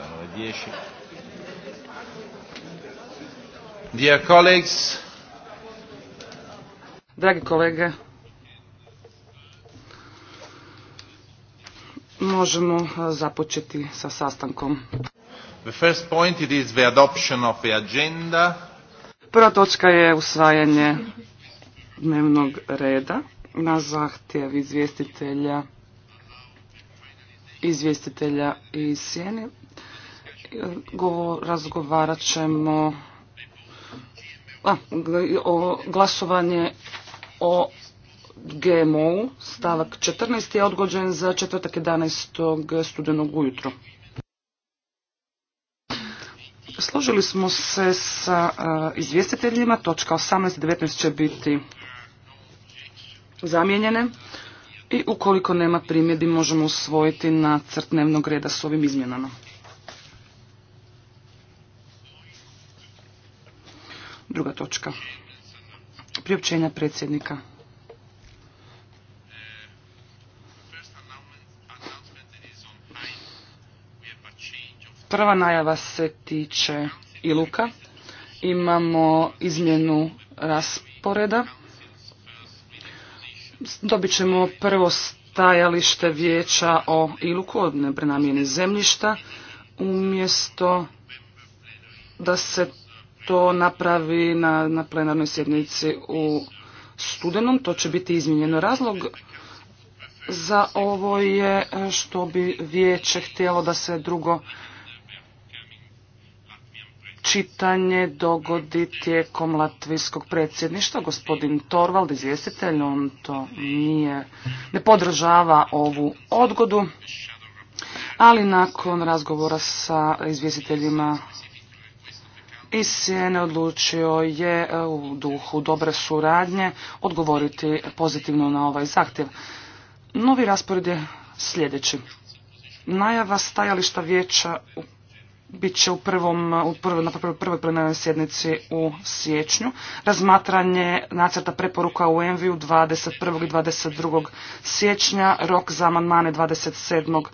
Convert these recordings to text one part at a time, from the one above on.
Stanno le 10. Dear colleagues. Dragi kolege, možemo eh, započeti sa sastankom. The first point it is the adoption of the agenda. Prva točka je usvajanje dnevnog reda na zahtjev izvjestitelja izvjestitelja i sjeni. Razgovarat ćemo o glasovanje o GMO-u stavak 14 je odgođen za četvrtak 11. studenog ujutro. Složili smo se sa izvjestiteljima, točka 18 i 19 će biti zamijenjene i ukoliko nema primjedbi možemo usvojiti nacrt dnevnog reda s ovim izmjenama. Druga točka. Priopćenja predsjednika. Prva najava se tiče Iluka. Imamo izmjenu rasporeda. Dobit ćemo prvo stajalište vijeća o iluku od neprenamjeni zemljišta umjesto da se to napravi na, na plenarnoj sjednici u studenom. To će biti izmijenjeno razlog za ovo je što bi vijeće htjelo da se drugo čitanje dogodi tijekom latvijskog predsjedništva. Gospodin Torvald, izvjestitelj, on to nije, ne podržava ovu odgodu, ali nakon razgovora sa izvjestiteljima i Sjene odlučio je e, u duhu dobre suradnje odgovoriti pozitivno na ovaj zahtjev. Novi raspored je sljedeći. Najava stajališta vijeća u bit će u prvom, u prvoj, na prvoj plenarnoj sjednici u siječnju. Razmatranje nacrta preporuka u Enviju 21. i 22. siječnja, rok za amandmane 27.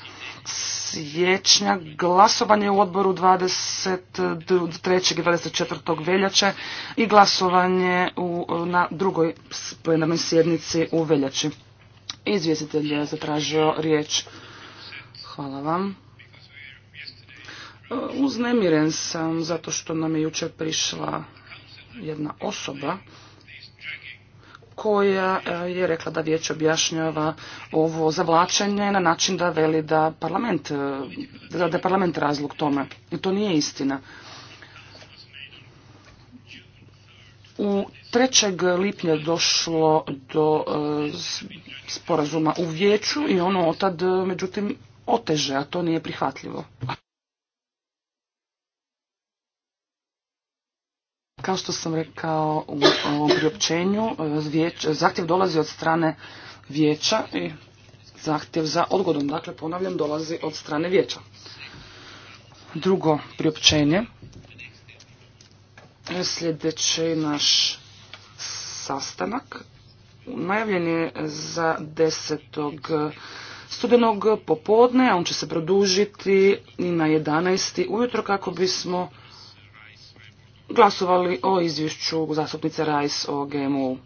siječnja, glasovanje u odboru 23. i 24. veljače i glasovanje u, na drugoj plenarnoj sjednici u veljači. Izvjestitelj je zatražio riječ. Hvala vam uznemiren sam zato što nam je jučer prišla jedna osoba koja eh, je rekla da vijeće objašnjava ovo zavlačenje na način da veli da parlament, eh, da je parlament razlog tome. I to nije istina. U 3. lipnja došlo do eh, sporazuma u vijeću i ono tad međutim oteže, a to nije prihvatljivo. Kao što sam rekao u ovom priopćenju, e, zahtjev dolazi od strane vijeća i zahtjev za odgodom, dakle ponavljam, dolazi od strane vijeća. Drugo priopćenje, sljedeći naš sastanak, najavljen je za 10 studenog popodne, a on će se produžiti i na 11. ujutro kako bismo glasovali o izvješću zastupnice Rajs o GMO.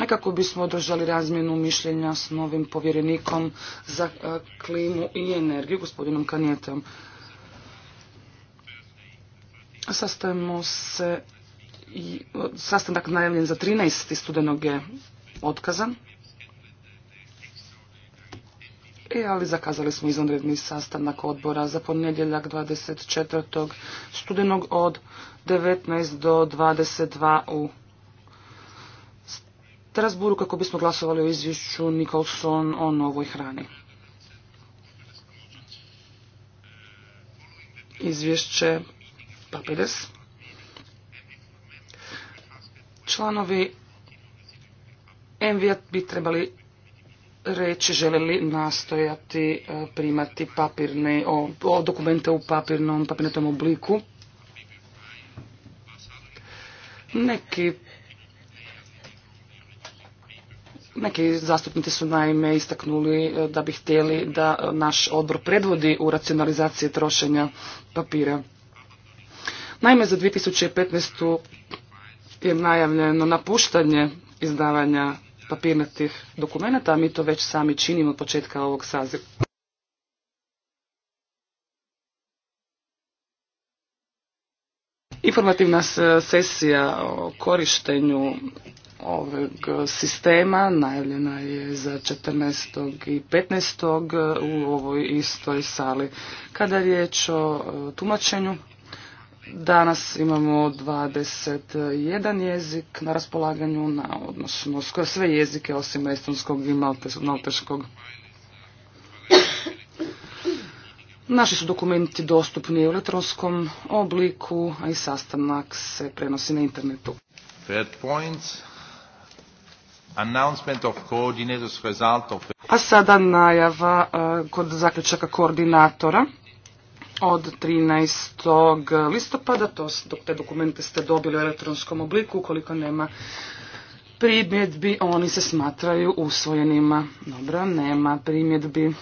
A kako bismo održali razmjenu mišljenja s novim povjerenikom za klimu i energiju, gospodinom Kanjetom. Sastavimo se, sastanak najavljen za 13. studenog je otkazan ali zakazali smo izvanredni sastanak odbora za ponedjeljak 24. studenog od 19 do 22 u Strasburu kako bismo glasovali o izvješću Nicholson o novoj hrani. Izvješće Papides. Članovi Envijat bi trebali reći žele li nastojati e, primati papirne, o, dokumente u papirnom, papirnatom obliku. Neki neki zastupnici su naime istaknuli e, da bi htjeli da naš odbor predvodi u racionalizaciji trošenja papira. Naime, za 2015. je najavljeno napuštanje izdavanja papirnatih dokumenata, a mi to već sami činimo od početka ovog saziva. Informativna sesija o korištenju ovog sistema najavljena je za 14. i 15. u ovoj istoj sali. Kada je riječ o e, tumačenju, Danas imamo 21 jezik na raspolaganju, na, odnosno skoro sve jezike osim estonskog i malteškog. Naši su dokumenti dostupni u elektronskom obliku, a i sastanak se prenosi na internetu. Third A sada najava eh, kod zaključaka koordinatora od 13. listopada. To, dok te dokumente ste dobili u elektronskom obliku, ukoliko nema primjedbi, oni se smatraju usvojenima. Dobro, nema primjedbi.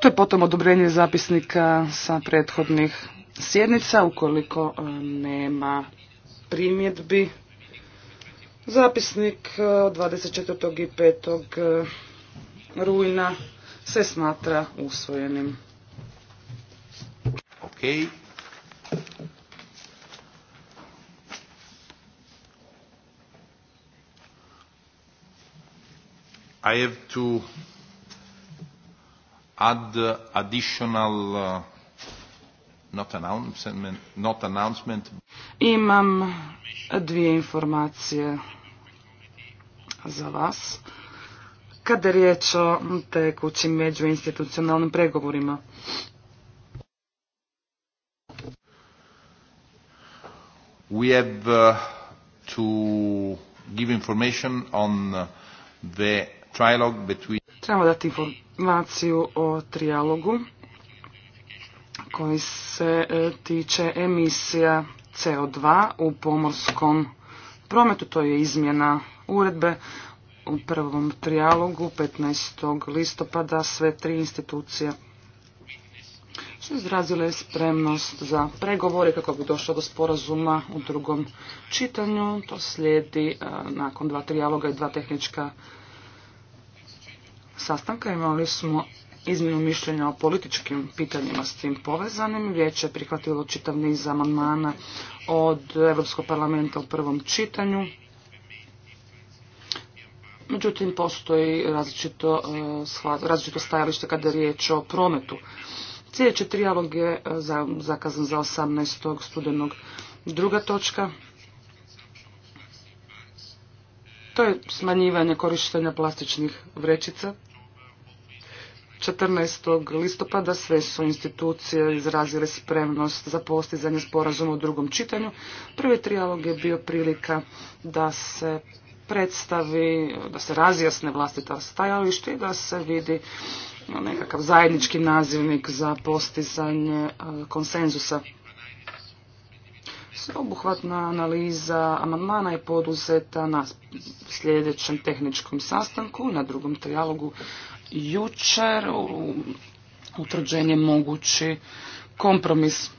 To je potom odobrenje zapisnika sa prethodnih sjednica, ukoliko e, nema primjedbi. Zapisnik e, od 24. i 5. E, rujna se smatra usvojenim. Ok. I have to add additional uh, not announcement not announcement imam dvije informacije za vas. Kada je riječ o tekućim međuinstitucionalnim pregovorima. We have uh, to give information on the between... Trebamo dati informaciju o trijalogu koji se e, tiče emisija CO2 u pomorskom prometu. To je izmjena uredbe u prvom trijalogu 15. listopada sve tri institucije su izrazile spremnost za pregovore kako bi došlo do sporazuma u drugom čitanju. To slijedi e, nakon dva trijaloga i dva tehnička sastanka. Imali smo izmjenu mišljenja o političkim pitanjima s tim povezanim. Vijeće je prihvatilo čitav niz amandmana od Europskog parlamenta u prvom čitanju. Međutim, postoji različito, e, različito stajalište kada je riječ o prometu. Sljedeći trijalog je e, zakazan za 18. studenog. Druga točka, to je smanjivanje korištenja plastičnih vrećica. 14. listopada sve su institucije izrazile spremnost za postizanje sporazuma u drugom čitanju. Prvi trijalog je bio prilika da se predstavi, da se razjasne vlastita stajalište i da se vidi nekakav zajednički nazivnik za postizanje e, konsenzusa. Sveobuhvatna analiza amandmana je poduzeta na sljedećem tehničkom sastanku, na drugom trijalogu jučer utvrđen je mogući kompromis.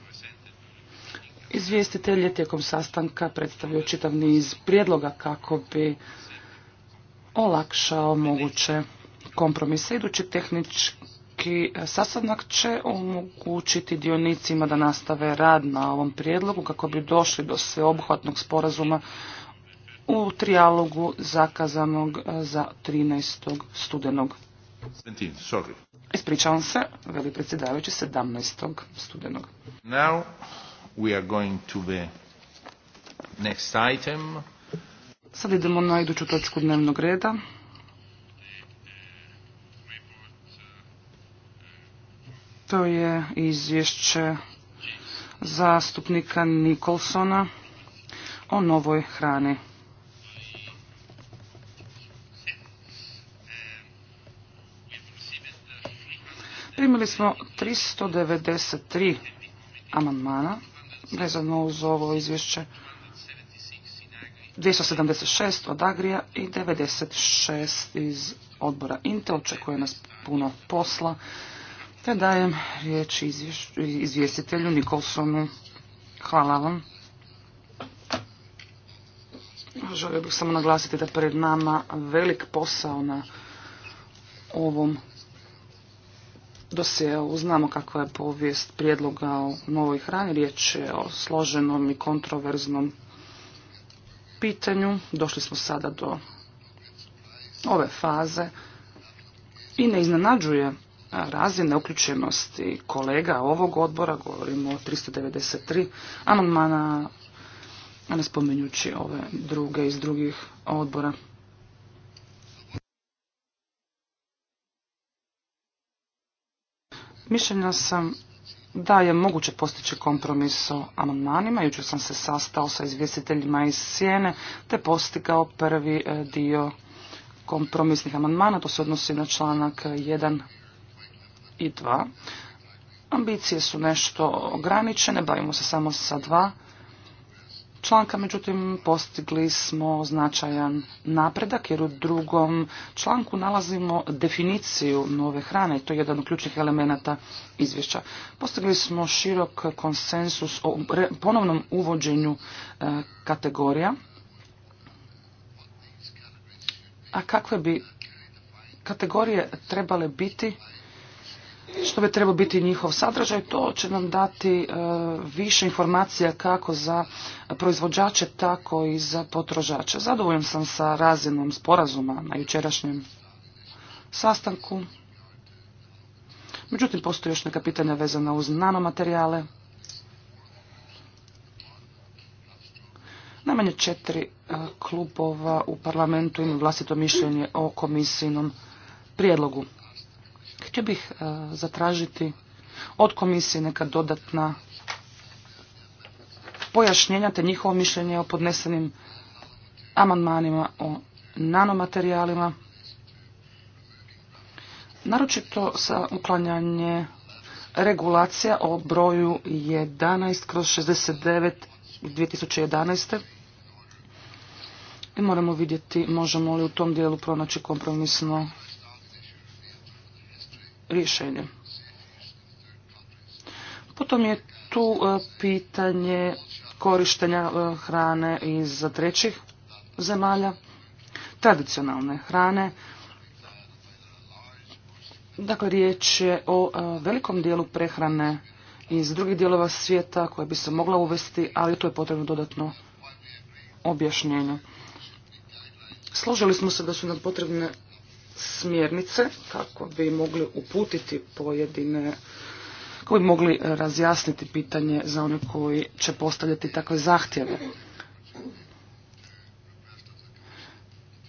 Izvjestitelj je tijekom sastanka predstavio čitav niz prijedloga kako bi olakšao moguće kompromise. Idući tehnički e, sastanak će omogućiti dionicima da nastave rad na ovom prijedlogu kako bi došli do sveobuhvatnog sporazuma u trijalogu zakazanog e, za 13. studenog. Ispričavam se, veli predsjedavajući 17. studenog. Now we are going to the next item. idemo na iduću točku dnevnog reda. To je izvješće zastupnika Nikolsona o novoj hrani. Primili smo 393 amandmana vezano uz ovo izvješće 276 od Agrija i 96 iz odbora Inte. Očekuje nas puno posla. Te dajem riječ izvjestitelju Nikolsonu. Hvala vam. Želio bih samo naglasiti da pred nama velik posao na ovom se Znamo kakva je povijest prijedloga o novoj hrani. Riječ je o složenom i kontroverznom pitanju. Došli smo sada do ove faze i ne iznenađuje razine uključenosti kolega ovog odbora, govorimo o 393 amandmana, a ne spominjući ove druge iz drugih odbora. Mišljenja sam da je moguće postići kompromis o amandmanima. Jučer sam se sastao sa izvjestiteljima iz Sijene, te postigao prvi e, dio kompromisnih amandmana. To se odnosi na članak 1 i 2. Ambicije su nešto ograničene, bavimo se samo sa dva članka, međutim postigli smo značajan napredak jer u drugom članku nalazimo definiciju nove hrane i to je jedan od ključnih elemenata izvješća. Postigli smo širok konsensus o ponovnom uvođenju e, kategorija. A kakve bi kategorije trebale biti što bi trebao biti njihov sadržaj, to će nam dati e, više informacija kako za proizvođače, tako i za potrošače. Zadovoljan sam sa razinom sporazuma na jučerašnjem sastanku. Međutim, postoji još neka pitanja vezana uz nanomaterijale. Najmanje četiri e, klubova u parlamentu imaju vlastito mišljenje o komisijnom prijedlogu. Htio bih e, zatražiti od komisije neka dodatna pojašnjenja te njihovo mišljenje o podnesenim amandmanima o nanomaterijalima, naročito sa uklanjanje regulacija o broju 11 kroz 69 2011. I moramo vidjeti možemo li u tom dijelu pronaći kompromisno rješenje. Potom je tu e, pitanje korištenja e, hrane iz trećih zemalja, tradicionalne hrane. Dakle, riječ je o e, velikom dijelu prehrane iz drugih dijelova svijeta koja bi se mogla uvesti, ali to je potrebno dodatno objašnjenje. Složili smo se da su nam potrebne smjernice kako bi mogli uputiti pojedine koji bi mogli razjasniti pitanje za one koji će postavljati takve zahtjeve.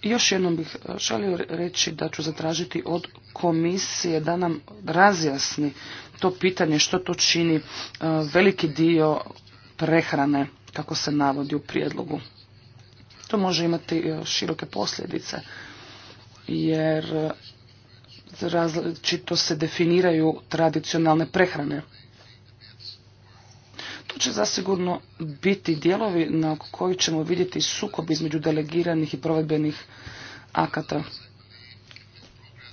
još jednom bih e, želio reći da ću zatražiti od komisije da nam razjasni to pitanje što to čini e, veliki dio prehrane kako se navodi u prijedlogu. To može imati e, široke posljedice jer različito se definiraju tradicionalne prehrane. Tu će zasigurno biti dijelovi na koji ćemo vidjeti sukob između delegiranih i provedbenih akata.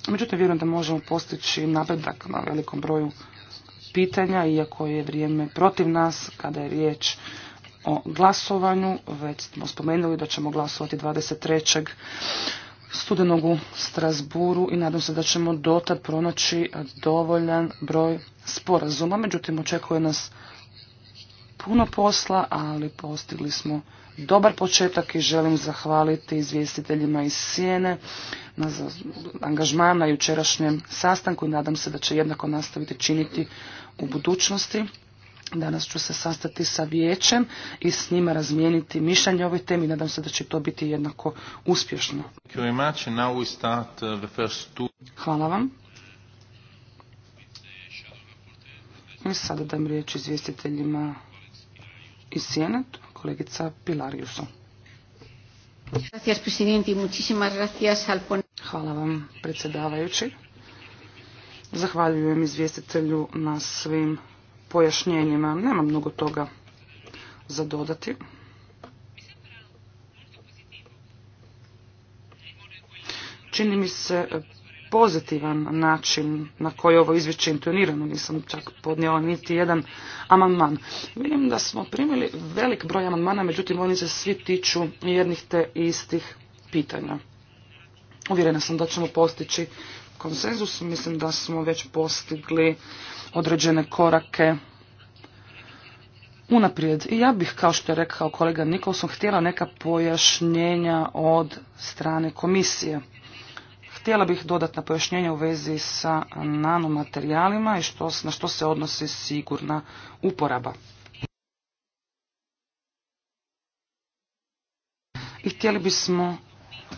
Međutim, vjerujem da možemo postići napredak na velikom broju pitanja, iako je vrijeme protiv nas kada je riječ o glasovanju. Već smo spomenuli da ćemo glasovati 23 studenog u Strasburu i nadam se da ćemo dotad pronaći dovoljan broj sporazuma. Međutim, očekuje nas puno posla, ali postigli smo dobar početak i želim zahvaliti izvjestiteljima iz Sijene na angažmana i jučerašnjem sastanku i nadam se da će jednako nastaviti činiti u budućnosti. Danas ću se sastati sa vijećem i s njima razmijeniti mišljenje o ovoj temi. Nadam se da će to biti jednako uspješno. Uh, Hvala vam. I sada dam riječ izvjestiteljima iz Sijene, kolegica Pilariusa. Hvala vam, predsjedavajući. Zahvaljujem izvjestitelju na svim pojašnjenjima. Nema mnogo toga za dodati. Čini mi se pozitivan način na koji ovo izvješće intonirano, nisam čak podnijela niti jedan amandman. Vidim da smo primili velik broj amandmana, međutim oni se svi tiču jednih te istih pitanja. Uvjerena sam da ćemo postići konsenzus. Mislim da smo već postigli određene korake unaprijed. I ja bih, kao što je rekao kolega Nikolson, htjela neka pojašnjenja od strane komisije. Htjela bih dodatna pojašnjenja u vezi sa nanomaterijalima i što, na što se odnosi sigurna uporaba. I htjeli bismo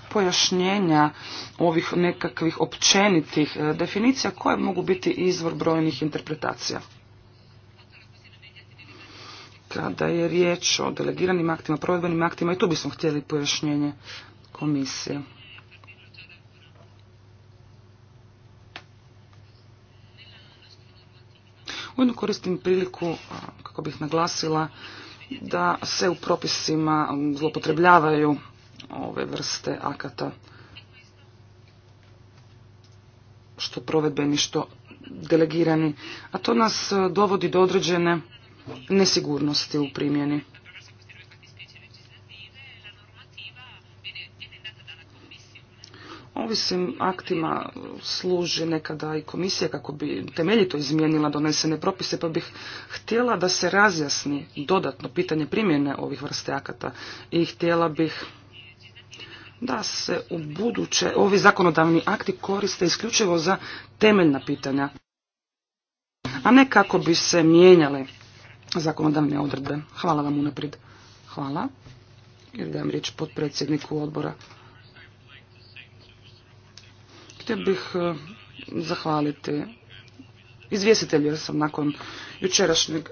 pojašnjenja ovih nekakvih općenitih e, definicija koje mogu biti izvor brojnih interpretacija. Kada je riječ o delegiranim aktima, provedbenim aktima i tu bismo htjeli pojašnjenje komisije. Ujedno koristim priliku, kako bih naglasila, da se u propisima zlopotrebljavaju ove vrste akata što provedbeni, što delegirani, a to nas e, dovodi do određene nesigurnosti u primjeni. Ovisim aktima služi nekada i komisija kako bi temeljito izmijenila donesene propise, pa bih htjela da se razjasni dodatno pitanje primjene ovih vrste akata i htjela bih da se u buduće ovi zakonodavni akti koriste isključivo za temeljna pitanja, a ne kako bi se mijenjale zakonodavne odredbe. Hvala vam unaprijed. Hvala. Jer dajem riječ potpredsjedniku odbora. Htio bih e, zahvaliti izvjestitelju jer sam nakon jučerašnjeg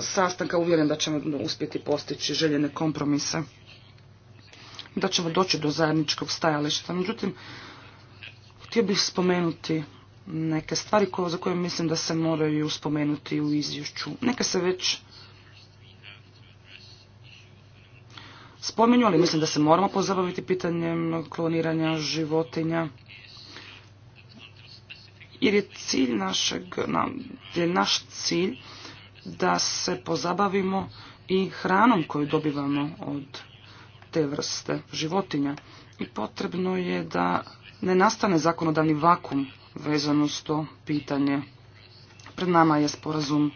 sastanka uvjeren da ćemo uspjeti postići željene kompromise da ćemo doći do zajedničkog stajališta. Međutim, htio bih spomenuti neke stvari za koje mislim da se moraju spomenuti u izvješću. Neke se već spominju, ali mislim da se moramo pozabaviti pitanjem kloniranja životinja. Jer je cilj našeg, je naš cilj da se pozabavimo i hranom koju dobivamo od te vrste životinja. I potrebno je da ne nastane zakonodavni vakum vezano s to pitanje. Pred nama je sporazum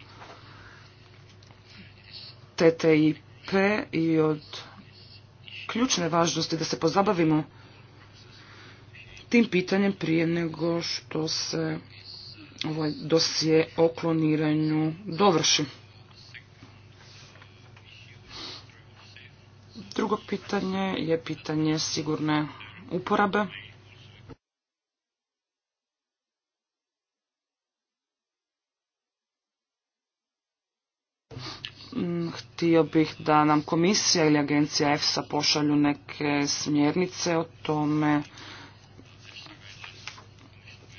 TTIP i od ključne važnosti da se pozabavimo tim pitanjem prije nego što se ovaj dosje o kloniranju dovrši. Drugo pitanje je pitanje sigurne uporabe. Mm, htio bih da nam komisija ili agencija EFSA pošalju neke smjernice o tome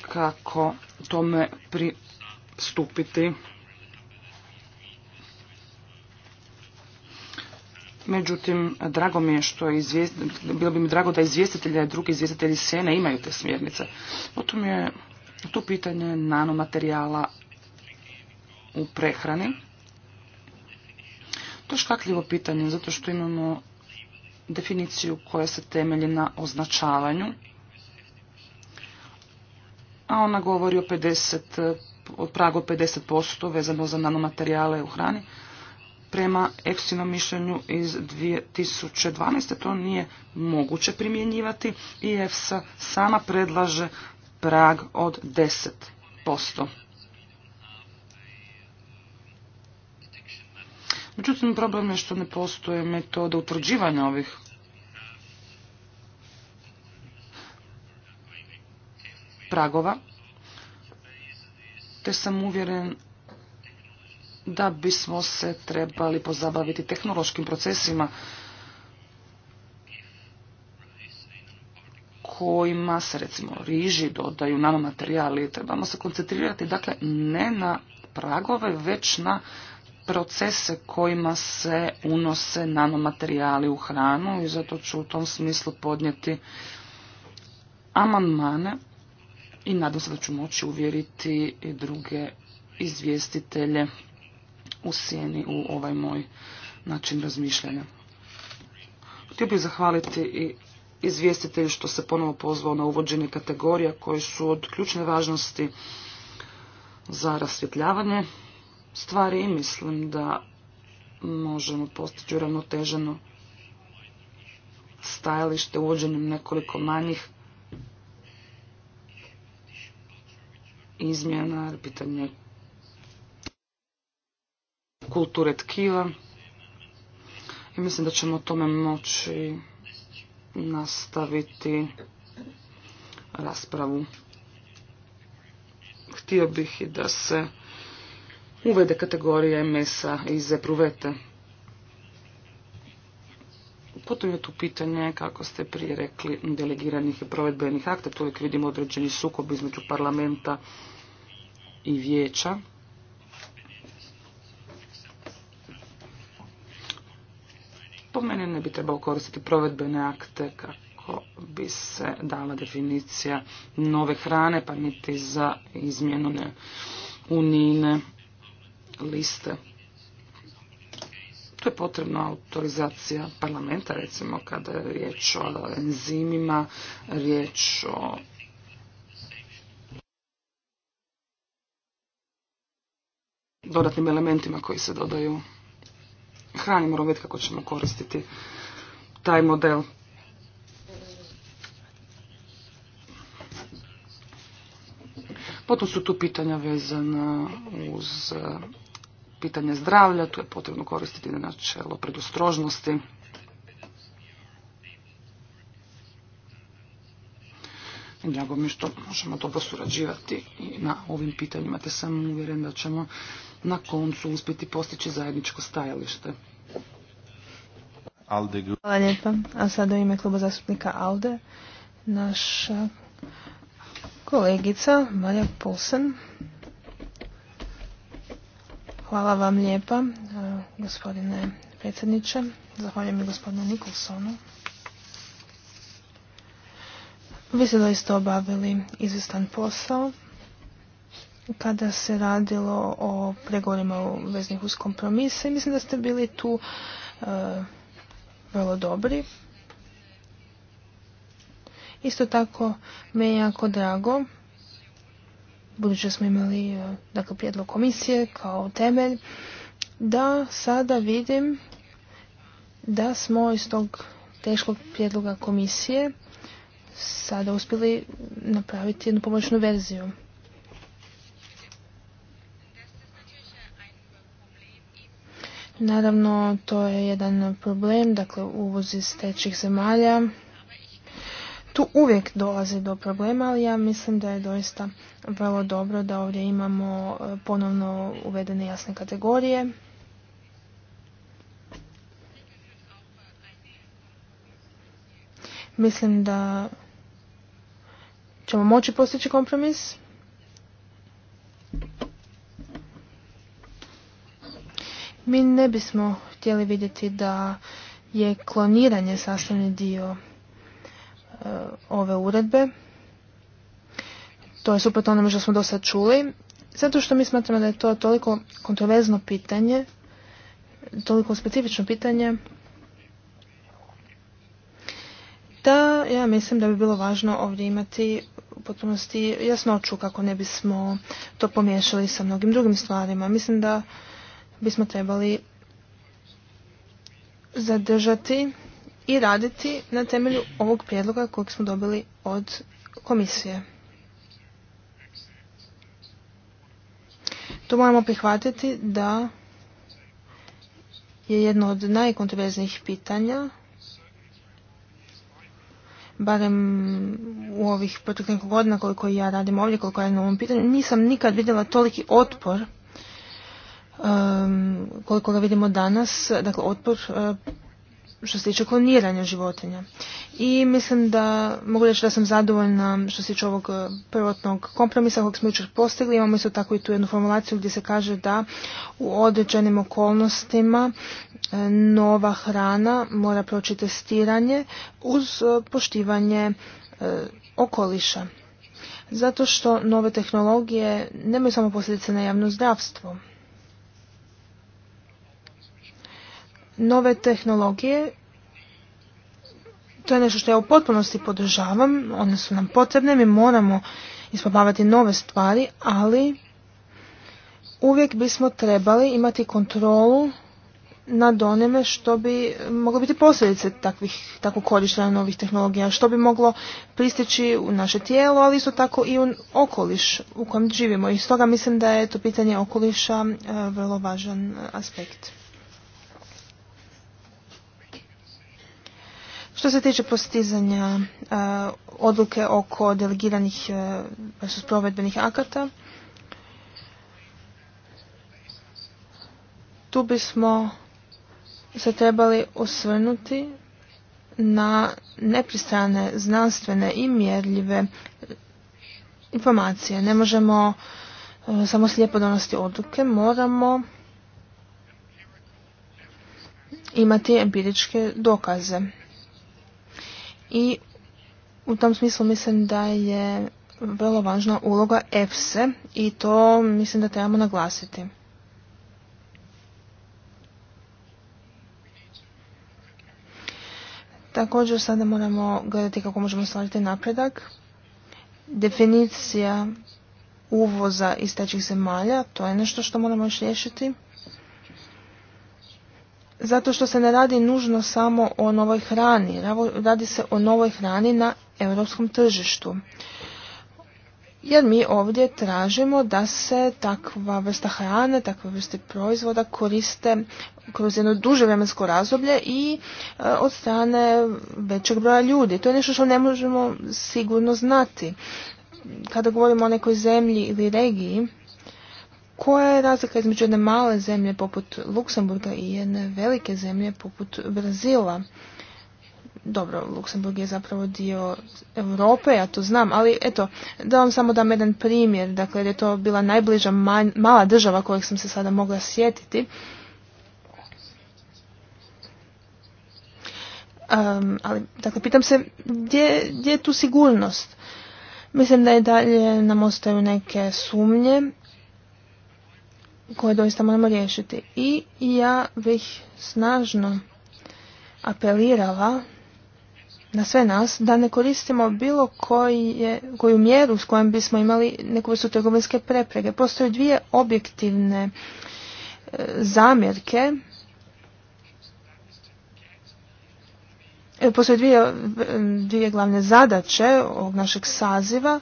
kako tome pristupiti. Međutim, drago mi je što je bilo bi mi drago da izvjestitelja i drugi izvjestitelji Sene imaju te smjernice. Potom je tu pitanje nanomaterijala u prehrani. To je škakljivo pitanje, zato što imamo definiciju koja se temelji na označavanju, a ona govori o 50, o pragu 50% vezano za nanomaterijale u hrani prema efsi mišljenju iz 2012. to nije moguće primjenjivati i EFSA sama predlaže prag od 10%. Međutim, problem je što ne postoje metoda utvrđivanja ovih pragova, te sam uvjeren da bismo se trebali pozabaviti tehnološkim procesima kojima se recimo riži dodaju nanomaterijali. Trebamo se koncentrirati dakle ne na pragove već na procese kojima se unose nanomaterijali u hranu i zato ću u tom smislu podnijeti amandmane i nadam se da ću moći uvjeriti i druge izvjestitelje u sjeni u ovaj moj način razmišljanja. Htio bih zahvaliti i izvjestitelju što se ponovo pozvao na uvođenje kategorija koje su od ključne važnosti za rasvjetljavanje stvari i mislim da možemo postići uravnoteženo stajalište uvođenjem nekoliko manjih izmjena, pitanje kulture tkiva i mislim da ćemo o tome moći nastaviti raspravu. Htio bih i da se uvede kategorija mesa iz epruvete. Potom je tu pitanje, kako ste prije rekli, delegiranih i provedbenih akta. Tu uvijek vidimo određeni sukob između parlamenta i vijeća. po meni ne bi trebalo koristiti provedbene akte kako bi se dala definicija nove hrane, pa niti za izmjenu unijine liste. To je potrebna autorizacija parlamenta, recimo kada je riječ o enzimima, riječ o dodatnim elementima koji se dodaju hrani, moramo vidjeti kako ćemo koristiti taj model. Potom su tu pitanja vezana uz eh, pitanje zdravlja, tu je potrebno koristiti načelo predostrožnosti. Drago mi što možemo dobro surađivati i na ovim pitanjima, te sam uvjeren da ćemo na koncu uspjeti postići zajedničko stajalište. Hvala lijepa. A sada u ime kluba zastupnika Alde, naša kolegica Marja Pulsen. Hvala vam lijepa, gospodine predsjedniče. Zahvaljujem i gospodinu Nikolsonu vi ste doista obavili izvrstan posao kada se radilo o pregovorima veznih uz kompromise mislim da ste bili tu e, vrlo dobri. Isto tako me je jako drago, budući smo imali e, dakle, prijedlog komisije kao temelj, da sada vidim da smo iz tog teškog prijedloga komisije sada uspjeli napraviti jednu pomoćnu verziju. Naravno, to je jedan problem, dakle uvoz iz trećih zemalja. Tu uvijek dolazi do problema, ali ja mislim da je doista vrlo dobro da ovdje imamo e, ponovno uvedene jasne kategorije. Mislim da ćemo moći postići kompromis? Mi ne bismo htjeli vidjeti da je kloniranje sastavni dio e, ove uredbe. To je suprotno onome što smo do sad čuli. Zato što mi smatramo da je to toliko kontroverzno pitanje, toliko specifično pitanje, da ja mislim da bi bilo važno ovdje imati u potpunosti jasnoću kako ne bismo to pomiješali sa mnogim drugim stvarima. Mislim da bismo trebali zadržati i raditi na temelju ovog prijedloga kojeg smo dobili od komisije. To moramo prihvatiti da je jedno od najkontroverznijih pitanja barem u ovih proteklih godina koliko ja radim ovdje, koliko ja na ovom pitanju, nisam nikad vidjela toliki otpor koliko ga vidimo danas, dakle otpor e, što se tiče kloniranja životinja. I mislim da mogu reći da sam zadovoljna što se tiče ovog e, prvotnog kompromisa kojeg smo jučer postigli. Imamo isto tako i tu jednu formulaciju gdje se kaže da u određenim okolnostima E, nova hrana mora proći testiranje uz e, poštivanje e, okoliša. Zato što nove tehnologije nemaju samo posljedice na javno zdravstvo. Nove tehnologije, to je nešto što ja u potpunosti podržavam, one su nam potrebne, mi moramo ispobavati nove stvari, ali uvijek bismo trebali imati kontrolu na doneme što bi moglo biti posljedice takvih, takvog korištenja novih tehnologija, što bi moglo pristići u naše tijelo, ali isto tako i u okoliš u kojem živimo. I stoga mislim da je to pitanje okoliša e, vrlo važan aspekt. Što se tiče postizanja e, odluke oko delegiranih e, provedbenih akata, tu bismo se trebali osvrnuti na nepristrane, znanstvene i mjerljive informacije. Ne možemo e, samo slijepo donositi odluke, moramo imati empiričke dokaze. I u tom smislu mislim da je vrlo važna uloga EFSE i to mislim da trebamo naglasiti. Također sada moramo gledati kako možemo stvariti napredak. Definicija uvoza iz trećih zemalja, to je nešto što moramo još riješiti. Zato što se ne radi nužno samo o novoj hrani, radi se o novoj hrani na europskom tržištu jer mi ovdje tražimo da se takva vrsta hrane, takve vrste proizvoda koriste kroz jedno duže vremensko razdoblje i e, od strane većeg broja ljudi. To je nešto što ne možemo sigurno znati. Kada govorimo o nekoj zemlji ili regiji, koja je razlika između jedne male zemlje poput Luksemburga i jedne velike zemlje poput Brazila? dobro, Luksemburg je zapravo dio Europe, ja to znam, ali eto, da vam samo dam jedan primjer, dakle, jer je to bila najbliža mala država kojeg sam se sada mogla sjetiti. ali, dakle, pitam se, gdje, gdje je tu sigurnost? Mislim da i dalje nam ostaju neke sumnje koje doista moramo riješiti. I ja bih snažno apelirala na sve nas da ne koristimo bilo koju mjeru s kojom bismo imali neku vrstu trgovinske preprege. Postoje dvije objektivne e, zamjerke e, Postoje dvije, e, dvije glavne zadaće ovog našeg saziva,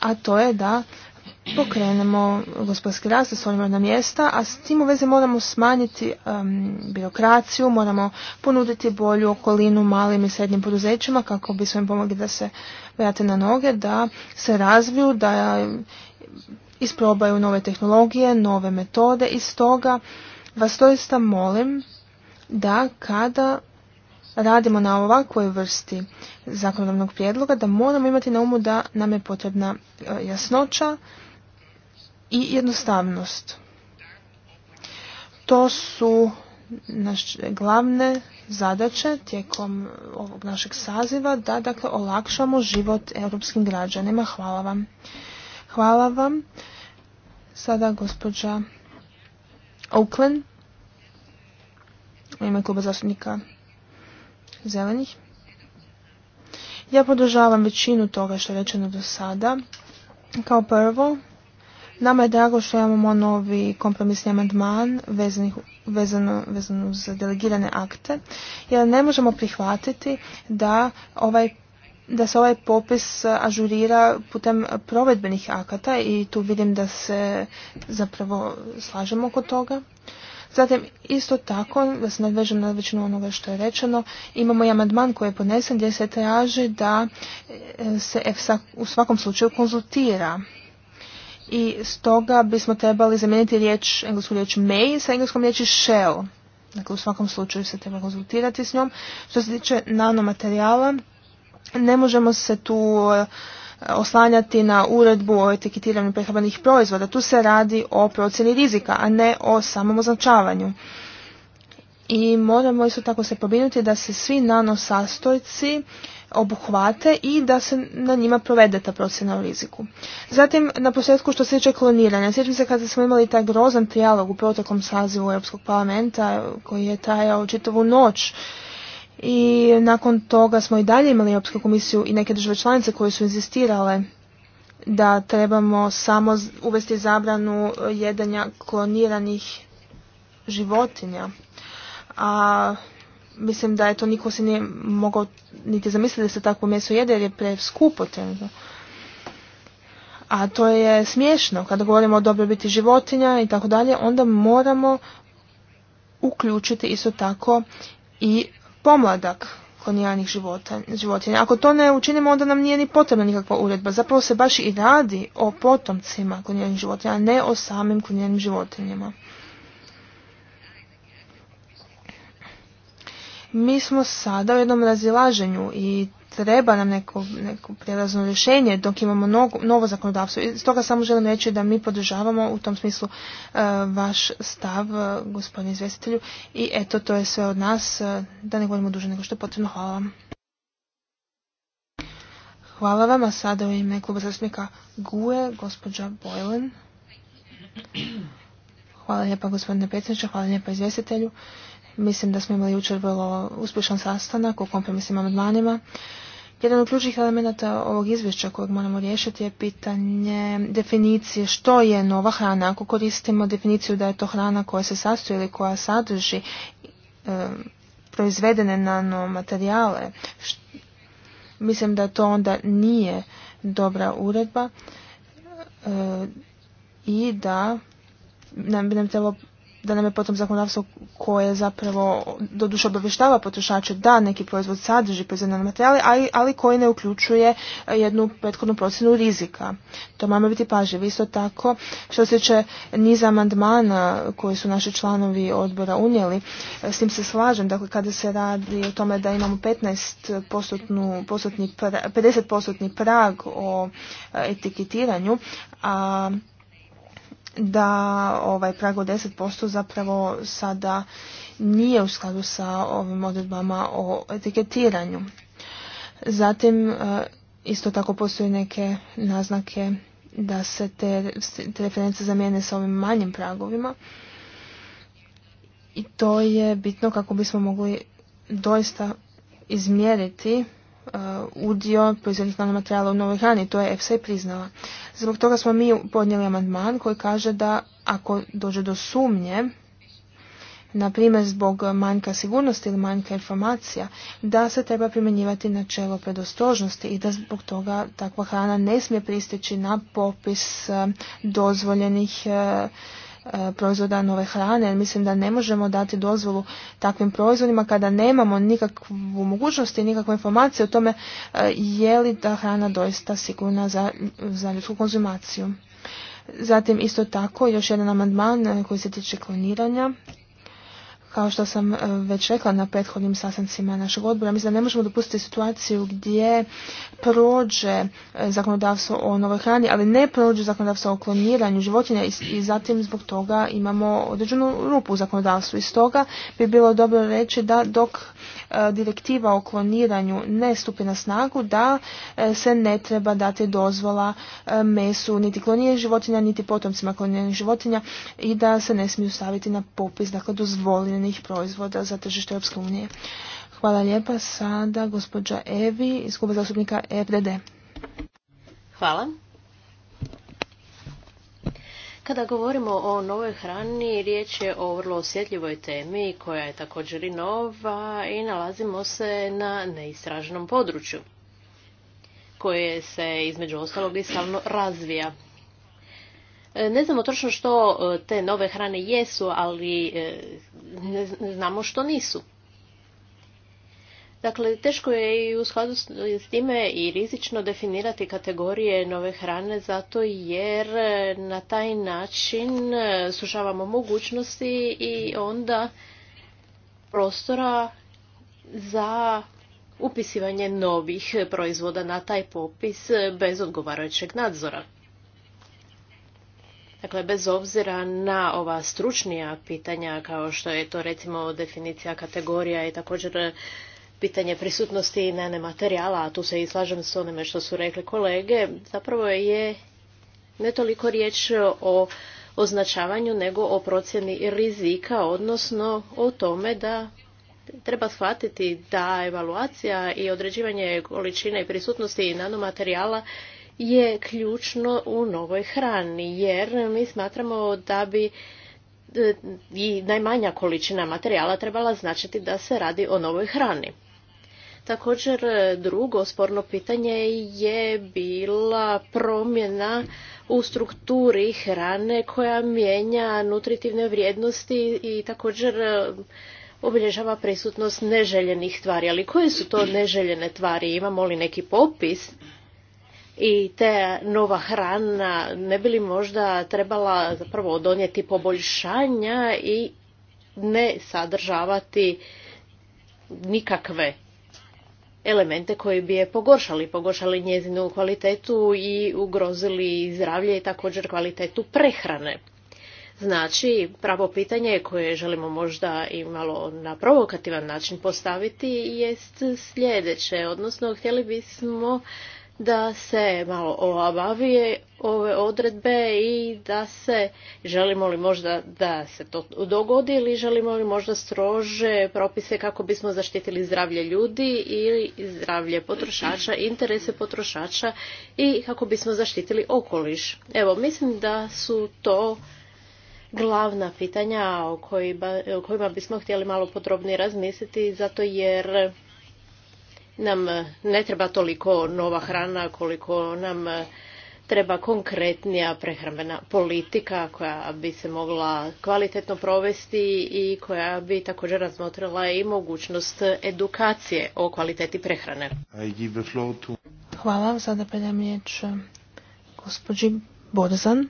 a to je da pokrenemo gospodarski rast, stvorimo na mjesta, a s tim u vezi moramo smanjiti birokraciju, moramo ponuditi bolju okolinu malim i srednjim poduzećima kako bi im pomogli da se vrate na noge, da se razviju, da isprobaju nove tehnologije, nove metode i stoga vas doista molim da kada radimo na ovakvoj vrsti zakonodavnog prijedloga da moramo imati na umu da nam je potrebna e, jasnoća, i jednostavnost. To su naše glavne zadaće tijekom ovog našeg saziva da dakle olakšamo život europskim građanima. Hvala vam. Hvala vam. Sada gospođa Oakland u ime kluba zastupnika zelenih. Ja podržavam većinu toga što je rečeno do sada. Kao prvo, Nama je drago što imamo novi kompromisni amandman vezano, uz delegirane akte, jer ne možemo prihvatiti da ovaj da se ovaj popis ažurira putem provedbenih akata i tu vidim da se zapravo slažemo oko toga. Zatim, isto tako, da se nadvežem na većinu onoga što je rečeno, imamo i amandman koji je podnesen gdje se traži da e, se u svakom slučaju konzultira i stoga bismo trebali zamijeniti riječ, englesku riječ may sa engleskom riječi shell. Dakle, u svakom slučaju se treba konzultirati s njom. Što se tiče nanomaterijala, ne možemo se tu e, oslanjati na uredbu o etiketiranju prehrambenih proizvoda. Tu se radi o procjeni rizika, a ne o samom označavanju. I moramo isto tako se pobinuti da se svi nanosastojci obuhvate i da se na njima provede ta procjena u riziku. Zatim, na posljedku što se tiče kloniranja, sjećam se kada smo imali taj grozan trijalog u protokom sazivu Europskog parlamenta koji je trajao čitavu noć i nakon toga smo i dalje imali Europsku komisiju i neke države članice koje su insistirale da trebamo samo uvesti zabranu eh, jedanja kloniranih životinja. A mislim da je to niko se nije mogao niti zamisliti da se takvo meso jede jer je pre skupo A to je smiješno. Kada govorimo o dobrobiti životinja i tako dalje, onda moramo uključiti isto tako i pomladak konijanih životinja. Ako to ne učinimo, onda nam nije ni potrebna nikakva uredba. Zapravo se baš i radi o potomcima konijanih životinja, a ne o samim konjenim životinjama. Mi smo sada u jednom razilaženju i treba nam neko, neko prijelazno rješenje dok imamo novo, zakonodavstvo. I stoga samo želim reći da mi podržavamo u tom smislu e, vaš stav, e, gospodine izvjestitelju. I eto, to je sve od nas. E, da ne govorimo duže nego što je potrebno. Hvala vam. Hvala vam, a sada u ime kluba zastupnika GUE, gospođa Bojlen. Hvala lijepa gospodine predsjedniče, hvala lijepa izvjestitelju. Mislim da smo imali jučer vrlo uspješan sastanak u kompromisnim amandmanima. Jedan od ključnih elemenata ovog izvješća kojeg moramo riješiti je pitanje definicije što je nova hrana. Ako koristimo definiciju da je to hrana koja se sastoji ili koja sadrži e, proizvedene nanomaterijale, mislim da to onda nije dobra uredba e, i da nam bi nam trebalo da nam je potom zakonodavstvo koje zapravo doduše obavještava potrošače da neki proizvod sadrži proizvodne materijale, ali, ali koji ne uključuje e, jednu prethodnu procjenu rizika. To moramo biti pažljivi. Isto tako, što se tiče niza amandmana koji su naši članovi odbora unijeli, e, s tim se slažem, dakle kada se radi o tome da imamo 15 postotni, 50 prag o e, etiketiranju, a da ovaj prag od 10% zapravo sada nije u skladu sa ovim odredbama o etiketiranju. Zatim, e, isto tako postoje neke naznake da se te, te reference zamijene sa ovim manjim pragovima. I to je bitno kako bismo mogli doista izmjeriti Uh, udio proizvodnih materijala u novoj hrani, to je EFSA i priznala. Zbog toga smo mi podnijeli amandman koji kaže da ako dođe do sumnje, na primjer zbog manjka sigurnosti ili manjka informacija, da se treba primjenjivati načelo predostrožnosti i da zbog toga takva hrana ne smije pristići na popis eh, dozvoljenih eh, E, proizvoda nove hrane, jer mislim da ne možemo dati dozvolu takvim proizvodima kada nemamo nikakvu mogućnost i nikakve informacije o tome e, je li ta hrana doista sigurna za, za ljudsku konzumaciju. Zatim isto tako još jedan amandman e, koji se tiče kloniranja kao što sam e, već rekla na prethodnim sastancima našeg odbora, mislim da ne možemo dopustiti situaciju gdje prođe e, zakonodavstvo o novoj hrani, ali ne prođe zakonodavstvo o kloniranju životinja i zatim zbog toga imamo određenu rupu u zakonodavstvu. I stoga bi bilo dobro reći da dok e, direktiva o kloniranju ne stupi na snagu, da se ne treba dati dozvola mesu niti kloniranje životinja, niti potomcima kloniranih životinja i da se ne smiju staviti na popis, dakle dozvoljeni poljoprivrednih proizvoda za tržište Europske unije. Hvala lijepa. Sada gospođa Evi iz kluba zastupnika FDD. Hvala. Kada govorimo o novoj hrani, riječ je o vrlo osjetljivoj temi koja je također i nova i nalazimo se na neistraženom području koje se između ostalog i stalno razvija. E, ne znamo točno što e, te nove hrane jesu, ali e, ne znamo što nisu. Dakle, teško je i u skladu s time i rizično definirati kategorije nove hrane zato jer na taj način sužavamo mogućnosti i onda prostora za upisivanje novih proizvoda na taj popis bez odgovarajućeg nadzora. Dakle, bez obzira na ova stručnija pitanja, kao što je to recimo definicija kategorija i također e, pitanje prisutnosti nene a tu se i slažem s onime što su rekli kolege, zapravo je ne toliko riječ o označavanju, nego o procjeni rizika, odnosno o tome da treba shvatiti da evaluacija i određivanje količine i prisutnosti nanomaterijala je ključno u novoj hrani, jer mi smatramo da bi e, i najmanja količina materijala trebala značiti da se radi o novoj hrani. Također e, drugo sporno pitanje je bila promjena u strukturi hrane koja mijenja nutritivne vrijednosti i također e, obilježava prisutnost neželjenih tvari. Ali koje su to neželjene tvari? Imamo li neki popis? i ta nova hrana ne bi li možda trebala zapravo donijeti poboljšanja i ne sadržavati nikakve elemente koji bi je pogoršali, pogoršali njezinu kvalitetu i ugrozili zdravlje i također kvalitetu prehrane. Znači, pravo pitanje koje želimo možda i malo na provokativan način postaviti jest sljedeće, odnosno htjeli bismo da se malo obavije ove odredbe i da se, želimo li možda da se to dogodi ili želimo li možda strože propise kako bismo zaštitili zdravlje ljudi ili zdravlje potrošača, interese potrošača i kako bismo zaštitili okoliš. Evo, mislim da su to glavna pitanja o kojima, kojima bismo htjeli malo podrobnije razmisliti, zato jer nam eh, ne treba toliko nova hrana koliko nam eh, treba konkretnija prehrambena politika koja bi se mogla kvalitetno provesti i koja bi također razmotrila i mogućnost edukacije o kvaliteti prehrane. Hvala, sada eh, gospođi Borzan.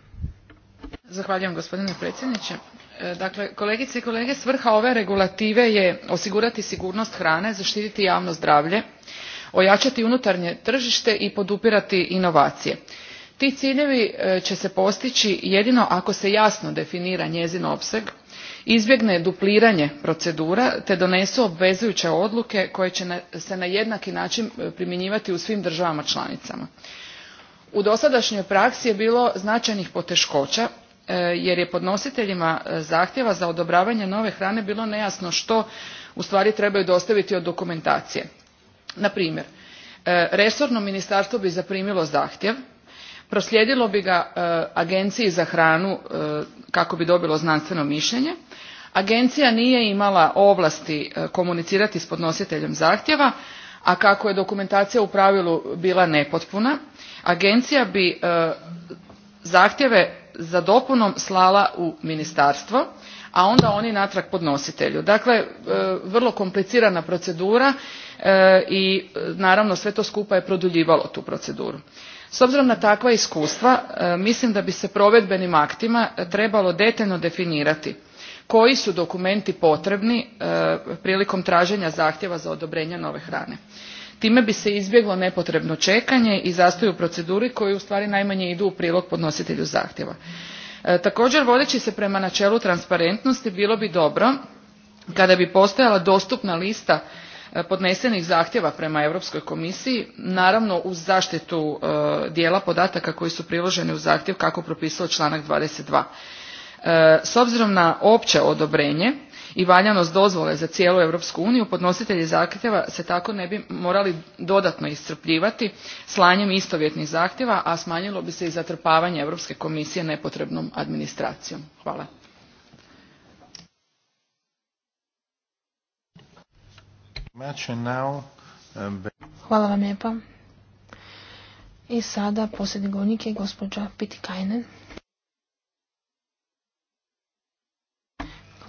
Zahvaljujem gospodine predsjedniče. E, dakle kolegice i kolege svrha ove regulative je osigurati sigurnost hrane zaštititi javno zdravlje ojačati unutarnje tržište i podupirati inovacije ti ciljevi e, će se postići jedino ako se jasno definira njezin opseg izbjegne dupliranje procedura te donesu obvezujuće odluke koje će se na jednaki način e, primjenjivati u svim državama članicama u dosadašnjoj praksi je bilo značajnih poteškoća E, jer je podnositeljima e, zahtjeva za odobravanje nove hrane bilo nejasno što ustvari trebaju dostaviti od dokumentacije. na primjer e, resorno ministarstvo bi zaprimilo zahtjev proslijedilo bi ga agenciji za hranu kako bi dobilo znanstveno mišljenje agencija nije imala ovlasti komunicirati s podnositeljem zahtjeva a kako je dokumentacija u pravilu bila nepotpuna agencija bi zahtjeve za dopunom slala u ministarstvo a onda oni natrag podnositelju. Dakle, e, vrlo komplicirana procedura e, i e, naravno sve to skupa je produljivalo tu proceduru. S obzirom na takva iskustva, mislim da bi se provedbenim aktima trebalo detaljno definirati koji su dokumenti potrebni prilikom traženja zahtjeva za odobrenje nove hrane time bi se izbjeglo nepotrebno čekanje i zastoj u proceduri koji ustvari najmanje idu u prilog podnositelju zahtjeva e, također vodeći se prema načelu transparentnosti bilo bi dobro kada bi postojala dostupna lista e, podnesenih zahtjeva prema europskoj komisiji naravno uz zaštitu e, dijela podataka koji su priloženi u zahtjev kako propisuje članak. twenty two s obzirom na opće odobrenje i valjanost dozvole za cijelu Europsku uniju, podnositelji zahtjeva se tako ne bi morali dodatno iscrpljivati slanjem istovjetnih zahtjeva, a smanjilo bi se i zatrpavanje Europske komisije nepotrebnom administracijom. Hvala. Hvala vam lijepa. I sada posljednji govornik je gospođa Pitikajnen.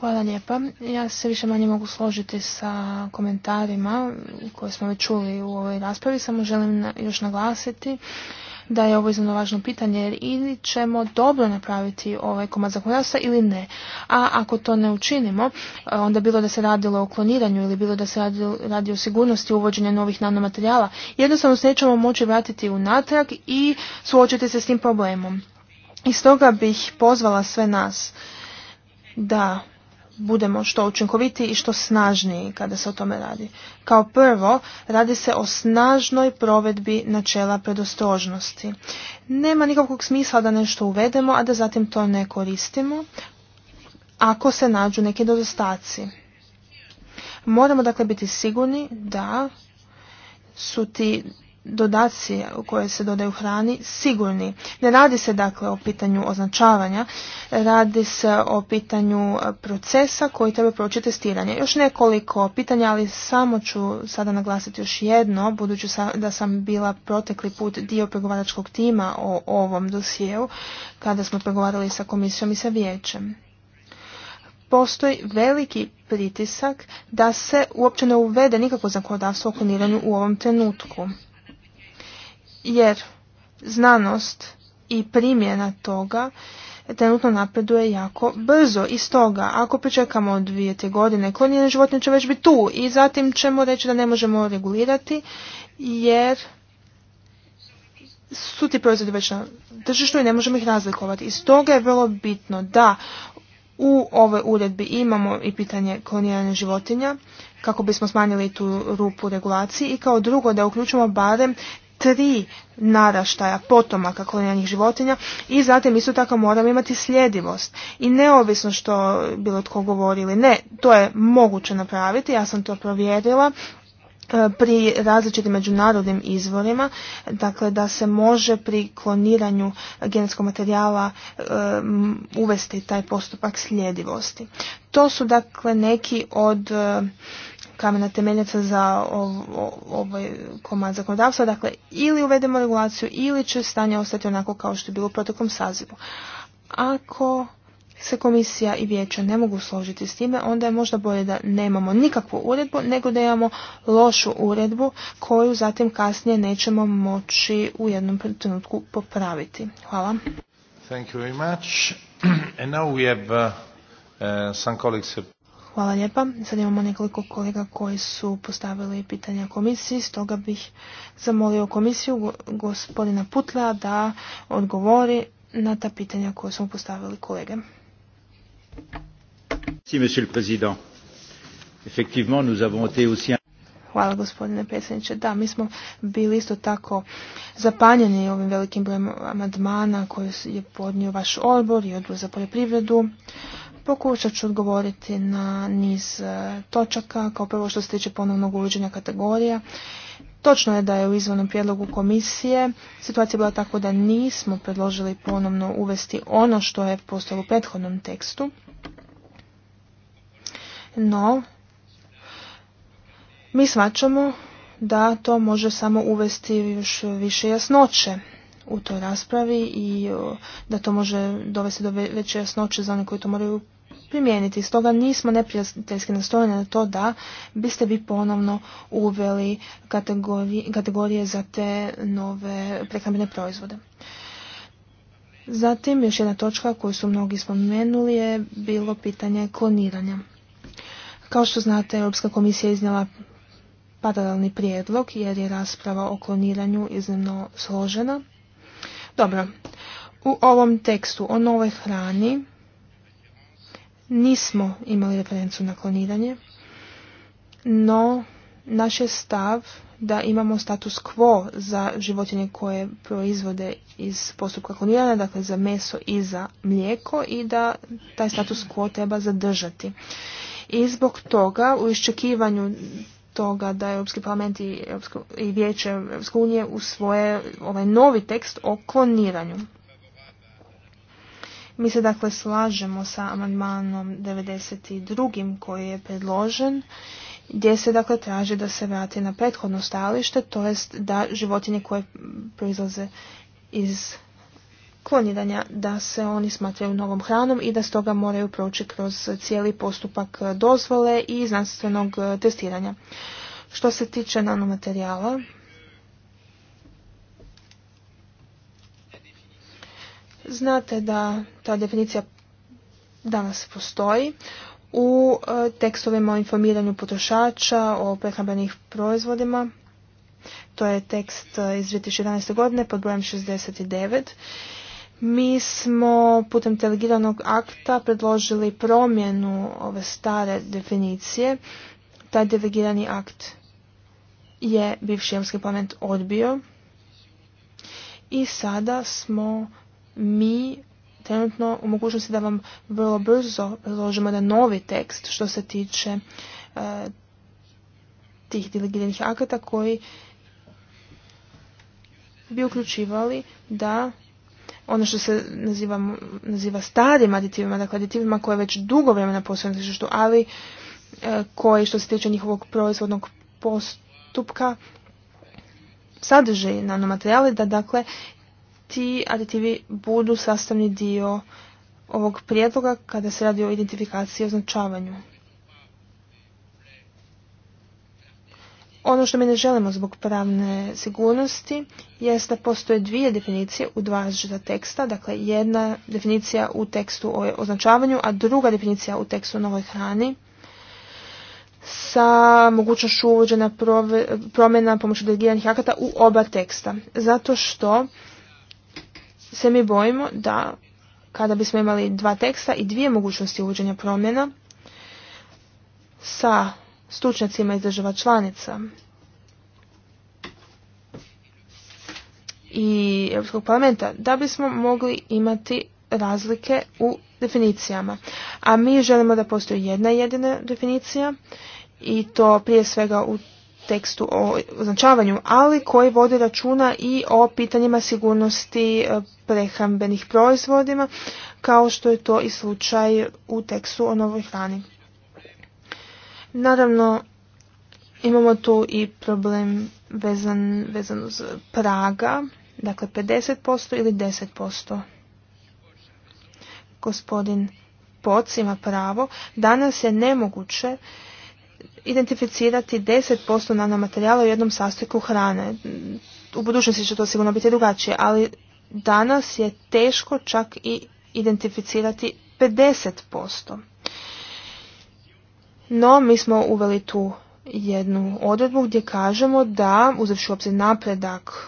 Hvala lijepa. Ja se više manje mogu složiti sa komentarima koje smo već čuli u ovoj raspravi. Samo želim još naglasiti da je ovo iznimno važno pitanje jer ili ćemo dobro napraviti ovaj komad zakonodavstva ili ne. A ako to ne učinimo, e, onda bilo da se radilo o kloniranju ili bilo da se radi o sigurnosti uvođenja novih nanomaterijala, jednostavno se nećemo moći vratiti u natrag i suočiti se s tim problemom. I stoga bih pozvala sve nas da budemo što učinkovitiji i što snažniji kada se o tome radi. Kao prvo, radi se o snažnoj provedbi načela predostrožnosti. Nema nikakvog smisla da nešto uvedemo, a da zatim to ne koristimo ako se nađu neki nedostaci. Moramo dakle biti sigurni da su ti dodaci koje se dodaju hrani sigurni. Ne radi se dakle o pitanju označavanja, radi se o pitanju e, procesa koji treba proći testiranje. Još nekoliko pitanja, ali samo ću sada naglasiti još jedno, budući da sam bila protekli put dio pregovaračkog tima o ovom dosijeu, kada smo pregovarali sa komisijom i sa vijećem postoji veliki pritisak da se uopće ne uvede nikakvo zakonodavstvo o kloniranju u ovom trenutku jer znanost i primjena toga trenutno napreduje jako brzo. I stoga, ako pričekamo dvije, te godine, klonjene životinje će već biti tu i zatim ćemo reći da ne možemo regulirati jer su ti proizvodi već na tržištu i ne možemo ih razlikovati. I stoga je vrlo bitno da u ovoj uredbi imamo i pitanje kloniranja životinja kako bismo smanjili tu rupu regulaciji i kao drugo da uključimo barem tri naraštaja potomaka kloniranih životinja i zatim isto tako moramo imati sljedivost. I neovisno što bilo tko govori ili ne, to je moguće napraviti, ja sam to provjerila e, pri različitim međunarodnim izvorima, dakle da se može pri kloniranju genetskog materijala e, uvesti taj postupak sljedivosti. To su dakle neki od e, kamena temeljaca za ovaj komad zakonodavstva. Dakle, ili uvedemo regulaciju ili će stanje ostati onako kao što je bilo u protokom sazivu. Ako se komisija i vijeće ne mogu složiti s time, onda je možda bolje da nemamo nikakvu uredbu, nego da imamo lošu uredbu koju zatim kasnije nećemo moći u jednom trenutku popraviti. Hvala. Thank you very much. And now we have, uh, uh, colleagues... Hvala lijepa. Sad imamo nekoliko kolega koji su postavili pitanja komisiji, stoga bih zamolio komisiju gospodina Putla da odgovori na ta pitanja koje smo postavili kolege. Hvala gospodine predsjedniče. Da, mi smo bili isto tako zapanjeni ovim velikim brojem amandmana koji je podnio vaš odbor i odbor za poljoprivredu. Pokušat ću odgovoriti na niz e, točaka, kao prvo što se tiče ponovnog uvođenja kategorija. Točno je da je u izvornom prijedlogu komisije situacija bila tako da nismo predložili ponovno uvesti ono što je postalo u prethodnom tekstu. No, mi svačamo da to može samo uvesti još više jasnoće u toj raspravi i e, da to može dovesti do veće jasnoće za one koji to moraju primijeniti. Stoga nismo neprijateljski nastrojeni na to da biste vi ponovno uveli kategorije, kategorije za te nove prehrambene proizvode. Zatim, još jedna točka koju su mnogi spomenuli je bilo pitanje kloniranja. Kao što znate, Europska komisija je iznijela paralelni prijedlog jer je rasprava o kloniranju iznimno složena. Dobro, u ovom tekstu o novoj hrani nismo imali referencu na kloniranje, no naš je stav da imamo status quo za životinje koje proizvode iz postupka kloniranja, dakle za meso i za mlijeko i da taj status quo treba zadržati. I zbog toga u iščekivanju toga da Europski parlament i, Europsko, i vijeće Europske unije usvoje ovaj novi tekst o kloniranju. Mi se dakle slažemo sa amandmanom 92. koji je predložen gdje se dakle traži da se vrati na prethodno stajalište, to jest da životinje koje proizlaze iz kloniranja, da se oni smatraju novom hranom i da stoga moraju proći kroz cijeli postupak dozvole i znanstvenog testiranja. Što se tiče nanomaterijala, Znate da ta definicija danas postoji u e, tekstovima o informiranju potrošača, o prehrambenih proizvodima. To je tekst e, iz 2011. godine pod brojem 69. Mi smo putem delegiranog akta predložili promjenu ove stare definicije. Taj delegirani akt je bivši Europski parlament odbio i sada smo mi trenutno u mogućnosti da vam vrlo brzo predložimo da novi tekst što se tiče e, tih delegiranih akata koji bi uključivali da ono što se naziva, naziva starim aditivima, dakle aditivima koje već dugo vremena postoje na tržištu, ali e, koji što se tiče njihovog proizvodnog postupka sadrže nanomaterijale, da dakle ti aditivi budu sastavni dio ovog prijedloga kada se radi o identifikaciji i označavanju. Ono što mi ne želimo zbog pravne sigurnosti jest da postoje dvije definicije u dva različita teksta, dakle jedna definicija u tekstu o označavanju, a druga definicija u tekstu o novoj hrani sa mogućnošću uvođena promjena pomoću delegiranih akata u oba teksta. Zato što se mi bojimo da kada bismo imali dva teksta i dvije mogućnosti uvođenja promjena sa stručnjacima iz država članica i Europskog parlamenta, da bismo mogli imati razlike u definicijama. A mi želimo da postoji jedna jedina definicija i to prije svega u tekstu o označavanju, ali koji vodi računa i o pitanjima sigurnosti e, prehrambenih proizvodima, kao što je to i slučaj u tekstu o novoj hrani. Naravno, imamo tu i problem vezan, vezan uz praga, dakle 50% ili 10%. Gospodin Poc ima pravo, danas je nemoguće identificirati 10% nanomaterijala u jednom sastojku hrane. U budućnosti će to sigurno biti drugačije, ali danas je teško čak i identificirati 50%. No, mi smo uveli tu jednu odredbu gdje kažemo da, uzevši u obzir napredak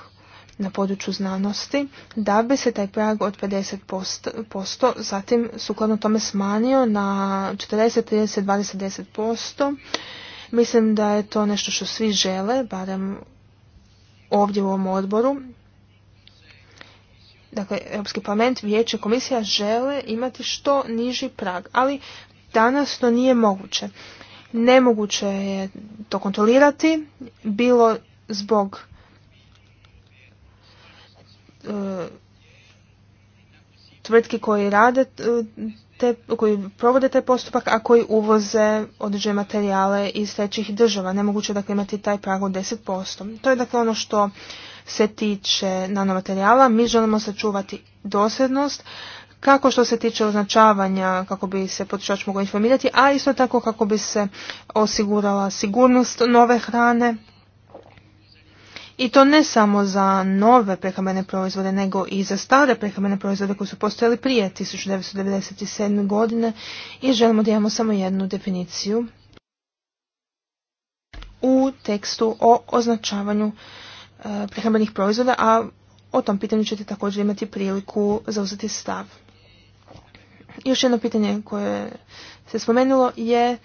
na području znanosti, da bi se taj prag od 50% posto, zatim sukladno tome smanjio na 40, 30, 20, 10%, Mislim da je to nešto što svi žele, barem ovdje u ovom odboru. Dakle, Europski parlament, vijeće, komisija žele imati što niži prag, ali danas to nije moguće. Nemoguće je to kontrolirati, bilo zbog e, tvrtki koji rade e, te, koji provode taj postupak, a koji uvoze određene materijale iz trećih država. Nemoguće je dakle imati taj prag od 10%. To je dakle ono što se tiče nanomaterijala. Mi želimo sačuvati dosljednost kako što se tiče označavanja kako bi se potrošač mogao informirati, a isto tako kako bi se osigurala sigurnost nove hrane i to ne samo za nove prehrambene proizvode, nego i za stare prehrambene proizvode koji su postojali prije 1997. godine i želimo da imamo samo jednu definiciju u tekstu o označavanju e, prehrambenih proizvoda, a o tom pitanju ćete također imati priliku zauzeti stav. Još jedno pitanje koje se spomenulo je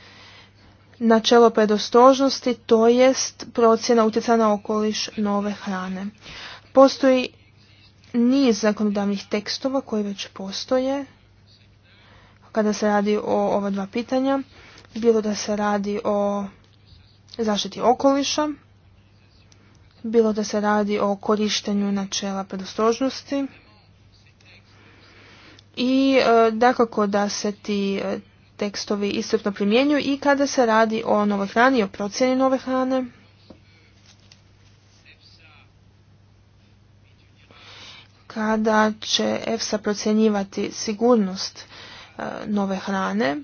načelo predostrožnosti, to jest procjena utjecaja na okoliš nove hrane. Postoji niz zakonodavnih tekstova koji već postoje kada se radi o ova dva pitanja, bilo da se radi o zaštiti okoliša, bilo da se radi o korištenju načela predostrožnosti i e, dakako da se ti e, tekstovi istotno primjenjuju i kada se radi o novoj hrani i o procjeni nove hrane. Kada će EFSA procjenjivati sigurnost e, nove hrane,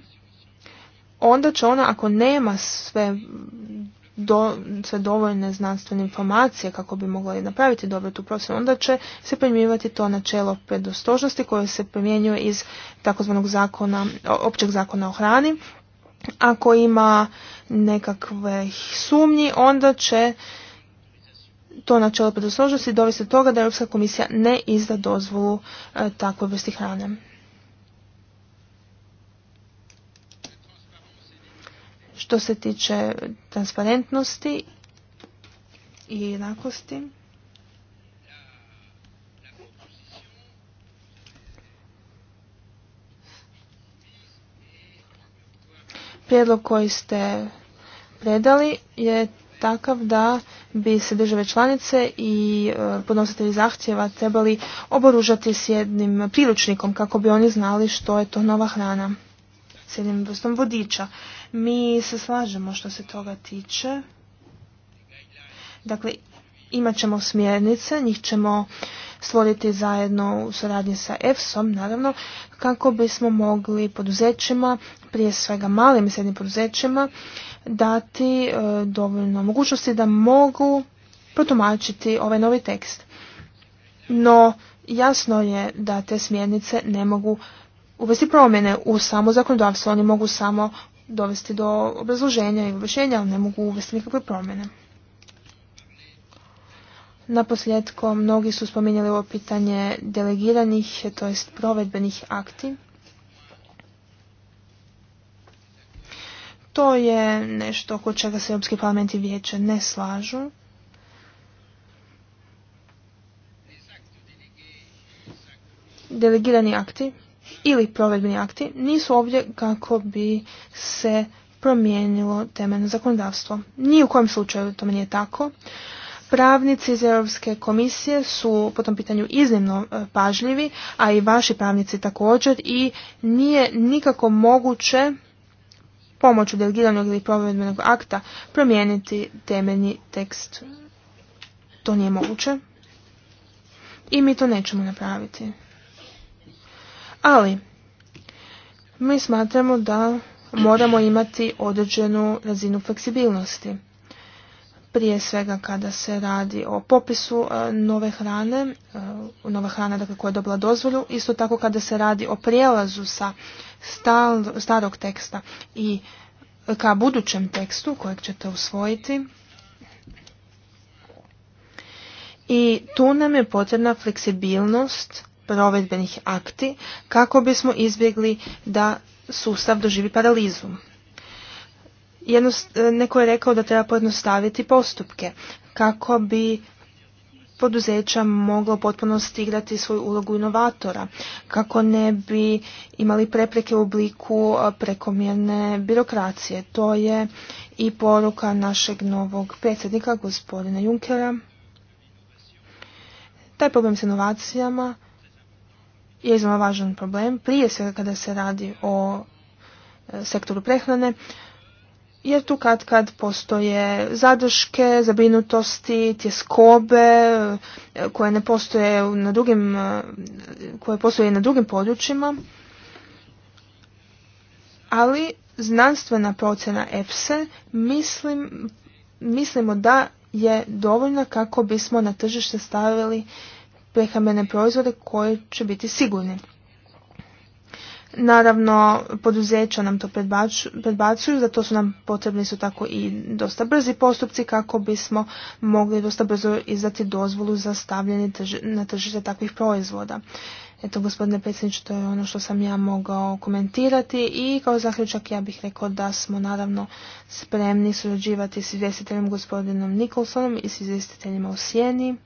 onda će ona ako nema sve do, sve dovoljne znanstvene informacije kako bi mogla napraviti dobro tu procjenu, onda će se primjenjivati to načelo predostožnosti koje se primjenjuje iz takozvanog zakona, općeg zakona o hrani. Ako ima nekakve sumnji, onda će to načelo predostožnosti dovesti do toga da Europska komisija ne izda dozvolu takve takvoj vrsti hrane. Što se tiče transparentnosti i jednakosti, prijedlog koji ste predali je takav da bi se države članice i e, podnositelji zahtjeva trebali oboružati s jednim priručnikom kako bi oni znali što je to nova hrana s jednim vrstom vodiča. Mi se slažemo što se toga tiče. Dakle, imat ćemo smjernice, njih ćemo stvoriti zajedno u suradnji sa EFSOM, naravno, kako bismo mogli poduzećima, prije svega malim i srednjim poduzećima, dati e, dovoljno mogućnosti da mogu protumačiti ovaj novi tekst. No, jasno je da te smjernice ne mogu uvesti promjene u samo zakonodavstvo. Oni mogu samo dovesti do obrazloženja i objašnjenja, ali ne mogu uvesti nikakve promjene. Na mnogi su spominjali ovo pitanje delegiranih, to jest provedbenih akti. To je nešto oko čega se Europski parlament i vijeće ne slažu. Delegirani akti ili provedbeni akti nisu ovdje kako bi se promijenilo temeljno zakonodavstvo. Ni u kojem slučaju to nije tako. Pravnici iz Europske komisije su po tom pitanju iznimno e, pažljivi, a i vaši pravnici također i nije nikako moguće pomoću delegiranog ili provedbenog akta promijeniti temeljni tekst. To nije moguće i mi to nećemo napraviti. Ali, mi smatramo da moramo imati određenu razinu fleksibilnosti. Prije svega kada se radi o popisu e, nove hrane, e, nova hrana dakle, koja je dobila dozvolu, isto tako kada se radi o prijelazu sa starog teksta i ka budućem tekstu kojeg ćete usvojiti. I tu nam je potrebna fleksibilnost provedbenih akti kako bismo izbjegli da sustav doživi paralizu. E, neko je rekao da treba pojednostaviti postupke kako bi poduzeća moglo potpuno stigrati svoju ulogu inovatora, kako ne bi imali prepreke u obliku e, prekomjerne birokracije. To je i poruka našeg novog predsjednika, gospodina Junkera. Taj problem s inovacijama je iznimno važan problem, prije svega kada se radi o e, sektoru prehrane, jer tu kad kad postoje zadrške, zabrinutosti, tjeskobe e, koje ne postoje na drugim, e, koje postoje na drugim područjima, ali znanstvena procjena EFSE mislim, mislimo da je dovoljna kako bismo na tržište stavili prehrambene proizvode koji će biti sigurni. Naravno, poduzeća nam to predbacuju, zato su nam potrebni su tako i dosta brzi postupci kako bismo mogli dosta brzo izdati dozvolu za stavljanje na tržište takvih proizvoda. Eto, gospodine predsjedniče, to je ono što sam ja mogao komentirati i kao zaključak ja bih rekao da smo naravno spremni surađivati s izvjestiteljom gospodinom Nikolsonom i s izvjestiteljima u Sjeni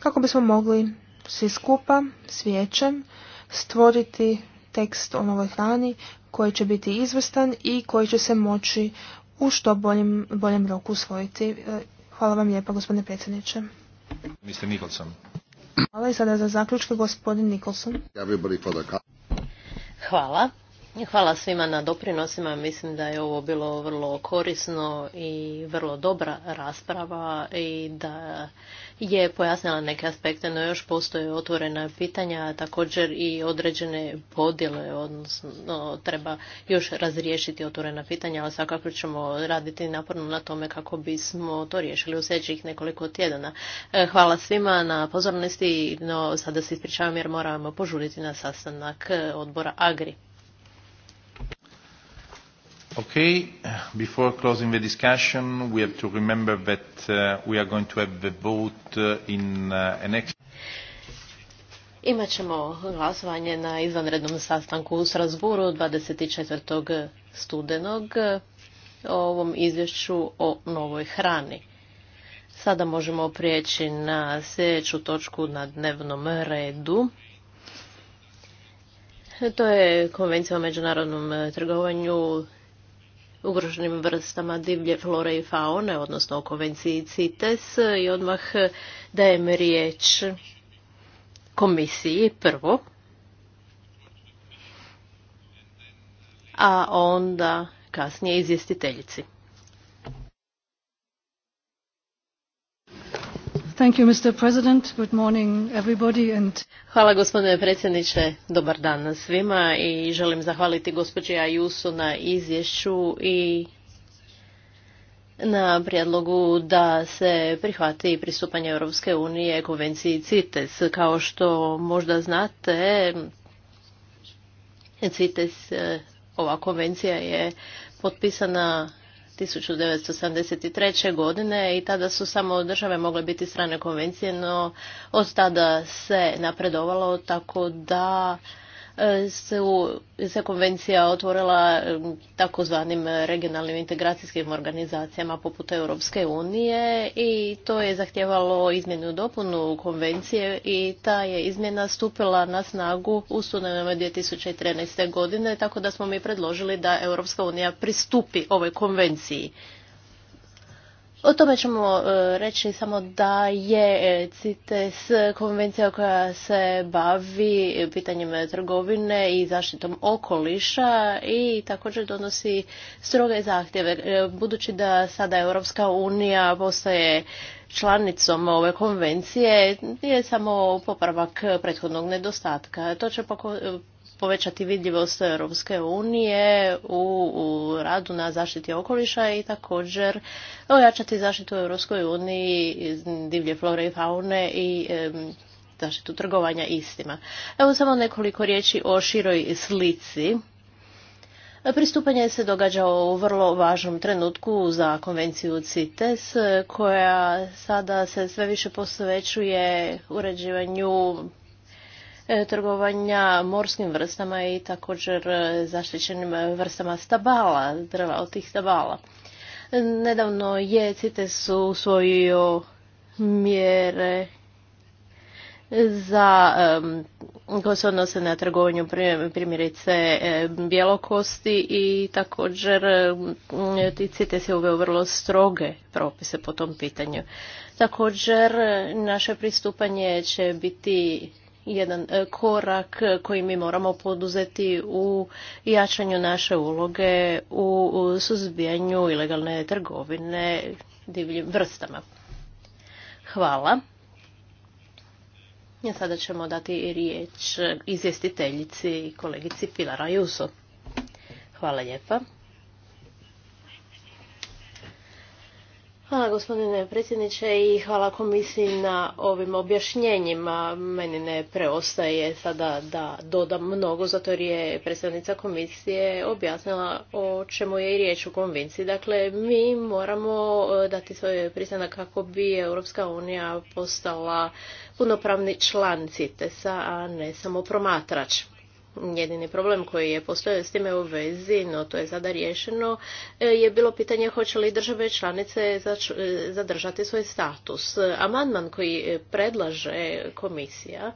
kako bismo mogli svi skupa s stvoriti tekst o novoj hrani koji će biti izvrstan i koji će se moći u što boljem, boljem roku usvojiti. E, hvala vam lijepa gospodine predsjedniče. Mr. Nicholson. Hvala i sada za zaključke gospodin Nicholson. Hvala. Hvala svima na doprinosima. Mislim da je ovo bilo vrlo korisno i vrlo dobra rasprava i da je pojasnila neke aspekte, no još postoje otvorena pitanja, također i određene podjele, odnosno treba još razriješiti otvorena pitanja, ali svakako ćemo raditi naporno na tome kako bismo to riješili u sljedećih nekoliko tjedana. E, hvala svima na pozornosti, no sada se ispričavam jer moramo požuriti na sastanak odbora AGRI. Okay, before closing the discussion, we have to remember that uh, we are going to have the vote uh, in uh, an next... Imat ćemo glasovanje na izvanrednom sastanku u Strasburu 24. studenog o ovom izvješću o novoj hrani. Sada možemo prijeći na sljedeću točku na dnevnom redu. To je konvencija o međunarodnom trgovanju ugroženim vrstama divlje flore i faune, odnosno o konvenciji CITES i odmah dajem riječ komisiji prvo, a onda kasnije izvjestiteljici. Hvala gospodine predsjedniče, dobar dan svima i želim zahvaliti gospođi Ajusu na izvješću i na prijedlogu da se prihvati pristupanje Europske unije konvenciji CITES. Kao što možda znate, CITES, eh, ova konvencija je potpisana 1973. godine i tada su samo države mogle biti strane konvencije, no od tada se napredovalo tako da se konvencija otvorila takozvanim regionalnim integracijskim organizacijama poput Europske unije i to je zahtjevalo izmjenu dopunu konvencije i ta je izmjena stupila na snagu u studenome 2013. godine tako da smo mi predložili da Europska unija pristupi ovoj konvenciji. O tome ćemo e, reći samo da je e, CITES konvencija koja se bavi pitanjem trgovine i zaštitom okoliša i također donosi stroge zahtjeve. E, budući da sada Europska unija postaje članicom ove konvencije je samo popravak prethodnog nedostatka. To će povećati vidljivost Europske unije u, u radu na zaštiti okoliša i također ojačati zaštitu Europskoj uniji divlje flore i faune i e, zaštitu trgovanja istima. Evo samo nekoliko riječi o široj slici. Pristupanje se događa u vrlo važnom trenutku za konvenciju CITES koja sada se sve više posvećuje uređivanju E, trgovanja morskim vrstama i također e, zaštićenim vrstama stabala, drva od tih stabala. Nedavno je CITES usvojio mjere za koje se odnose na trgovanju primjerice e, bjelokosti i također CITES je uveo vrlo stroge propise po tom pitanju. Također naše pristupanje će biti jedan e, korak koji mi moramo poduzeti u jačanju naše uloge u suzbijanju ilegalne trgovine divljim vrstama. Hvala. Ja sada ćemo dati riječ izvjestiteljici i kolegici Pilara Juso. Hvala lijepa. Hvala gospodine predsjedniče i hvala komisiji na ovim objašnjenjima. Meni ne preostaje sada da dodam mnogo, zato jer je predstavnica komisije objasnila o čemu je i riječ u konvenciji. Dakle, mi moramo e, dati svoj pristanak kako bi Europska unija postala punopravni član CITES-a, a ne samo promatrač jedini problem koji je postojao s time u vezi, no to je sada riješeno, e, je bilo pitanje hoće li države članice e, zadržati svoj status. Amandman koji e, predlaže komisija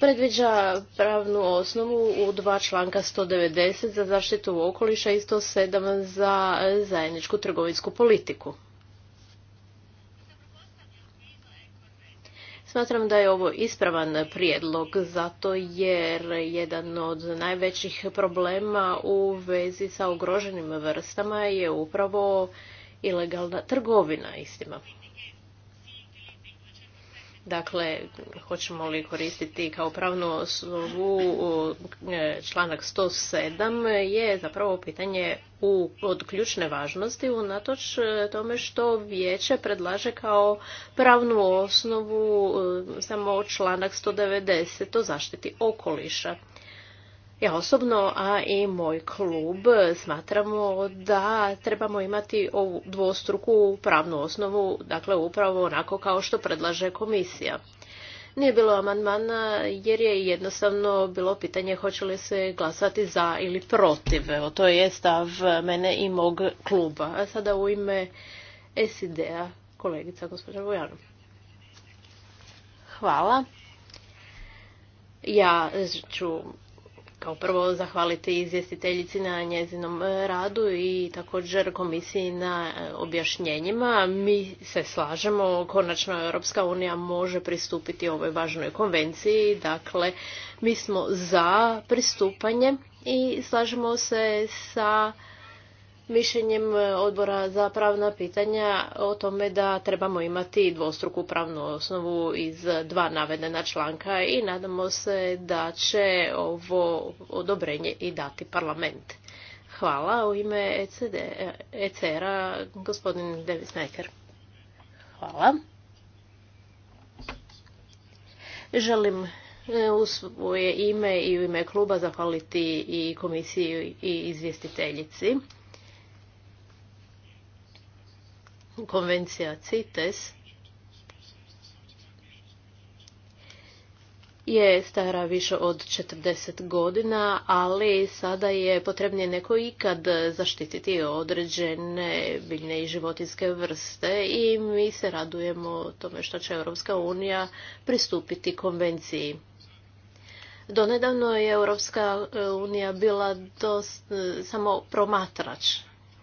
predviđa pravnu osnovu u dva članka 190 za zaštitu okoliša i 107 za zajedničku trgovinsku politiku. Smatram da je ovo ispravan prijedlog zato jer jedan od najvećih problema u vezi sa ugroženim vrstama je upravo ilegalna trgovina istima. Dakle, hoćemo li koristiti kao pravnu osnovu e, članak 107 je zapravo pitanje u, od ključne važnosti unatoč e, tome što vijeće predlaže kao pravnu osnovu e, samo članak 190 o zaštiti okoliša. Ja osobno, a i moj klub, smatramo da trebamo imati ovu dvostruku pravnu osnovu, dakle upravo onako kao što predlaže komisija. Nije bilo amandmana jer je jednostavno bilo pitanje hoće li se glasati za ili protiv. Evo, to je stav mene i mog kluba. A sada u ime SID-a kolegica gospođa Vojanu. Hvala. Ja ću kao prvo zahvaliti izvjestiteljici na njezinom e, radu i također komisiji na e, objašnjenjima. Mi se slažemo, konačno Europska unija može pristupiti ovoj važnoj konvenciji, dakle mi smo za pristupanje i slažemo se sa mišljenjem e, odbora za pravna pitanja o tome da trebamo imati dvostruku pravnu osnovu iz dva navedena članka i nadamo se da će ovo odobrenje i dati parlament. Hvala. U ime ECR-a e, e gospodin Davis Necker. Hvala. Želim u svoje ime i u ime kluba zahvaliti i komisiji i izvjestiteljici. konvencija CITES je stara više od 40 godina, ali sada je potrebnije neko ikad zaštititi određene biljne i životinske vrste i mi se radujemo tome što će Europska unija pristupiti konvenciji. Donedavno je Europska unija bila samo promatrač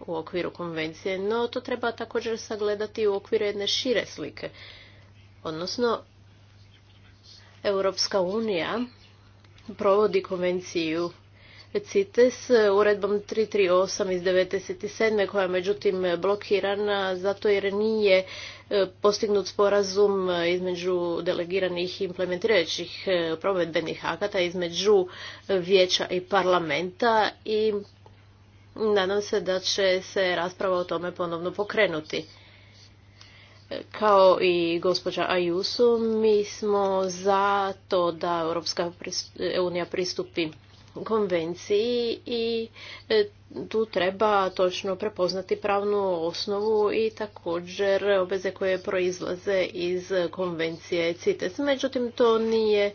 u okviru konvencije, no to treba također sagledati u okviru jedne šire slike. Odnosno, Europska unija provodi konvenciju CITES uredbom 338 iz 97. koja je međutim blokirana zato jer nije e, postignut sporazum između delegiranih i implementirajućih e, provedbenih akata između vijeća i parlamenta i Nadam se da će se rasprava o tome ponovno pokrenuti. Kao i gospođa Ayuso, mi smo za to da Europska unija pristupi konvenciji i e, tu treba točno prepoznati pravnu osnovu i također obveze koje proizlaze iz konvencije CITES. Međutim, to nije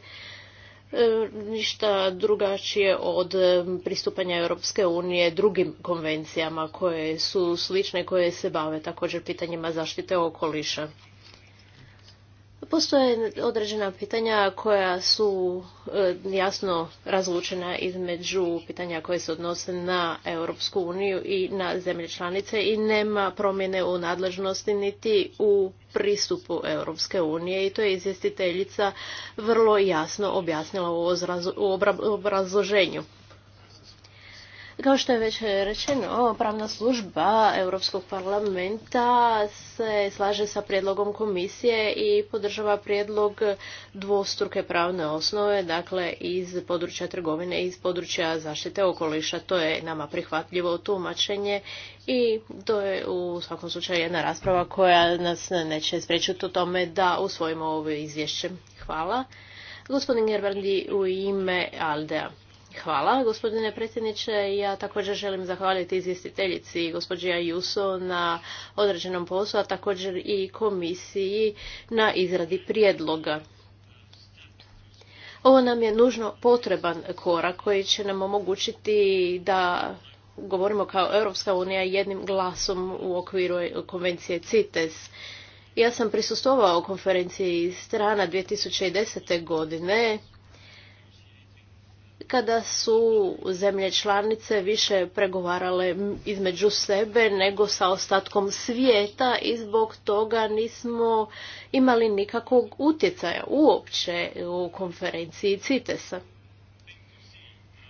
E, ništa drugačije od pristupanja Europske unije drugim konvencijama koje su slične koje se bave također pitanjima zaštite okoliša. Postoje određena pitanja koja su e, jasno razlučena između pitanja koje se odnose na Europsku uniju i na zemlje članice i nema promjene u nadležnosti niti u pristupu Europske unije i to je izvjestiteljica vrlo jasno objasnila u obrazloženju. Kao što je već rečeno, pravna služba Europskog parlamenta se slaže sa prijedlogom komisije i podržava prijedlog dvostruke pravne osnove, dakle iz područja trgovine i iz područja zaštite okoliša. To je nama prihvatljivo tumačenje i to je u svakom slučaju jedna rasprava koja nas neće spriječiti u tome da usvojimo ovo izvješće. Hvala. Gospodin Gerbrandi u ime Aldea. Hvala, gospodine predsjedniče. Ja također želim zahvaliti izvjestiteljici gospođi Ajuso na određenom poslu, a također i komisiji na izradi prijedloga. Ovo nam je nužno potreban korak koji će nam omogućiti da govorimo kao Europska unija jednim glasom u okviru konvencije CITES. Ja sam prisustovao konferenciji strana 2010. godine kada su zemlje članice više pregovarale između sebe nego sa ostatkom svijeta i zbog toga nismo imali nikakvog utjecaja uopće u konferenciji CITES-a.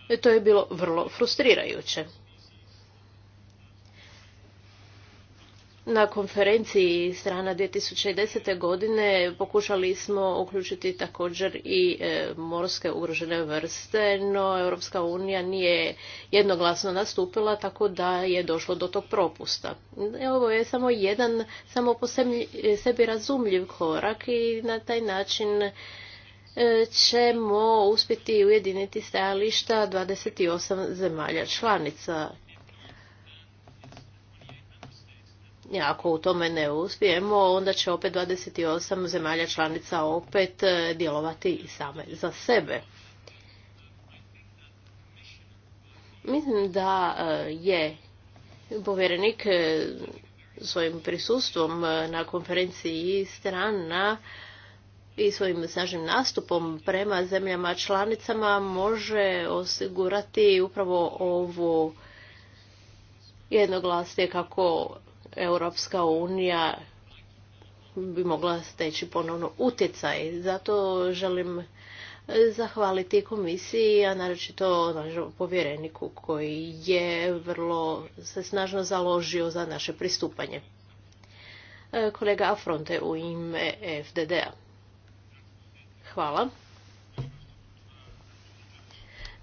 E, to je bilo vrlo frustrirajuće. Na konferenciji strana 2010. godine pokušali smo uključiti također i e, morske ugrožene vrste, no Europska unija nije jednoglasno nastupila, tako da je došlo do tog propusta. E, ovo je samo jedan, samo po sebi e, razumljiv korak i na taj način ćemo uspjeti ujediniti stajališta 28 zemalja članica ako u tome ne uspijemo, onda će opet 28 zemalja članica opet e, djelovati i same za sebe. Mislim da e, je povjerenik e, svojim prisustvom na konferenciji strana i svojim snažnim nastupom prema zemljama članicama može osigurati upravo ovo jednoglasje kako Europska unija bi mogla steći ponovno utjecaj. Zato želim zahvaliti komisiji, a naročito povjereniku koji je vrlo se snažno založio za naše pristupanje. E, kolega Afronte u ime fdd Hvala.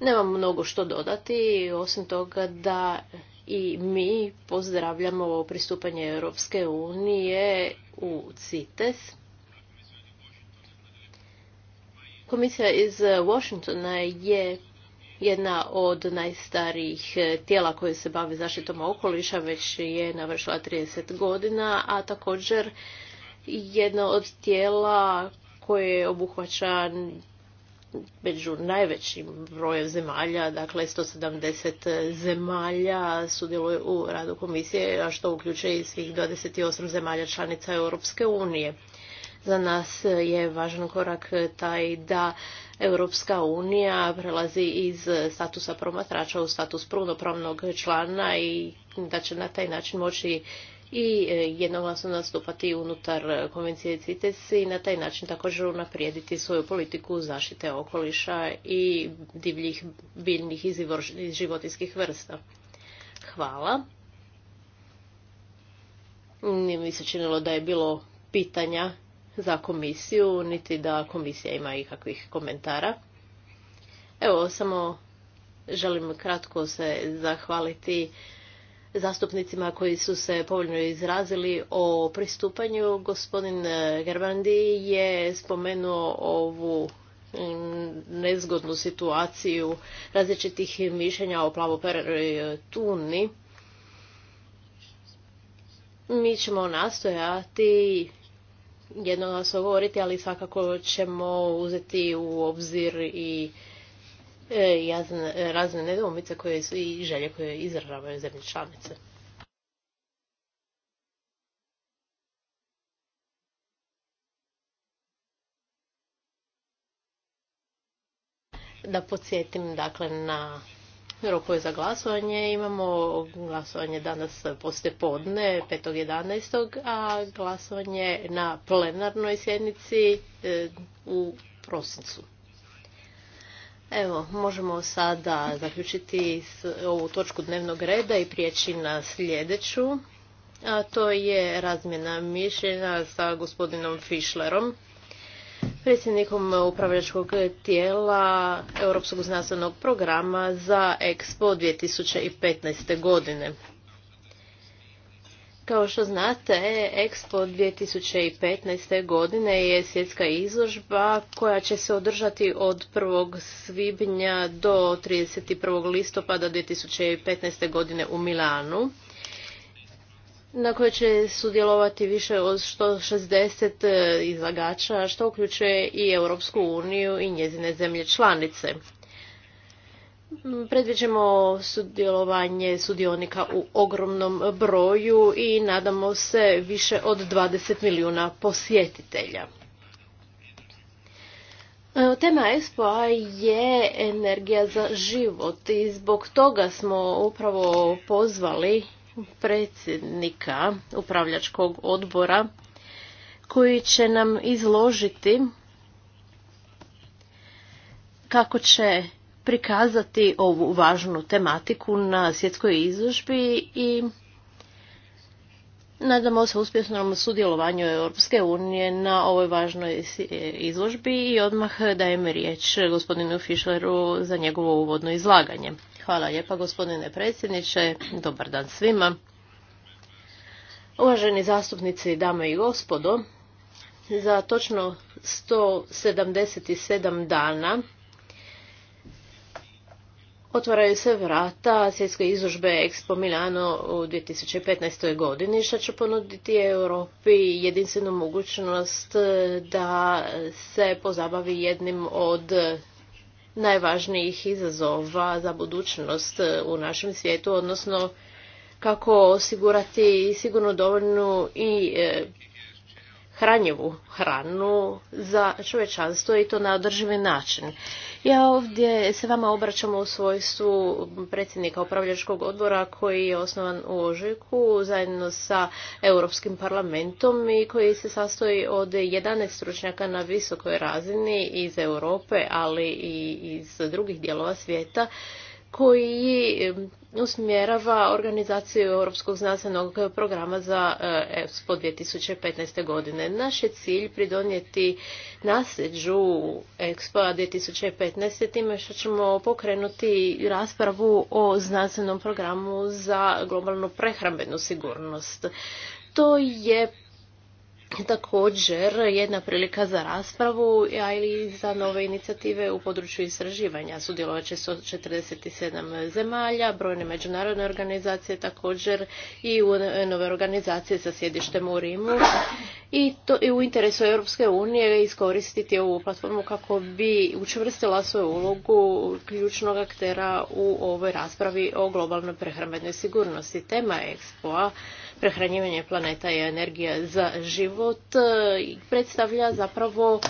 Nemam mnogo što dodati, osim toga da i mi pozdravljamo ovo pristupanje Europske unije u CITES. Komisija iz Washingtona je jedna od najstarijih tijela koje se bavi zaštitom okoliša, već je navršila 30 godina, a također jedno od tijela koje obuhvaća među najvećim brojem zemalja, dakle 170 zemalja sudjeluje u radu komisije, a što uključuje i svih 28 zemalja članica Europske unije. Za nas je važan korak taj da Europska unija prelazi iz statusa promatrača u status punopravnog člana i da će na taj način moći i e, jednoglasno nastupati unutar e, konvencije CITES i na taj način također unaprijediti svoju politiku zaštite okoliša i divljih biljnih i životinskih vrsta. Hvala. Nije mi se činilo da je bilo pitanja za komisiju, niti da komisija ima ikakvih komentara. Evo, samo želim kratko se zahvaliti zastupnicima koji su se povoljno izrazili o pristupanju. Gospodin e, Gerbrandi je spomenuo ovu mm, nezgodnu situaciju različitih mišljenja o plavoperoj tuni. Mi ćemo nastojati jedno nas govoriti, ali svakako ćemo uzeti u obzir i E, e, razne nedoumice koje su i želje koje izražavaju zemlje članice. Da podsjetim dakle na rokove za glasovanje. Imamo glasovanje danas poslije podne, 5.11. a glasovanje na plenarnoj sjednici e, u prosincu. Evo, možemo sada zaključiti ovu točku dnevnog reda i prijeći na sljedeću. A to je razmjena mišljenja sa gospodinom Fischlerom, predsjednikom upravljačkog tijela Europskog znanstvenog programa za Expo 2015. godine. Kao što znate, Expo 2015. godine je svjetska izložba koja će se održati od 1. svibnja do 31. listopada 2015. godine u Milanu na kojoj će sudjelovati više od 160 izlagača, što uključuje i Europsku uniju i njezine zemlje članice. Predviđamo sudjelovanje sudionika u ogromnom broju i nadamo se više od 20 milijuna posjetitelja. E, tema ESPO je energija za život i zbog toga smo upravo pozvali predsjednika upravljačkog odbora koji će nam izložiti kako će prikazati ovu važnu tematiku na svjetskoj izložbi i nadamo se uspješnom sudjelovanju Europske unije na ovoj važnoj izložbi i odmah dajem riječ gospodinu Fischleru za njegovo uvodno izlaganje. Hvala lijepa gospodine predsjedniče, dobar dan svima. Uvaženi zastupnici, dame i gospodo, za točno 177 dana otvaraju se vrata svjetske izložbe Expo Milano u 2015. godini, što će ponuditi Europi jedinstvenu mogućnost da se pozabavi jednim od najvažnijih izazova za budućnost u našem svijetu, odnosno kako osigurati sigurno dovoljnu i e, hranjevu hranu za čovečanstvo i to na održivi način. Ja ovdje se vama obraćam u svojstvu predsjednika upravljačkog odbora koji je osnovan u Ožujku zajedno sa Europskim parlamentom i koji se sastoji od 11 stručnjaka na visokoj razini iz Europe, ali i iz drugih dijelova svijeta koji usmjerava organizaciju Europskog znanstvenog programa za e, ESPO 2015. godine. Naš je cilj pridonijeti nasljeđu EXPO 2015. time što ćemo pokrenuti raspravu o znanstvenom programu za globalnu prehrambenu sigurnost. To je također jedna prilika za raspravu, a i za nove inicijative u području istraživanja. Sudjelovat će sedam zemalja, brojne međunarodne organizacije također i nove organizacije sa sjedištem u Rimu. I, to, i u interesu Europske unije iskoristiti ovu platformu kako bi učvrstila svoju ulogu ključnog aktera u ovoj raspravi o globalnoj prehrambenoj sigurnosti. Tema EXPO-a prehranjivanje planeta i energija za život predstavlja zapravo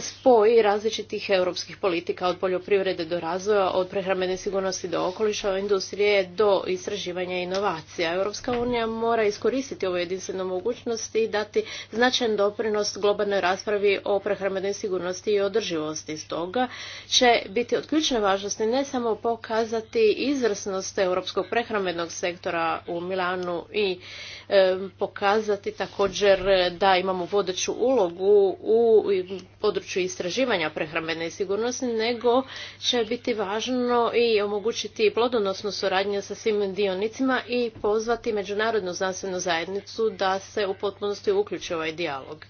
spoj različitih europskih politika od poljoprivrede do razvoja, od prehrambene sigurnosti do okoliša, od industrije do istraživanja i inovacija. Europska unija mora iskoristiti ovu jedinstvenu mogućnost i dati značajan doprinos globalnoj raspravi o prehrambenoj sigurnosti i održivosti. Stoga će biti od ključne važnosti ne samo pokazati izvrsnost europskog prehrambenog sektora u Milanu i pokazati također da imamo vodeću ulogu u području području istraživanja prehrambene sigurnosti, nego će biti važno i omogućiti plodonosnu suradnju sa svim dionicima i pozvati međunarodnu znanstvenu zajednicu da se u potpunosti uključi ovaj dijalog.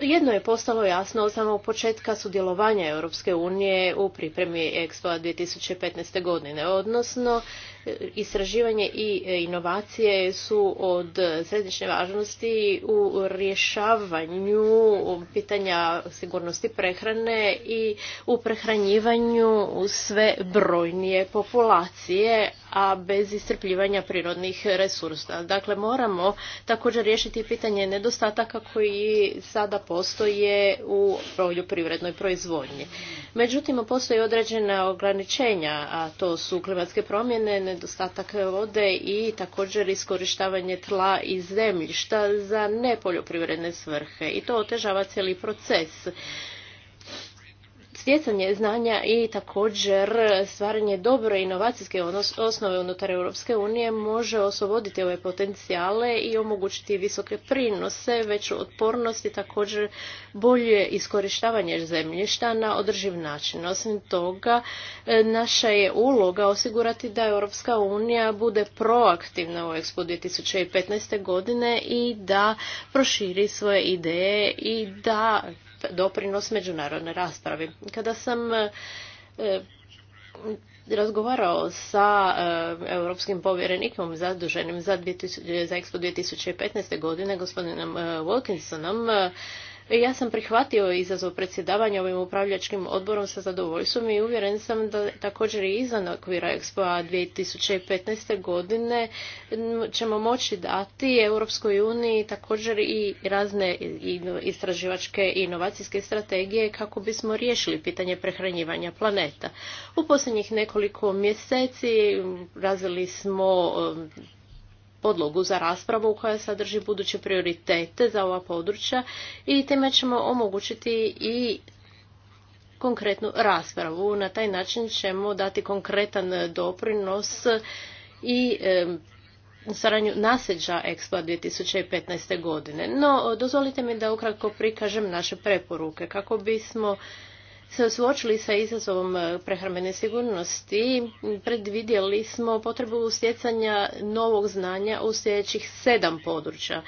Jedno je postalo jasno od samog početka sudjelovanja Europske unije u pripremi Expo 2015. godine, odnosno istraživanje i e, inovacije su od središnje važnosti u rješavanju pitanja sigurnosti prehrane i u prehranjivanju sve brojnije populacije, a bez iscrpljivanja prirodnih resursa. Dakle, moramo također riješiti pitanje nedostataka koji sada postoje u poljoprivrednoj proizvodnji. Međutim, postoje određena ograničenja, a to su klimatske promjene, nedostatak vode i također iskorištavanje tla i zemljišta za nepoljoprivredne svrhe. I to otežava cijeli proces stjecanje znanja i također stvaranje dobre inovacijske osnove unutar Europske unije može osvoboditi ove potencijale i omogućiti visoke prinose, veću otpornost i također bolje iskorištavanje zemljišta na održiv način. Osim toga, e, naša je uloga osigurati da Europska unija bude proaktivna u Expo 2015. godine i da proširi svoje ideje i da doprinos međunarodne raspravi. Kada sam e, razgovarao sa e, europskim povjerenikom zaduženim za, za Expo 2015. godine, gospodinom e, Wilkinsonom, E, ja sam prihvatio izazov predsjedavanja ovim upravljačkim odborom sa zadovoljstvom i uvjeren sam da također i izvan okvira Expoa 2015. godine ćemo moći dati Europskoj uniji također i razne istraživačke i inovacijske strategije kako bismo riješili pitanje prehranjivanja planeta. U posljednjih nekoliko mjeseci razvili smo podlogu za raspravu koja sadrži buduće prioritete za ova područja i time ćemo omogućiti i konkretnu raspravu. Na taj način ćemo dati konkretan doprinos i stvaranju naseđa Expo 2015. godine. No, dozvolite mi da ukratko prikažem naše preporuke kako bismo se suočili sa izazovom e, prehrambene sigurnosti, predvidjeli smo potrebu stjecanja novog znanja u sljedećih sedam područja.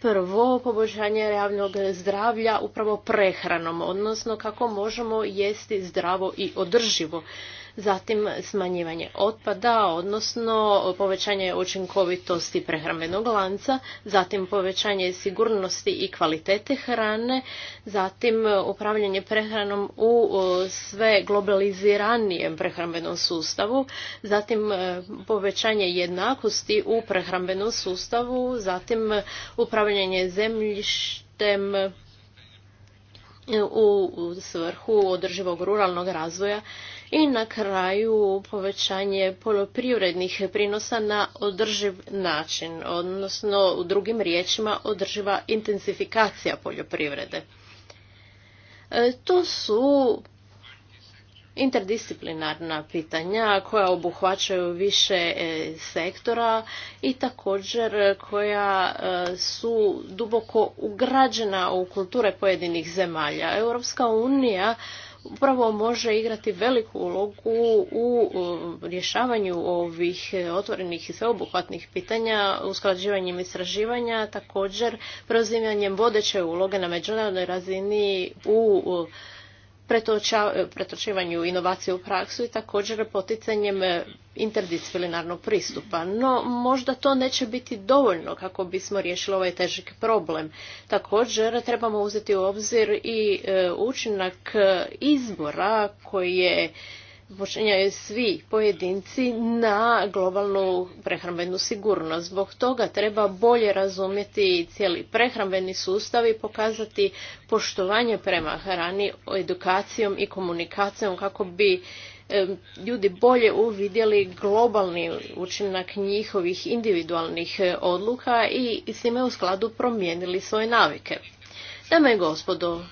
Prvo, poboljšanje javnog zdravlja upravo prehranom, odnosno kako možemo jesti zdravo i održivo zatim smanjivanje otpada, odnosno povećanje učinkovitosti prehrambenog lanca, zatim povećanje sigurnosti i kvalitete hrane, zatim upravljanje prehranom u sve globaliziranijem prehrambenom sustavu, zatim e, povećanje jednakosti u prehrambenom sustavu, zatim upravljanje zemljištem u svrhu održivog ruralnog razvoja i na kraju povećanje poljoprivrednih prinosa na održiv način, odnosno u drugim riječima održiva intensifikacija poljoprivrede. E, to su interdisciplinarna pitanja koja obuhvaćaju više e, sektora i također koja e, su duboko ugrađena u kulture pojedinih zemalja. Europska unija upravo može igrati veliku ulogu u rješavanju ovih otvorenih i sveobuhvatnih pitanja, usklađivanjem istraživanja, također preuzimanjem vodeće uloge na međunarodnoj razini u pretočivanju inovacije u praksu i također poticanjem e, interdisciplinarnog pristupa. No, možda to neće biti dovoljno kako bismo riješili ovaj težak problem. Također, trebamo uzeti u obzir i e, učinak e, izbora koji je počinjaju svi pojedinci na globalnu prehrambenu sigurnost. Zbog toga treba bolje razumjeti cijeli prehrambeni sustav i pokazati poštovanje prema hrani edukacijom i komunikacijom kako bi ljudi bolje uvidjeli globalni učinak njihovih individualnih e, odluka i s time u skladu promijenili svoje navike. Dame i gospodo,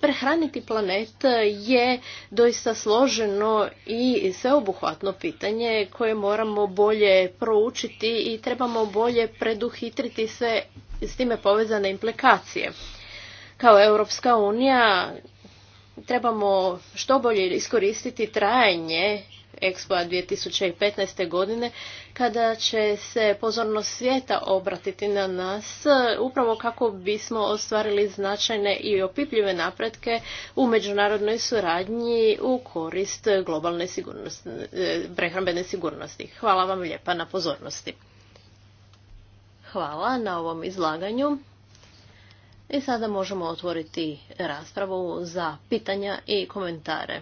prehraniti planet je doista složeno i sveobuhvatno pitanje koje moramo bolje proučiti i trebamo bolje preduhitriti sve s time povezane implikacije. Kao Europska unija trebamo što bolje iskoristiti trajanje Expoa 2015. godine, kada će se pozornost svijeta obratiti na nas, upravo kako bismo ostvarili značajne i opipljive napretke u međunarodnoj suradnji u korist globalne e, prehrambene sigurnosti. Hvala vam lijepa na pozornosti. Hvala na ovom izlaganju. I sada možemo otvoriti raspravu za pitanja i komentare.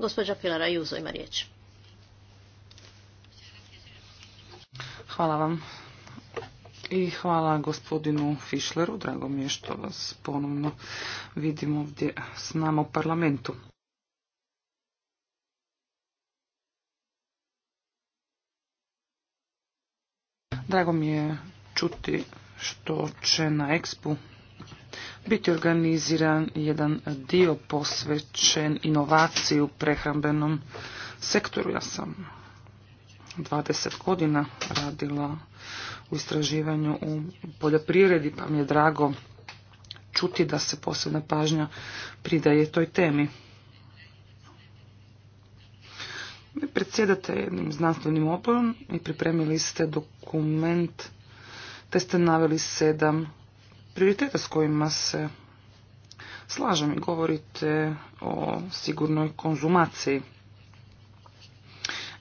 Gospođa Pilara Juzo ima riječ. Hvala vam. I hvala gospodinu Fischleru. drago mi je što vas ponovno vidimo ovdje s nama u parlamentu. Drago mi je čuti što će na ekspu biti organiziran jedan dio posvećen inovaciji u prehrambenom sektoru. Ja sam 20 godina radila u istraživanju u poljoprivredi, pa mi je drago čuti da se posebna pažnja pridaje toj temi. Mi predsjedate jednim znanstvenim oporom i pripremili ste dokument te ste naveli sedam prioriteta s kojima se slažem i govorite o sigurnoj konzumaciji.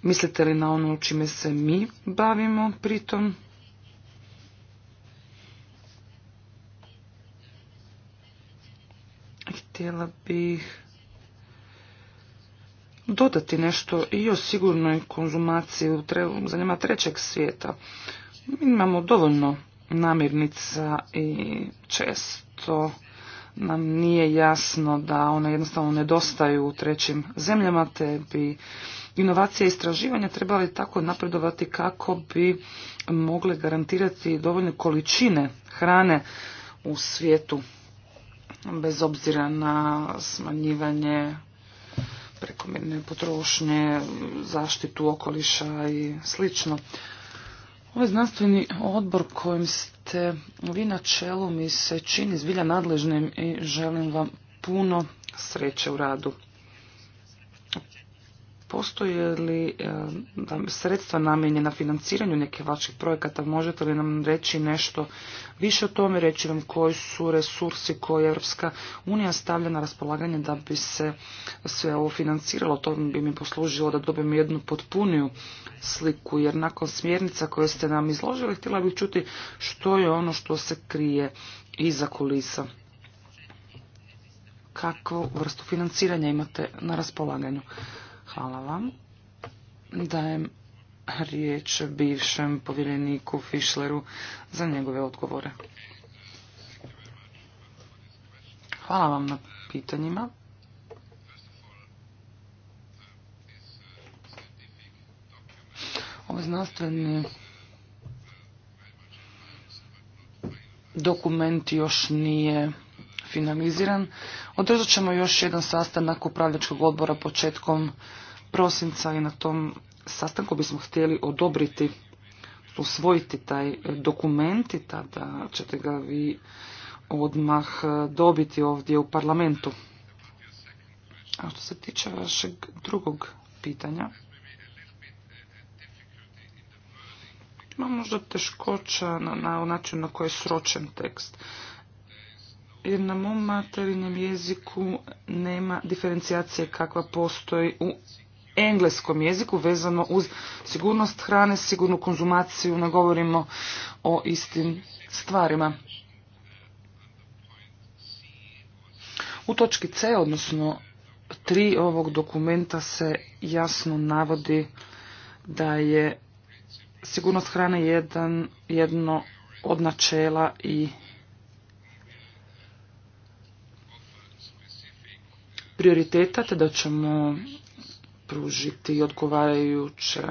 Mislite li na ono čime se mi bavimo pritom? Htjela bih dodati nešto i o sigurnoj konzumaciji u zanima trećeg svijeta. Mi imamo dovoljno namirnica i često nam nije jasno da one jednostavno nedostaju u trećim zemljama, te bi inovacije i istraživanja trebali tako napredovati kako bi mogle garantirati dovoljne količine hrane u svijetu, bez obzira na smanjivanje prekomjerne potrošnje, zaštitu okoliša i slično. Ovaj znanstveni odbor kojim ste vi na čelu mi se čini zbilja nadležnim i želim vam puno sreće u radu. Postoje li eh, sredstva namijenjena financiranju nekih vaših projekata? Možete li nam reći nešto više o tome? Reći vam koji su resursi koje Europska unija stavlja na raspolaganje da bi se sve ovo financiralo? To bi mi poslužilo da dobijem jednu potpuniju sliku, jer nakon smjernica koje ste nam izložili, htjela bih čuti što je ono što se krije iza kulisa. Kako vrstu financiranja imate na raspolaganju? Hvala vam. Dajem riječ bivšem povjereniku Fischleru za njegove odgovore. Hvala vam na pitanjima. Ovo znanstveni dokument još nije finaliziran. Održat ćemo još jedan sastanak upravljačkog odbora početkom prosinca i na tom sastanku bismo htjeli odobriti, usvojiti taj dokument i tada ćete ga vi odmah e, dobiti ovdje u parlamentu. A što se tiče vašeg drugog pitanja, ima možda teškoća na, na način na koji je sročen tekst jer na mom materinjem jeziku nema diferencijacije kakva postoji u engleskom jeziku vezano uz sigurnost hrane, sigurnu konzumaciju, ne govorimo o istim stvarima. U točki C, odnosno tri ovog dokumenta se jasno navodi da je sigurnost hrane jedan, jedno od načela i prioriteta te da ćemo pružiti odgovarajuće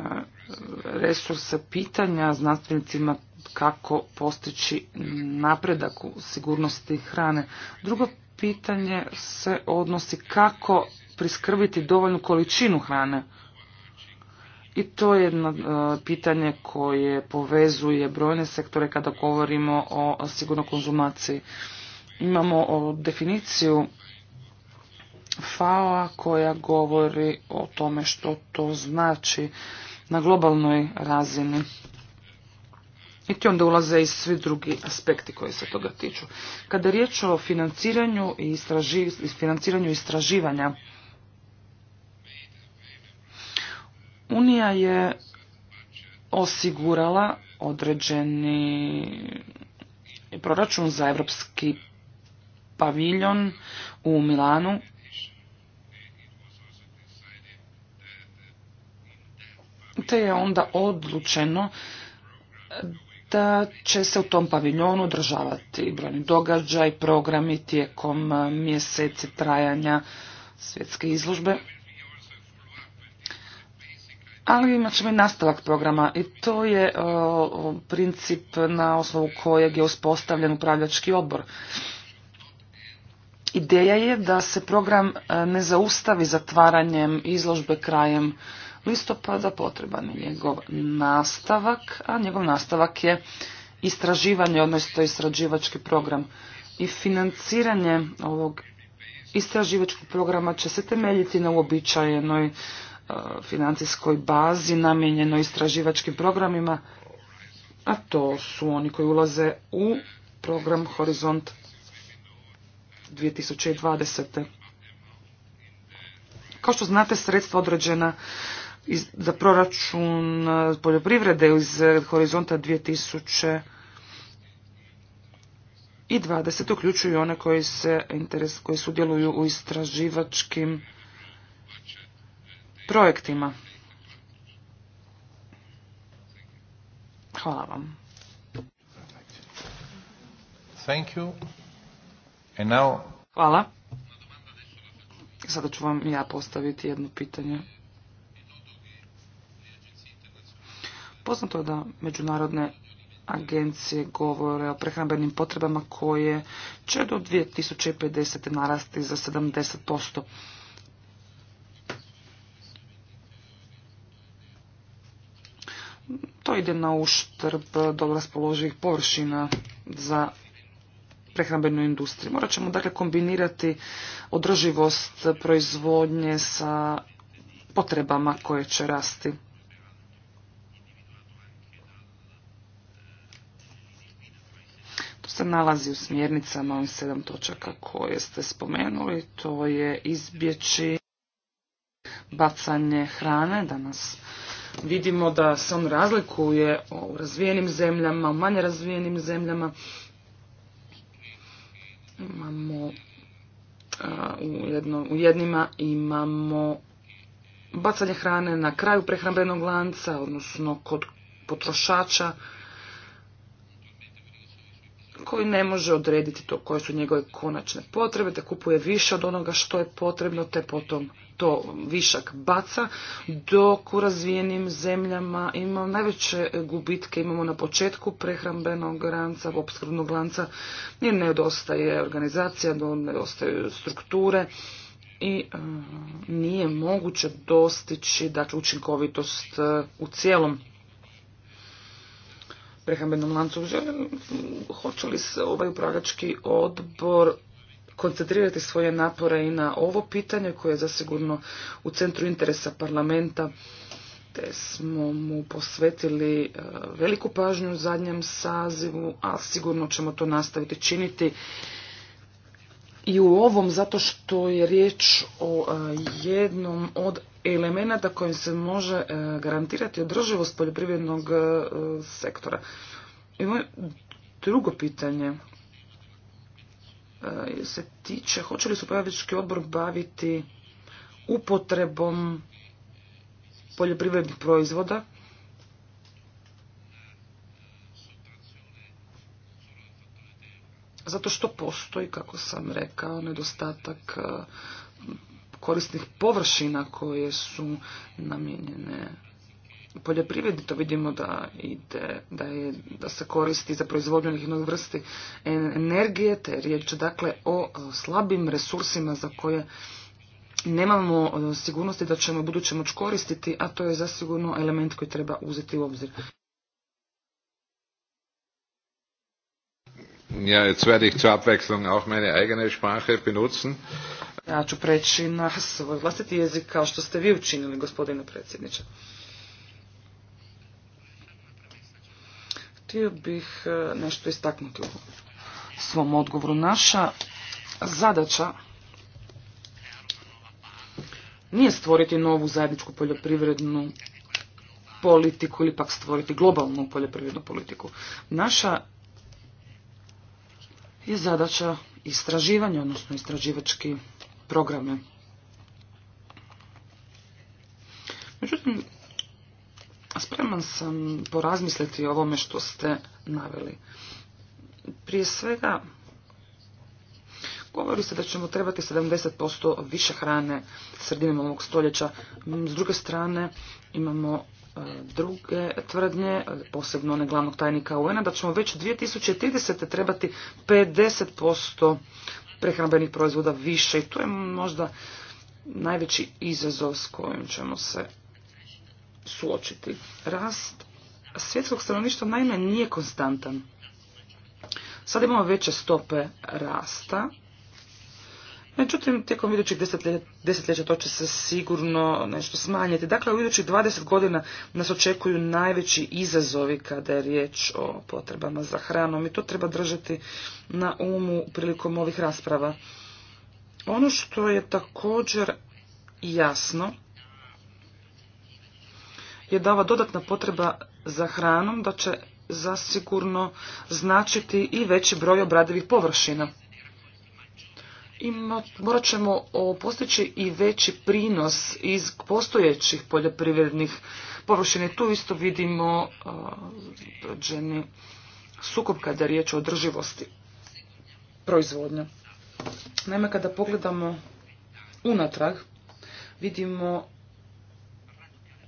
resurse pitanja znanstvenicima kako postići napredak u sigurnosti hrane. Drugo pitanje se odnosi kako priskrbiti dovoljnu količinu hrane. I to je jedno e, pitanje koje povezuje brojne sektore kada govorimo o sigurnoj konzumaciji. Imamo definiciju FAO-a koja govori o tome što to znači na globalnoj razini. I ti onda ulaze i svi drugi aspekti koji se toga tiču. Kada je riječ o financiranju i istraži, financiranju istraživanja, Unija je osigurala određeni proračun za evropski paviljon u Milanu te je onda odlučeno da će se u tom paviljonu održavati brojni događaj, programi tijekom eh, mjeseci trajanja svjetske izložbe. Ali imat ćemo i nastavak programa i to je eh, princip na osnovu kojeg je uspostavljen upravljački odbor. Ideja je da se program eh, ne zaustavi zatvaranjem izložbe krajem listopada potreban je njegov nastavak, a njegov nastavak je istraživanje, odnosno istraživački program. I financiranje ovog istraživačkog programa će se temeljiti na uobičajenoj e, financijskoj bazi namijenjenoj istraživačkim programima, a to su oni koji ulaze u program Horizont 2020. Kao što znate, sredstva određena iz, za proračun eh, poljoprivrede iz horizonta 2000 i 20 uključuju one koji se interes, koji sudjeluju u istraživačkim projektima. Hvala vam. Thank you. And now... Hvala. Sada ću vam ja postaviti jedno pitanje. Poznato je da međunarodne agencije govore o prehrambenim potrebama koje će do 2050. narasti za 70%. To ide na uštrb dobro raspoloživih površina za prehrambenu industriju. Morat ćemo dakle kombinirati održivost proizvodnje sa potrebama koje će rasti. se nalazi u smjernicama ovih sedam točaka koje ste spomenuli. To je izbjeći bacanje hrane. Danas vidimo da se on razlikuje u razvijenim zemljama, u manje razvijenim zemljama. Imamo u, u jednima imamo bacanje hrane na kraju prehrambenog lanca, odnosno kod potrošača, koji ne može odrediti to koje su njegove konačne potrebe, te kupuje više od onoga što je potrebno, te potom to višak baca, dok u razvijenim zemljama ima najveće gubitke, imamo na početku prehrambenog lanca, opskrbnog lanca, jer nedostaje organizacija, nedostaju strukture i e, nije moguće dostići dakle, učinkovitost e, u cijelom prehrambenom lancu. hoće li se ovaj upravljački odbor koncentrirati svoje napore i na ovo pitanje koje je zasigurno u centru interesa parlamenta te smo mu posvetili e, veliku pažnju u zadnjem sazivu, a sigurno ćemo to nastaviti činiti i u ovom zato što je riječ o e, jednom od elemenata kojim se može e, garantirati održivost poljoprivrednog e, sektora. I moje drugo pitanje e, se tiče hoće li se upravički odbor baviti upotrebom poljoprivrednih proizvoda zato što postoji, kako sam rekao, nedostatak korisnih površina koje su namijenjene poljoprivredi. To vidimo da, ide, da, je, da se koristi za proizvodnju nekih vrsti energije, te riječ dakle o slabim resursima za koje nemamo e, sigurnosti da ćemo buduće moći koristiti, a to je zasigurno element koji treba uzeti u obzir. Ja, jetzt werde ich zur Abwechslung auch meine eigene Sprache benutzen. Ja ću preći na svoj vlastiti jezik kao što ste vi učinili, gospodine predsjedniče. Htio bih e, nešto istaknuti u svom odgovoru. Naša zadaća nije stvoriti novu zajedničku poljoprivrednu politiku ili pak stvoriti globalnu poljoprivrednu politiku. Naša je zadaća istraživanja, odnosno istraživački programe. Međutim, spreman sam porazmisliti o ovome što ste naveli. Prije svega, govori se da ćemo trebati 70% više hrane sredinom ovog stoljeća. Mm, s druge strane, imamo e, druge tvrdnje, e, posebno one glavnog tajnika UN-a, da ćemo već 2030. trebati 50% prehrambenih proizvoda više i to je možda najveći izazov s kojim ćemo se suočiti. Rast svjetskog stanovništva naime nije konstantan. Sad imamo veće stope rasta, Međutim, tijekom idućih desetljeća to će se sigurno nešto smanjiti. Dakle, u idućih 20 godina nas očekuju najveći izazovi kada je riječ o potrebama za hranom i to treba držati na umu prilikom ovih rasprava. Ono što je također jasno je da ova dodatna potreba za hranom da će zasigurno značiti i veći broj obradivih površina morat ćemo postići i veći prinos iz postojećih poljoprivrednih površine. Tu isto vidimo određeni sukob kada je riječ o održivosti proizvodnja. Naime, kada pogledamo unatrag, vidimo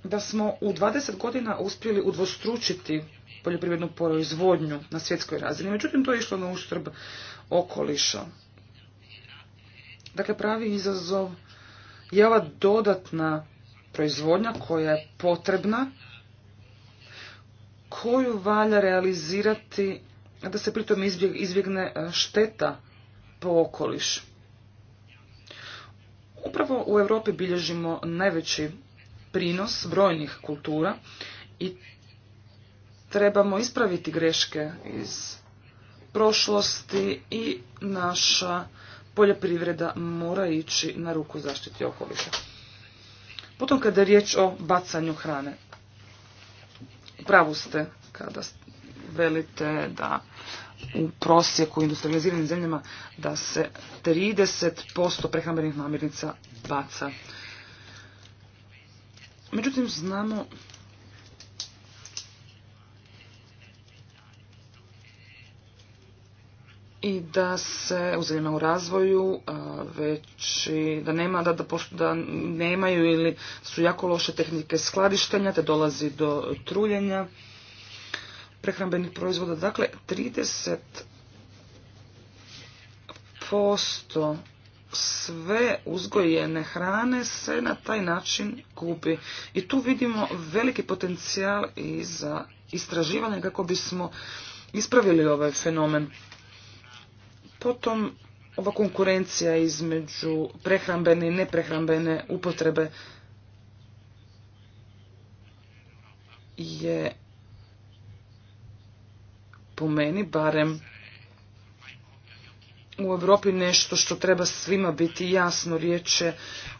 da smo u 20 godina uspjeli udvostručiti poljoprivrednu proizvodnju na svjetskoj razini. Međutim, to je išlo na uštrb okoliša. Dakle, pravi izazov je ova dodatna proizvodnja koja je potrebna, koju valja realizirati da se pritom izbjegne e, šteta po okoliš. Upravo u Europi bilježimo najveći prinos brojnih kultura i trebamo ispraviti greške iz prošlosti i naša poljoprivreda mora ići na ruku zaštiti okoliša. Potom kada je riječ o bacanju hrane. Pravu ste kada velite da u prosjeku u industrializiranim zemljama da se 30% prehrambenih namirnica baca. Međutim, znamo i da se u u razvoju već da nema da, da, da nemaju ili su jako loše tehnike skladištenja te dolazi do truljenja prehrambenih proizvoda dakle 30 posto sve uzgojene hrane se na taj način gubi. I tu vidimo veliki potencijal i za istraživanje kako bismo ispravili ovaj fenomen. Potom ova konkurencija između prehrambene i neprehrambene upotrebe je po meni barem u Europi nešto što treba svima biti jasno. Riječ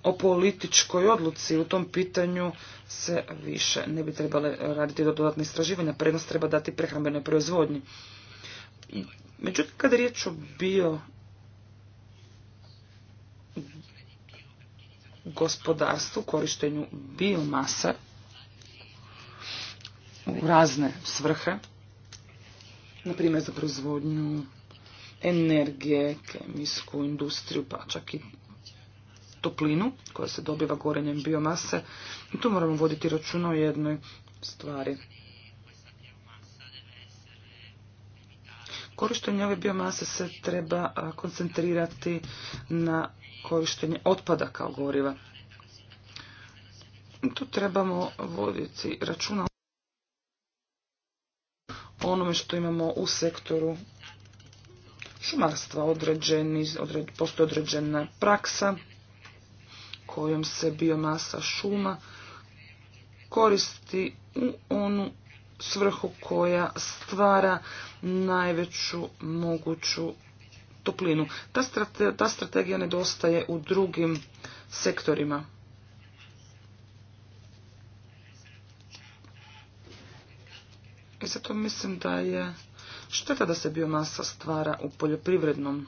o političkoj odluci. U tom pitanju se više ne bi trebale raditi do dodatne istraživanja. Prednost treba dati prehrambenoj proizvodnji. Međutim, kada je riječ o bio gospodarstvu, korištenju biomase u razne svrhe, na primjer za proizvodnju energije, kemijsku industriju, pa čak i toplinu koja se dobiva gorenjem biomase. tu moramo voditi računa o jednoj stvari. Korištenje ove biomase se treba koncentrirati na korištenje otpada kao goriva. Tu trebamo voditi računa o onome što imamo u sektoru šumarstva. Postoji određena praksa kojom se biomasa šuma koristi u onu svrhu koja stvara najveću moguću toplinu. Ta, strategija nedostaje u drugim sektorima. I zato mislim da je šteta da se biomasa stvara u poljoprivrednom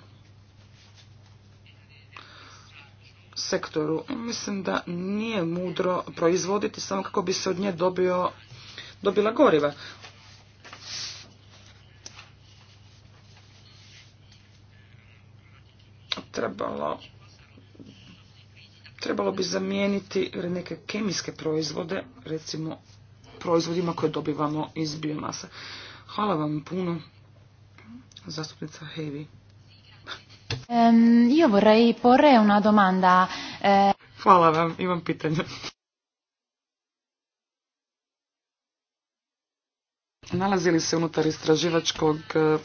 sektoru. Mislim da nije mudro proizvoditi samo kako bi se od nje dobio dobila goriva. Trebalo, trebalo bi zamijeniti neke kemijske proizvode, recimo proizvodima koje dobivamo iz biomasa. Hvala vam puno, zastupnica Hevi. Io vorrei porre una domanda. Eh. Hvala vam, imam pitanje. nalazili se unutar istraživačkog e,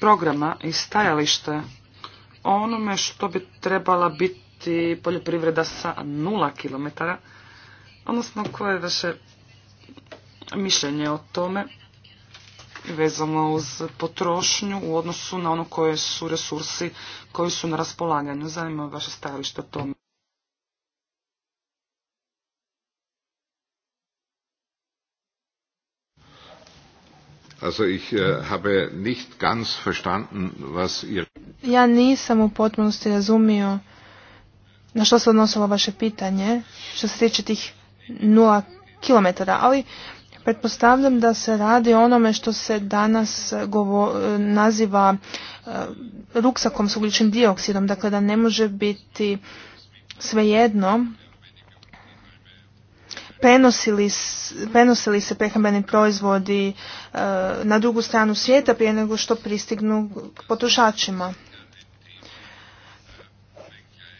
programa i stajališta, o onome što bi trebala biti poljoprivreda sa nula kilometara, odnosno koje je vaše mišljenje o tome vezano uz potrošnju u odnosu na ono koje su resursi koji su na raspolaganju. Zanima vaše stajalište o tome. Äh, habe ganz verstanden, Ja nisam u potpunosti razumio na što se odnosilo vaše pitanje, što se tiče tih nula kilometara, ali pretpostavljam da se radi o onome što se danas e, e, naziva e, ruksakom s ugljičnim dioksidom, dakle da ne može biti svejedno prenosili, prenosili se prehrambeni proizvodi e, na drugu stranu svijeta prije nego što pristignu potrošačima.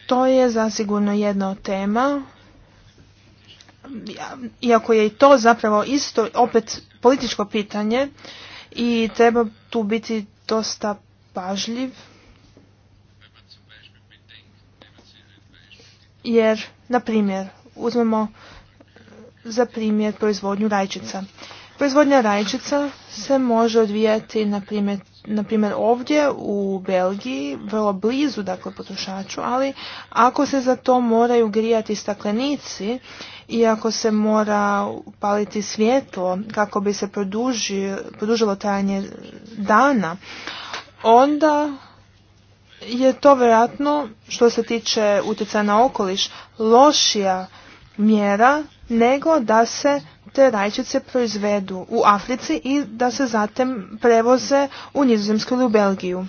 To je zasigurno jedna od tema, iako je i to zapravo isto opet političko pitanje i treba tu biti dosta pažljiv. Jer, na primjer, uzmemo za primjer proizvodnju rajčica. Proizvodnja rajčica se može odvijati na primjer ovdje u Belgiji, vrlo blizu dakle potrošaču, ali ako se za to moraju grijati staklenici i ako se mora paliti svjetlo kako bi se produži, produžilo trajanje dana, onda je to vjerojatno što se tiče utjecaja na okoliš lošija mjera nego da se te rajčice proizvedu u Africi i da se zatem prevoze u Nizozemsku ili u Belgiju.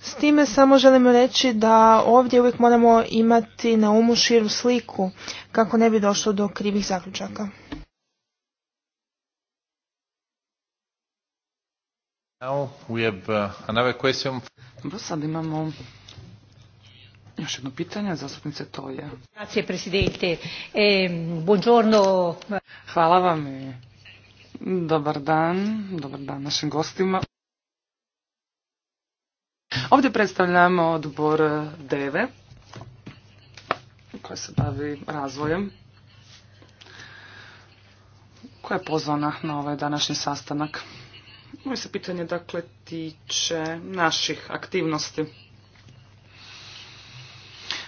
S time samo želim reći da ovdje uvijek moramo imati na umu širu sliku kako ne bi došlo do krivih zaključaka. Now we have uh, another question. Sad imamo još jedno pitanje, zastupnice e, buongiorno. Hvala vam i dobar dan, dobar dan našim gostima. Ovdje predstavljamo odbor DEVE e, koji se bavi razvojem koja je pozvana na ovaj današnji sastanak. Moje se pitanje dakle tiče naših aktivnosti.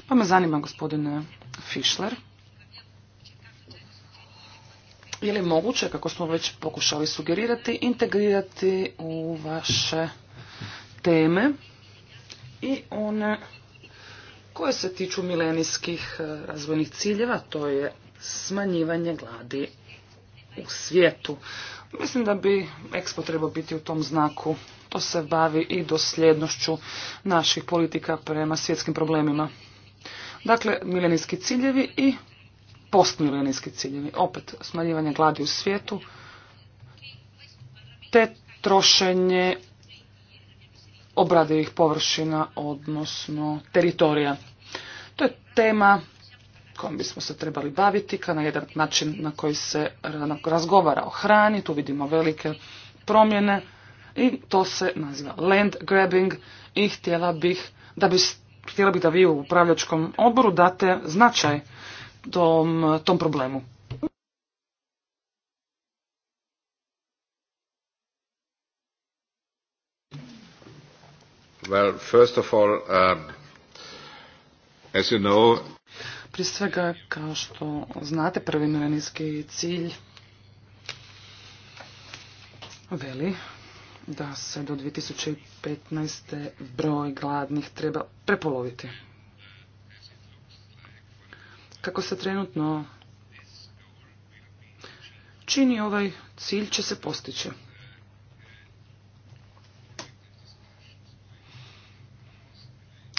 Pa me zanima gospodine eh, Fischler. Je li moguće, kako smo već pokušali sugerirati, integrirati u vaše teme i one koje se tiču milenijskih eh, razvojnih ciljeva, to je smanjivanje gladi u svijetu. Mislim da bi ekspo trebao biti u tom znaku. To se bavi i dosljednošću naših politika prema svjetskim problemima. Dakle, milenijski ciljevi i postmilenijski ciljevi. Opet, smanjivanje gladi u svijetu, te trošenje obradivih površina, odnosno teritorija. To je tema kojom bismo se trebali baviti, kao na jedan način na koji se razgovara o hrani, tu vidimo velike promjene i to se naziva land grabbing i htjela bih da bi htjela bi da vi u upravljačkom odboru date značaj tom, tom problemu. Well, first of all, um, as you know... Prije svega, kao što znate, prvi milenijski cilj veli da se do 2015. broj gladnih treba prepoloviti. Kako se trenutno čini ovaj cilj će se postići.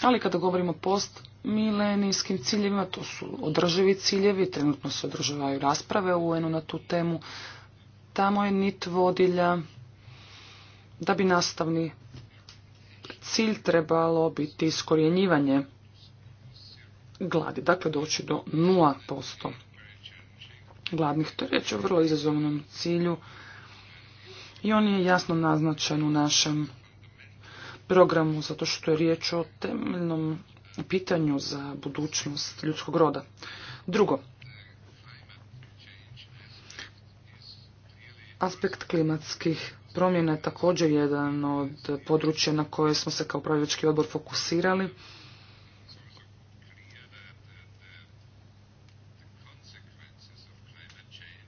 Ali kada govorimo post milenijskim ciljevima, to su održivi ciljevi, trenutno se održavaju rasprave u UN-u na tu temu. Tamo je nit vodilja da bi nastavni cilj trebalo biti iskorjenjivanje gladi, dakle doći do 0% gladnih. To je riječ o vrlo izazovnom cilju i on je jasno naznačen u našem programu zato što je riječ o temeljnom pitanju za budućnost ljudskog roda. Drugo, aspekt klimatskih promjena je također jedan od područja na koje smo se kao upravljački odbor fokusirali.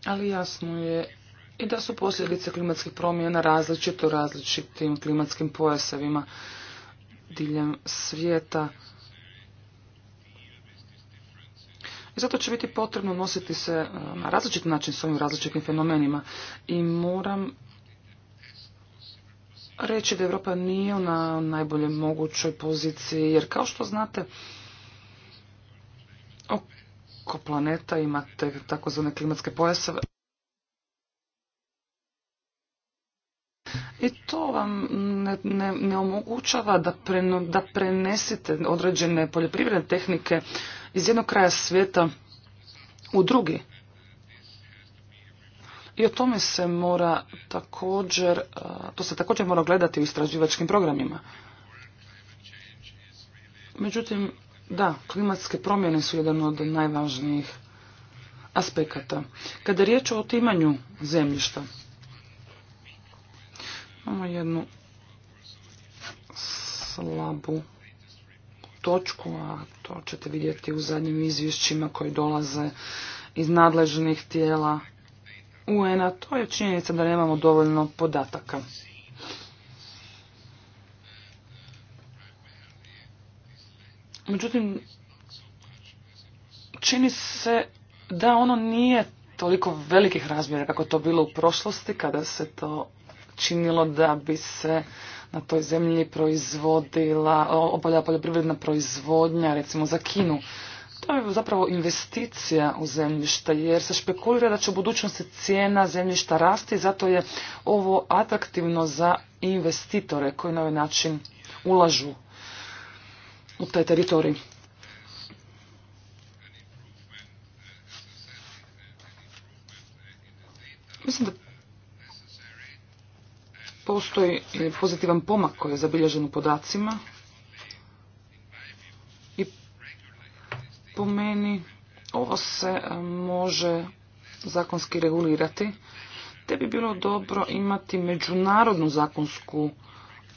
Ali jasno je i da su posljedice klimatskih promjena različito različitim klimatskim pojasevima diljem svijeta. I zato će biti potrebno nositi se eh, na različit način s ovim različitim fenomenima. I moram reći da Europa nije na najbolje mogućoj poziciji, jer kao što znate, oko planeta imate takozvane klimatske pojaseve. I to vam ne, omogućava da, pre, da prenesete određene poljoprivredne tehnike iz jednog kraja svijeta u drugi. I o tome se mora također, e, to se također mora gledati u istraživačkim programima. Međutim, da, klimatske promjene su jedan od najvažnijih aspekata. Kada je riječ o otimanju zemljišta, imamo jednu slabu točku, a to ćete vidjeti u zadnjim izvješćima koji dolaze iz nadležnih tijela un to je činjenica da nemamo dovoljno podataka. Međutim, čini se da ono nije toliko velikih razmjera kako to bilo u prošlosti kada se to činilo da bi se na toj zemlji proizvodila, obavljala poljoprivredna proizvodnja recimo za Kinu. To je zapravo investicija u zemljište jer se špekulira da će u budućnosti cijena zemljišta rasti i zato je ovo atraktivno za investitore koji na ovaj način ulažu u taj teritorij. Mislim da postoji pozitivan pomak koji je zabilježen u podacima. po meni ovo se e, može zakonski regulirati, te bi bilo dobro imati međunarodnu zakonsku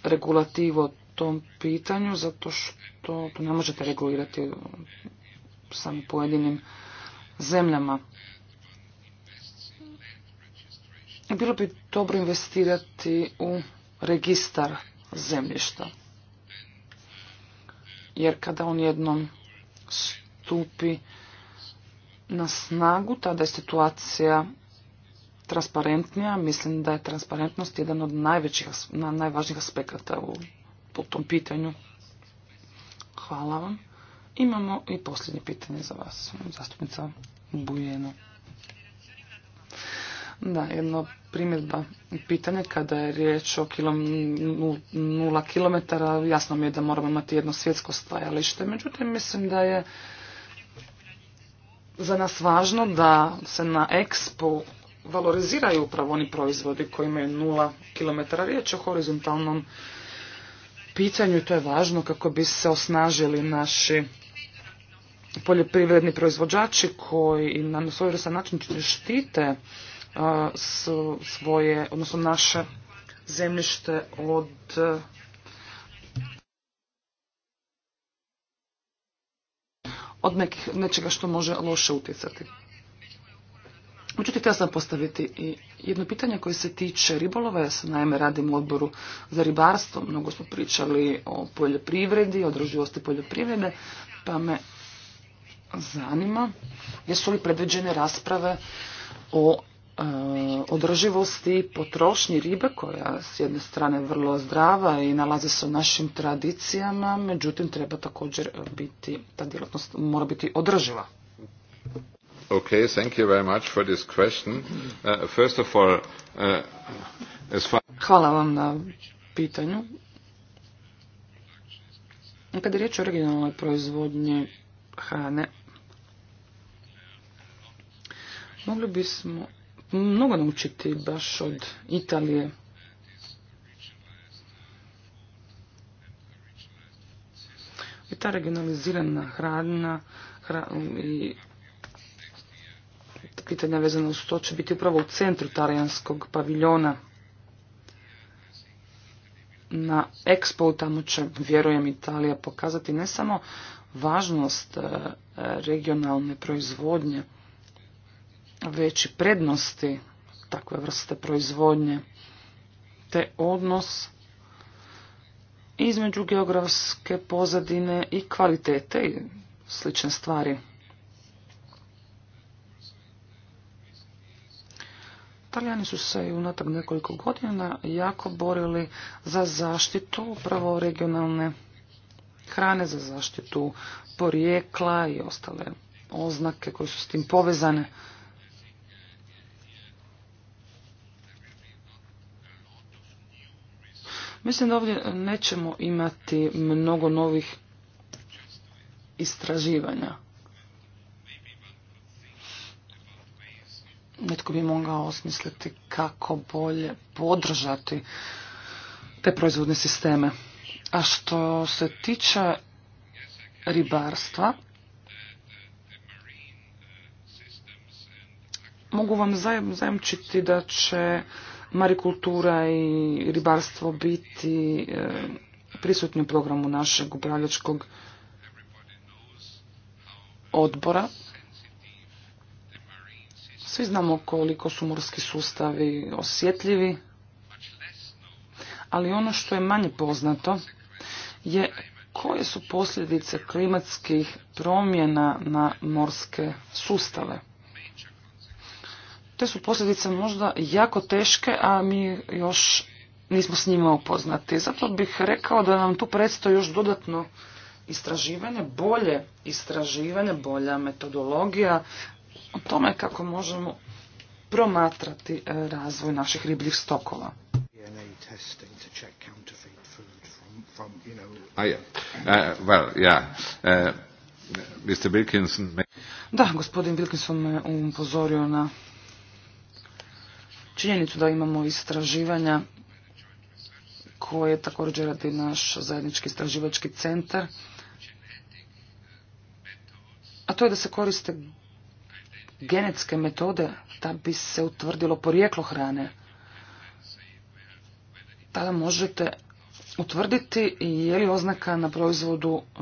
regulativu o tom pitanju, zato što to ne možete regulirati samo pojedinim zemljama. Bilo bi dobro investirati u registar zemljišta. Jer kada on jednom stupi na snagu, tada je situacija transparentnija. Mislim da je transparentnost jedan od najvećih, najvažnijih aspekata u, po tom pitanju. Hvala vam. Imamo i posljednje pitanje za vas, zastupnica Bujeno. Da, jedno primjedba pitanje kada je riječ o nula kilometara, jasno mi je da moramo imati jedno svjetsko stajalište, međutim mislim da je za nas važno da se na EXPO valoriziraju upravo oni proizvodi koji imaju nula kilometara riječ o horizontalnom pitanju i to je važno kako bi se osnažili naši poljoprivredni proizvođači koji na svojevrstan način štite svoje, odnosno naše zemljište od od nekih, nečega što može loše utjecati. Međutim, htjela sam postaviti i jedno pitanje koje se tiče ribolova. Ja se naime radim u odboru za ribarstvo. Mnogo smo pričali o poljoprivredi, o održivosti poljoprivrede, pa me zanima jesu li predviđene rasprave o E, održivosti potrošnji ribe koja s jedne strane vrlo zdrava i nalazi se u našim tradicijama, međutim treba također biti, ta djelatnost mora biti održiva. Okay, thank you very much for this question. Uh, first of all, uh, Hvala vam na pitanju. Kada je riječ o originalnoj proizvodnji hrane, mogli bismo mnogo naučiti baš od Italije. I ta regionalizirana hrana i pitanja vezana uz to će biti upravo u centru talijanskog paviljona na Expo, tamo će, vjerujem, Italija pokazati ne samo važnost e, regionalne proizvodnje, veći prednosti takve vrste proizvodnje, te odnos između geografske pozadine i kvalitete i slične stvari. Italijani su se i unatrag nekoliko godina jako borili za zaštitu upravo regionalne hrane, za zaštitu porijekla i ostale oznake koje su s tim povezane. Mislim da ovdje nećemo imati mnogo novih istraživanja. Netko bi mogao osmisliti kako bolje podržati te proizvodne sisteme. A što se tiče ribarstva, mogu vam zajamčiti da će marikultura i ribarstvo biti e, prisutni u programu našeg upravljačkog odbora. Svi znamo koliko su morski sustavi osjetljivi, ali ono što je manje poznato je koje su posljedice klimatskih promjena na morske sustave. Te su posljedice možda jako teške, a mi još nismo s njima upoznati. Zato bih rekao da nam tu predstoji još dodatno istraživanje, bolje istraživanje, bolja metodologija o tome kako možemo promatrati e, razvoj naših ribljih stokova. Da, gospodin Wilkinson me upozorio na činjenicu da imamo istraživanja koje također radi naš zajednički istraživački centar, a to je da se koriste genetske metode da bi se utvrdilo porijeklo hrane. Tada možete utvrditi je li oznaka na proizvodu eh,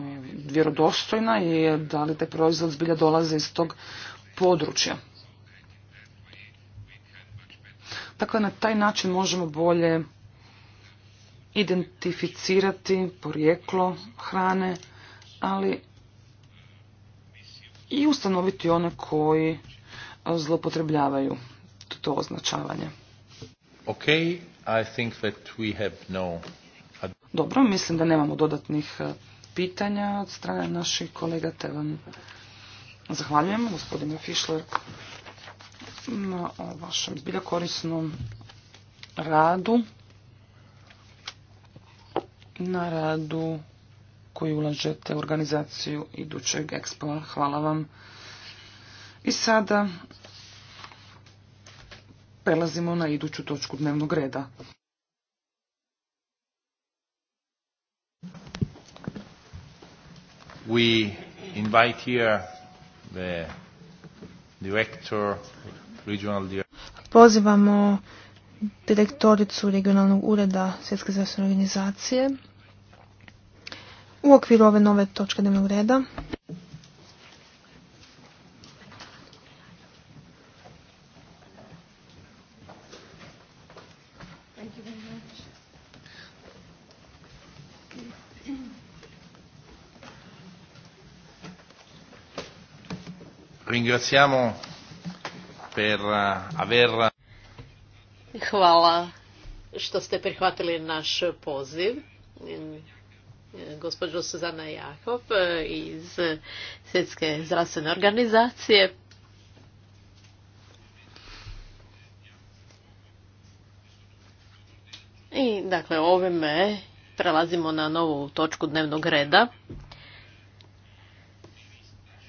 vjerodostojna i da li taj proizvod zbilja dolaze iz tog područja. Dakle, na taj način možemo bolje identificirati porijeklo hrane, ali i ustanoviti one koji zlopotrebljavaju to označavanje. Dobro, mislim da nemamo dodatnih e, pitanja od strane naših kolega, te zahvaljujem, gospodine Fischler na vašem zbilja korisnom radu, na radu koji ulažete u organizaciju idućeg ekspova. Hvala vam. I sada prelazimo na iduću točku dnevnog reda. We invite here the director Pozivamo direktoricu regionalnog ureda Svjetske zdravstvene organizacije u okviru ove nove točke dnevnog reda. Ringraziamo per eh, aver... Eh, Hvala što ste prihvatili naš poziv. Gospođo Suzana Jakov eh, iz Svjetske zdravstvene organizacije. I dakle ovime prelazimo na novu točku dnevnog reda.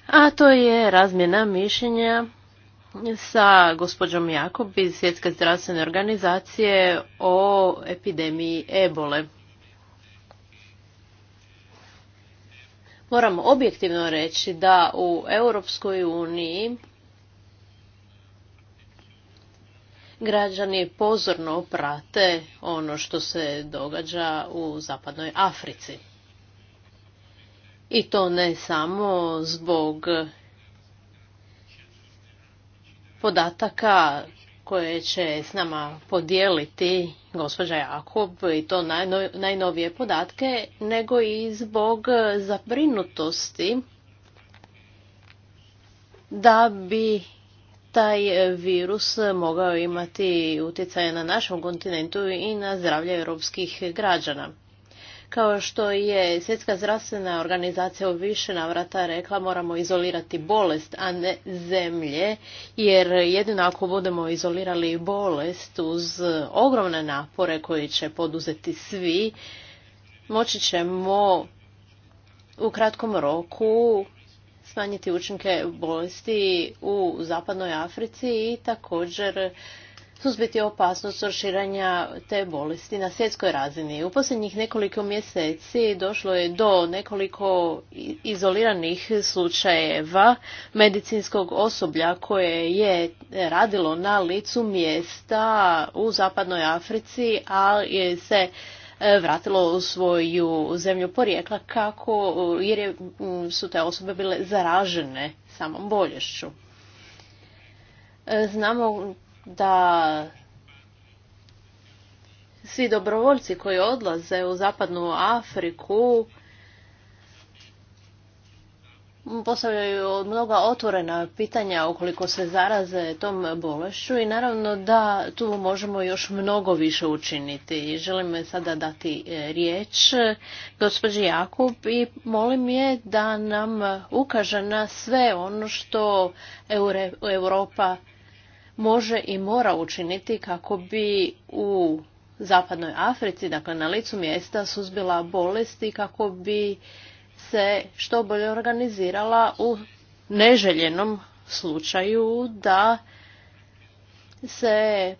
A to je razmjena mišljenja sa gospođom Jakob iz Svjetske zdravstvene organizacije o epidemiji ebole. Moram objektivno reći da u Europskoj uniji građani pozorno prate ono što se događa u zapadnoj Africi. I to ne samo zbog podataka koje će s nama podijeliti gospođa Jakob i to najnovije podatke, nego i zbog zabrinutosti da bi taj virus mogao imati utjecaje na našem kontinentu i na zdravlje europskih građana. Kao što je Svjetska zdravstvena organizacija u više navrata rekla, moramo izolirati bolest, a ne zemlje, jer jedino ako budemo izolirali bolest uz ogromne napore koje će poduzeti svi, moći ćemo u kratkom roku smanjiti učinke bolesti u zapadnoj Africi i također suzbiti opasnost širanja te bolesti na svjetskoj razini. U posljednjih nekoliko mjeseci došlo je do nekoliko izoliranih slučajeva medicinskog osoblja koje je radilo na licu mjesta u zapadnoj Africi, ali se e, vratilo u svoju zemlju porijekla kako jer su te osobe bile zaražene samom bolješću. E, znamo da svi dobrovoljci koji odlaze u zapadnu Afriku postavljaju mnoga otvorena pitanja ukoliko se zaraze tom bolešću i naravno da tu možemo još mnogo više učiniti. Želim sada dati e, riječ gospođi Jakub i molim je da nam ukaže na sve ono što Europa može i mora učiniti kako bi u zapadnoj Africi, dakle na licu mjesta, suzbila bolesti kako bi se što bolje organizirala u neželjenom slučaju da se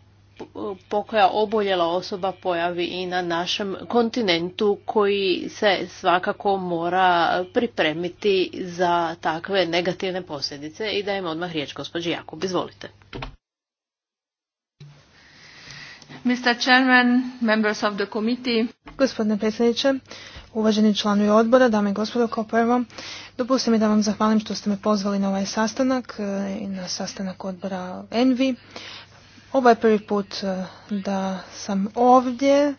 pokoja oboljela osoba pojavi i na našem kontinentu koji se svakako mora pripremiti za takve negativne posljedice i dajem odmah riječ gospođi Jakub, izvolite. Gospodine predsjedniče, uvaženi članovi odbora, dame i gospodo, kao prvo, dopustite mi da vam zahvalim što ste me pozvali na ovaj sastanak e, i na sastanak odbora Envi. Ovo je prvi put e, da sam ovdje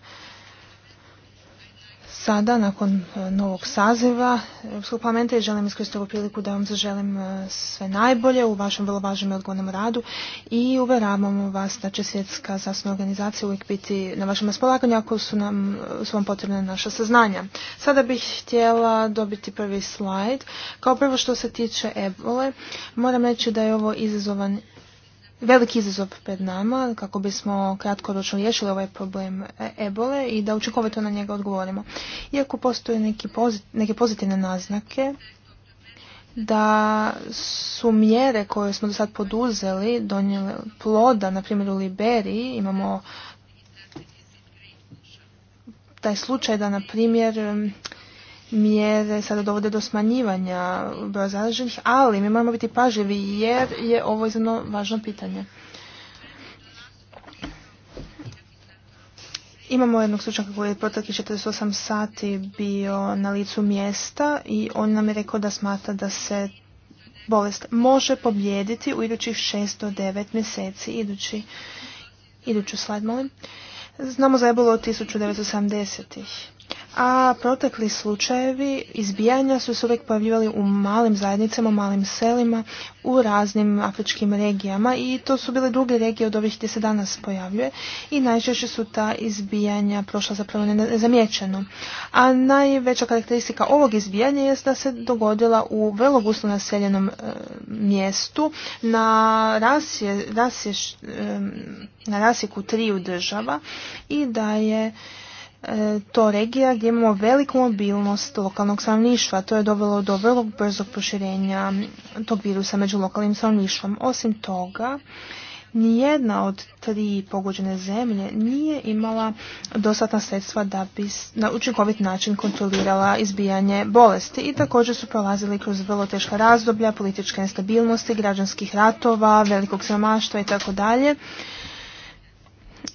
sada nakon e, novog saziva Europskog parlamenta i želim iskoristiti ovu priliku da vam zaželim e, sve najbolje u vašem vrlo važnom i odgovornom radu i uveravamo vas da će svjetska zasnovna organizacija uvijek biti na vašem raspolaganju ako su nam e, svom vam potrebne naša saznanja. Sada bih htjela dobiti prvi slajd. Kao prvo što se tiče ebole, moram reći da je ovo izazovan veliki izazov pred nama kako bismo kratkoročno riješili ovaj problem e- ebole i da učinkovito na njega odgovorimo. Iako postoje neke pozitivne naznake da su mjere koje smo do sad poduzeli donijele ploda, na primjer u Liberiji imamo taj slučaj da na primjer mjere sada dovode do smanjivanja broja zaraženih, ali mi moramo biti pažljivi jer je ovo izredno važno pitanje. Imamo jednog slučaja koji je proteklih 48 sati bio na licu mjesta i on nam je rekao da smatra da se bolest može pobjediti u idućih 6 do 9 mjeseci. Idući, iduću slajd, molim. Znamo za ebolu od 1970-ih a protekli slučajevi izbijanja su se uvijek pojavljivali u malim zajednicama, u malim selima, u raznim afričkim regijama i to su bile druge regije od ovih gdje se danas pojavljuje i najčešće su ta izbijanja prošla zapravo nezamjećeno. A najveća karakteristika ovog izbijanja je da se dogodila u vrlo gusno naseljenom e, mjestu na, rasje, rasje, e, na rasjeku triju država i da je E, to regija gdje imamo veliku mobilnost lokalnog stanovništva. To je dovelo do vrlo brzog proširenja tog virusa među lokalnim stanovništvom. Osim toga, nijedna od tri pogođene zemlje nije imala dostatna sredstva da bi na učinkovit način kontrolirala izbijanje bolesti i također su prolazili kroz vrlo teška razdoblja, političke nestabilnosti, građanskih ratova, velikog siromaštva i tako dalje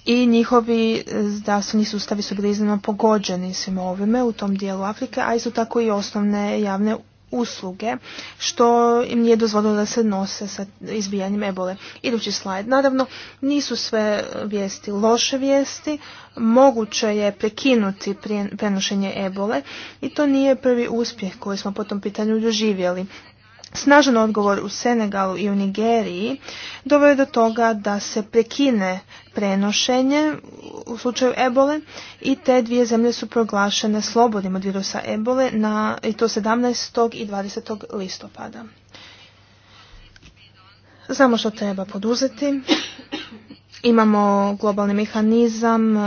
i njihovi zdravstveni sustavi su bili iznimno pogođeni svim ovime u tom dijelu Afrike, a isto tako i osnovne javne usluge, što im nije dozvolilo da se nose sa izbijanjem ebole. Idući slajd. Naravno, nisu sve vijesti loše vijesti, moguće je prekinuti prenošenje ebole i to nije prvi uspjeh koji smo po tom pitanju doživjeli. Snažan odgovor u Senegalu i u Nigeriji doveo je do toga da se prekine prenošenje u slučaju ebole i te dvije zemlje su proglašene slobodnim od virusa ebole na, i to 17. i 20. listopada. Znamo što treba poduzeti Imamo globalni mehanizam e,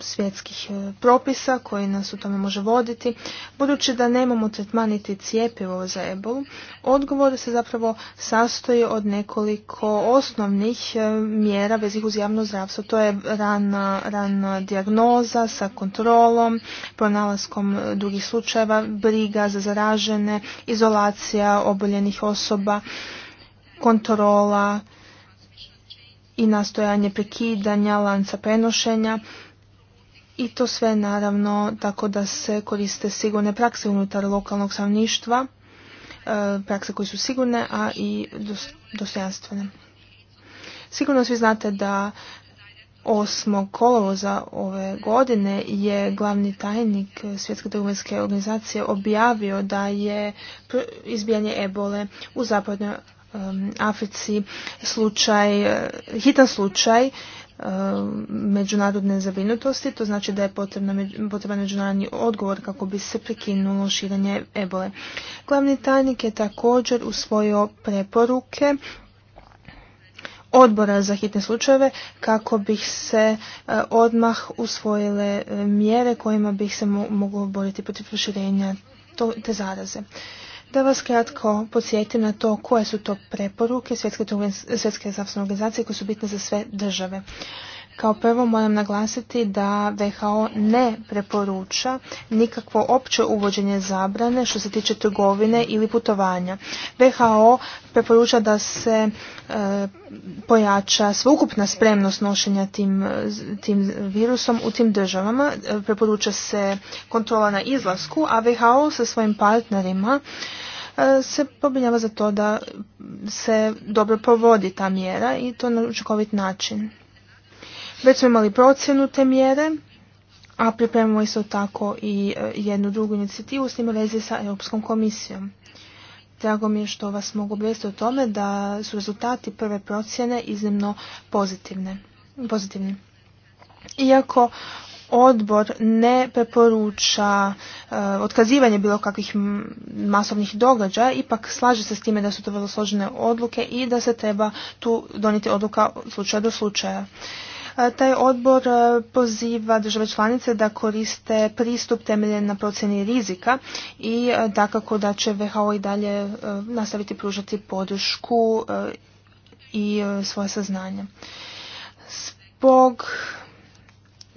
svjetskih e, propisa koji nas u tome može voditi. Budući da nemamo tretmaniti cijepivo za ebolu, odgovor se zapravo sastoji od nekoliko osnovnih e, mjera vezih uz javno zdravstvo. To je rana, rana dijagnoza sa kontrolom, pronalaskom drugih slučajeva, briga za zaražene, izolacija oboljenih osoba, kontrola i nastojanje prekidanja lanca prenošenja i to sve naravno tako da se koriste sigurne prakse unutar lokalnog samništva, e, prakse koje su sigurne, a i dostojanstvene. Sigurno svi znate da 8. kolovoza ove godine je glavni tajnik Svjetske trgovinske organizacije objavio da je izbijanje ebole u zapadnoj Um, Africi slučaj, uh, hitan slučaj uh, međunarodne zabrinutosti, to znači da je potreban međunarodni odgovor kako bi se prekinulo širenje ebole. Glavni tajnik je također usvojio preporuke odbora za hitne slučajeve kako bi se uh, odmah usvojile mjere kojima bi se moglo boriti protiv proširenja te zaraze. Da vas kratko podsjetim na to koje su to preporuke Svjetske, Svjetske zdravstvene organizacije koje su bitne za sve države. Kao prvo moram naglasiti da VHO ne preporuča nikakvo opće uvođenje zabrane što se tiče trgovine ili putovanja. VHO preporuča da se e, pojača sveukupna spremnost nošenja tim, virusom u tim državama. E, preporuča se kontrola na izlasku, a VHO sa svojim partnerima e, se pobrinjava za to da se dobro provodi ta mjera i to na učinkovit način. Već smo imali procjenu te mjere, a pripremimo isto tako i e, jednu drugu inicijativu s tim rezi sa Europskom komisijom. Drago mi je što vas mogu obvestiti o tome da su rezultati prve procjene iznimno pozitivne. pozitivni. Iako odbor ne preporuča e, otkazivanje bilo kakvih masovnih događaja, ipak slaže se s time da su to vrlo složene odluke i da se treba tu donijeti odluka od slučaja do slučaja. Taj odbor e, poziva države članice da koriste pristup temeljen na procjeni rizika i e, dakako da će VHO i dalje e, nastaviti pružati podršku i svoje saznanja. Zbog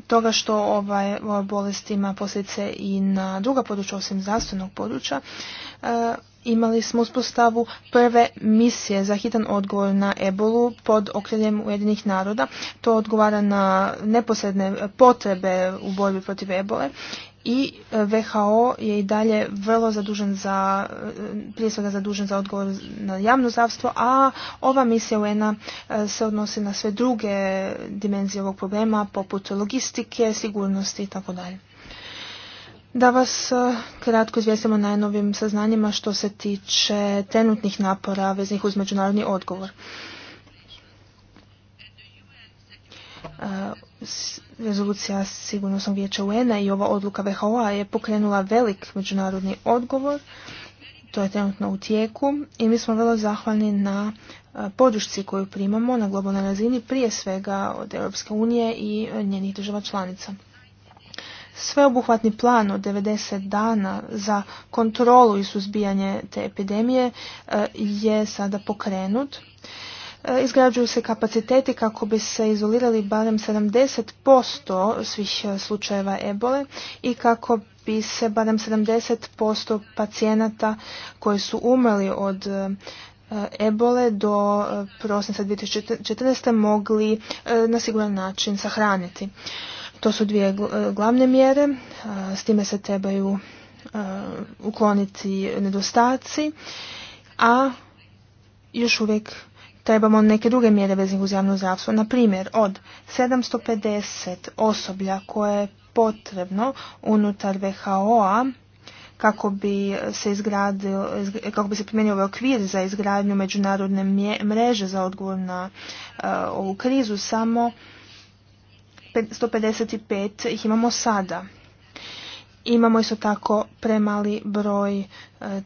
toga što ovaj, ova bolest ima posljedice i na druga područja osim zdravstvenog područja, Eh, imali smo uspostavu prve misije za hitan odgovor na ebolu pod okriljem Ujedinih naroda. To odgovara na neposredne potrebe u borbi protiv ebole i eh, VHO je i dalje vrlo zadužen za, eh, prije svega zadužen za odgovor na javno zdravstvo, a ova misija UN-a se odnosi na sve druge dimenzije ovog problema, poput logistike, sigurnosti itd. Da vas e, kratko izvijestimo najnovim saznanjima što se tiče trenutnih napora veznih uz međunarodni odgovor. E, rezolucija sigurnosnog vijeća UN-a i ova odluka WHO-a je pokrenula velik međunarodni odgovor. To je trenutno u tijeku i mi smo vrlo zahvalni na e, podršci koju primamo na globalnoj razini prije svega od Europske unije i njenih država članica sveobuhvatni plan od 90 dana za kontrolu i suzbijanje te epidemije e, je sada pokrenut. E, izgrađuju se kapaciteti kako bi se izolirali barem 70% svih e, slučajeva ebole i kako bi se barem 70% pacijenata koji su umrli od ebole do prosinca 2014. mogli na siguran način sahraniti. To su dvije e, glavne mjere, e, s time se trebaju e, ukloniti nedostaci, a još uvijek trebamo neke druge mjere veznih uz javno zdravstvo. Na primjer, od 750 osoblja koje je potrebno unutar WHO-a kako bi se izgradio, kako bi se primijenio ovaj okvir za izgradnju međunarodne mreže za odgovor na ovu krizu, samo 155 ih imamo sada. Imamo isto tako premali broj e,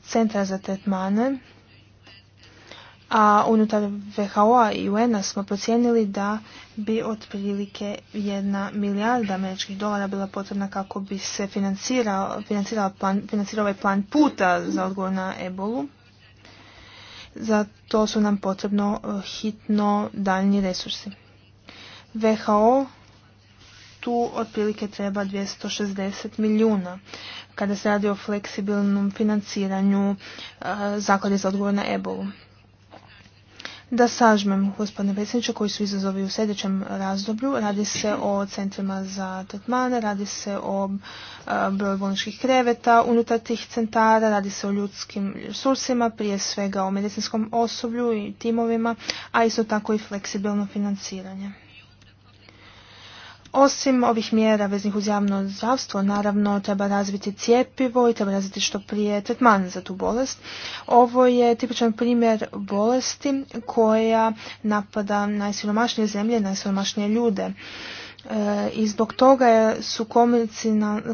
centra za tretmane, a unutar WHO-a i UN-a smo procijenili da bi otprilike jedna milijarda američkih dolara bila potrebna kako bi se financirao, plan, ovaj plan puta za odgovor na ebolu. Za to su nam potrebno e, hitno daljnji resursi. WHO tu otprilike treba 260 milijuna kada se radi o fleksibilnom financiranju e, zaklade za odgovor na ebolu. Da sažmem, gospodine predsjedniče, koji su izazovi u sljedećem razdoblju. Radi se o centrima za tretmane, radi se o e, broju bolničkih kreveta unutar tih centara, radi se o ljudskim resursima, prije svega o medicinskom osoblju i timovima, a isto tako i fleksibilno financiranje. Osim ovih mjera veznih uz javno zdravstvo, naravno treba razviti cijepivo i treba razviti što prije tretman za tu bolest. Ovo je tipičan primjer bolesti koja napada najsiromašnije zemlje, najsiromašnije ljude. E, I zbog toga su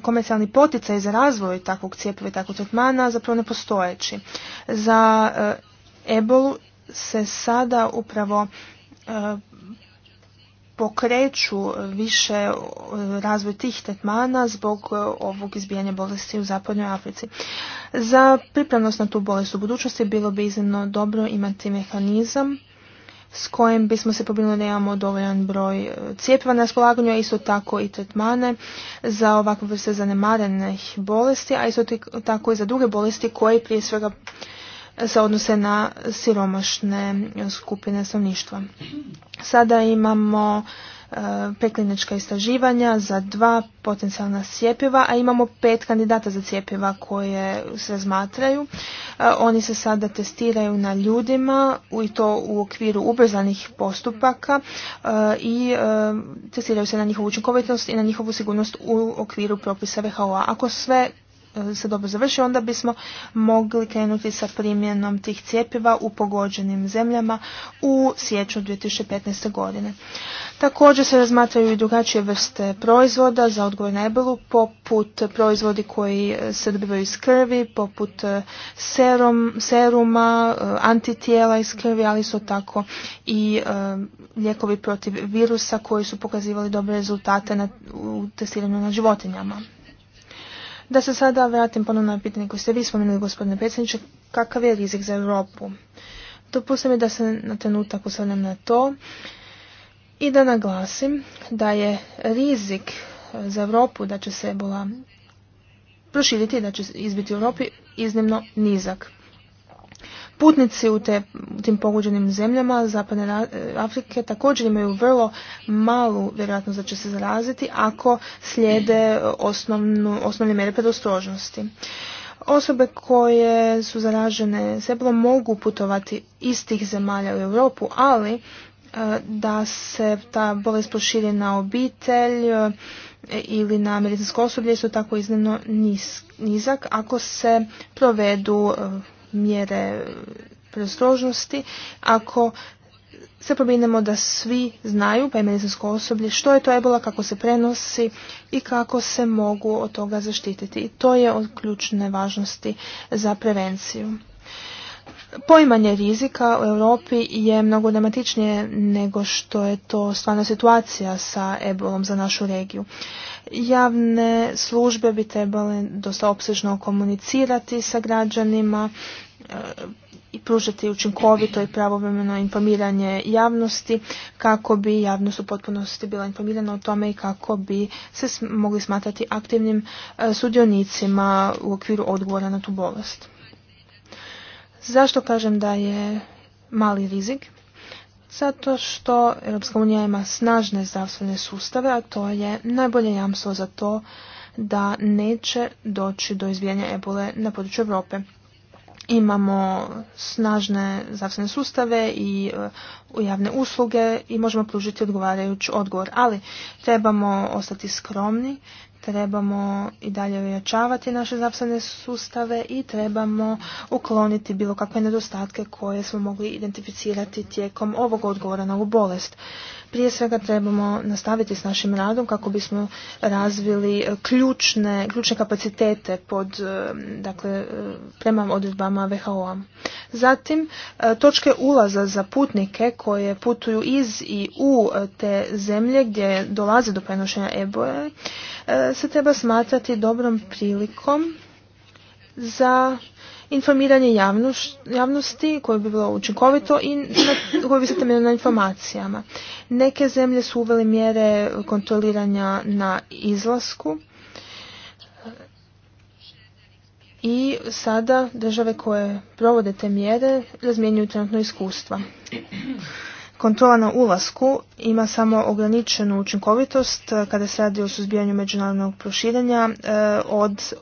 komercijalni poticaj za razvoj takvog cijepiva i takvog tretmana zapravo nepostojeći. Za e, ebolu se sada upravo e, pokreću više e, razvoj tih tretmana zbog e, ovog izbijanja bolesti u zapadnoj Africi. Za pripravnost na tu bolest u budućnosti bilo bi iznimno dobro imati mehanizam s kojim bismo se pobrinuli da imamo dovoljan broj e, cijepiva na raspolaganju, a isto tako i tretmane za ovakve vrste zanemarene bolesti, a isto tako i za druge bolesti koje prije svega se odnose na siromašne skupine stanovništva. Sada imamo e, preklinička istraživanja za dva potencijalna cjepiva a imamo pet kandidata za cijepiva koje se razmatraju. E, oni se sada testiraju na ljudima i to u okviru ubrzanih postupaka e, i testiraju se na njihovu učinkovitost i na njihovu sigurnost u okviru propisa VHO-a. Ako sve E, se dobro završi, onda bismo mogli krenuti sa primjenom tih cijepiva u pogođenim zemljama u siječnju 2015. godine. Također se razmatraju i drugačije vrste proizvoda za odgovor na ebolu, poput proizvodi koji e, se dobivaju iz krvi, poput e, serum, seruma, antitijela iz krvi, ali su tako i lijekovi protiv virusa koji su pokazivali dobre rezultate na, u testiranju na životinjama. Da se sada vratim ponovno na pitanje koje ste vi spomenuli, gospodine predsjedniče, kakav je rizik za Europu? Dopustite mi da se na trenutak usavljam na to i da naglasim da je rizik za Europu da će se bola proširiti, da će izbiti u Europi iznimno nizak. Putnici u, tim pogođenim zemljama Zapadne Afrike također imaju vrlo malu vjerojatnost da će se zaraziti ako slijede osnovne mere predostrožnosti. Osobe koje su zaražene sebrom mogu putovati iz tih zemalja u Europu, ali e, da se ta bolest proširi na obitelj e, ili na medicinsko osoblje su tako iznimno nizak ako se provedu e, mjere prestrožnosti ako se pobinemo da svi znaju, pa i medicinsko osoblje, što je to ebola, kako se prenosi i kako se mogu od toga zaštititi. I to je od ključne važnosti za prevenciju. Poimanje rizika u Europi je mnogo dramatičnije nego što je to stvarna situacija sa ebolom za našu regiju. Javne službe bi trebale dosta opsežno komunicirati sa građanima e, i pružati učinkovito i pravovremeno informiranje javnosti kako bi javnost u potpunosti bila informirana o tome i kako bi se mogli smatrati aktivnim e, sudionicima u okviru odgovora na tu bolest. Zašto kažem da je mali rizik? Zato što Europska unija ima snažne zdravstvene sustave, a to je najbolje jamstvo za to da neće doći do izbijanja ebole na području Europe. Imamo snažne zdravstvene sustave i e, javne usluge i možemo pružiti odgovarajući odgovor, ali trebamo ostati skromni trebamo i dalje ojačavati naše zapsane sustave i trebamo ukloniti bilo kakve nedostatke koje smo mogli identificirati tijekom ovog odgovora na ovu bolest. Prije svega trebamo nastaviti s našim radom kako bismo razvili e, ključne, ključne kapacitete pod, e, dakle, e, prema odredbama WHO-a. Zatim, točke ulaza za putnike koje putuju iz i u te zemlje gdje dolaze do prenošenja eboje se treba smatrati dobrom prilikom za informiranje javnosti koje bi bilo učinkovito i na, koje bi se na informacijama. Neke zemlje su uveli mjere kontroliranja na izlasku i sada države koje provode te mjere razmjenjuju trenutno iskustva. Kontrola na ulasku ima samo ograničenu učinkovitost eh, kada se radi o suzbijanju međunarodnog proširenja eh, od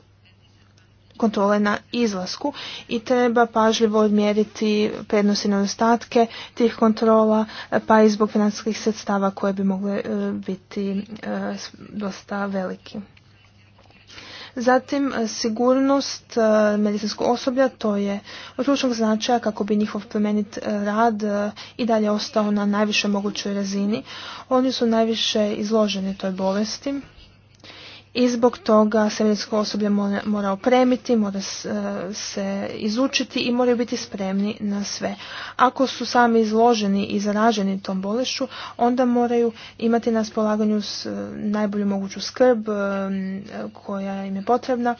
kontrole na izlasku i treba pažljivo odmjeriti prednosti i nedostatke tih kontrola pa i zbog financijskih sredstava koje bi mogle e, biti e, dosta veliki. Zatim e, sigurnost medicinskog osoblja to je od značaja kako bi njihov plemenit rad i dalje ostao na najviše mogućoj razini. Oni su najviše izloženi toj bolesti i zbog toga medicinsko osoblje mora, mora opremiti, mora e, se izučiti i moraju biti spremni na sve. Ako su sami izloženi i zaraženi tom bolešću, onda moraju imati na spolaganju e, najbolju moguću skrb e, koja im je potrebna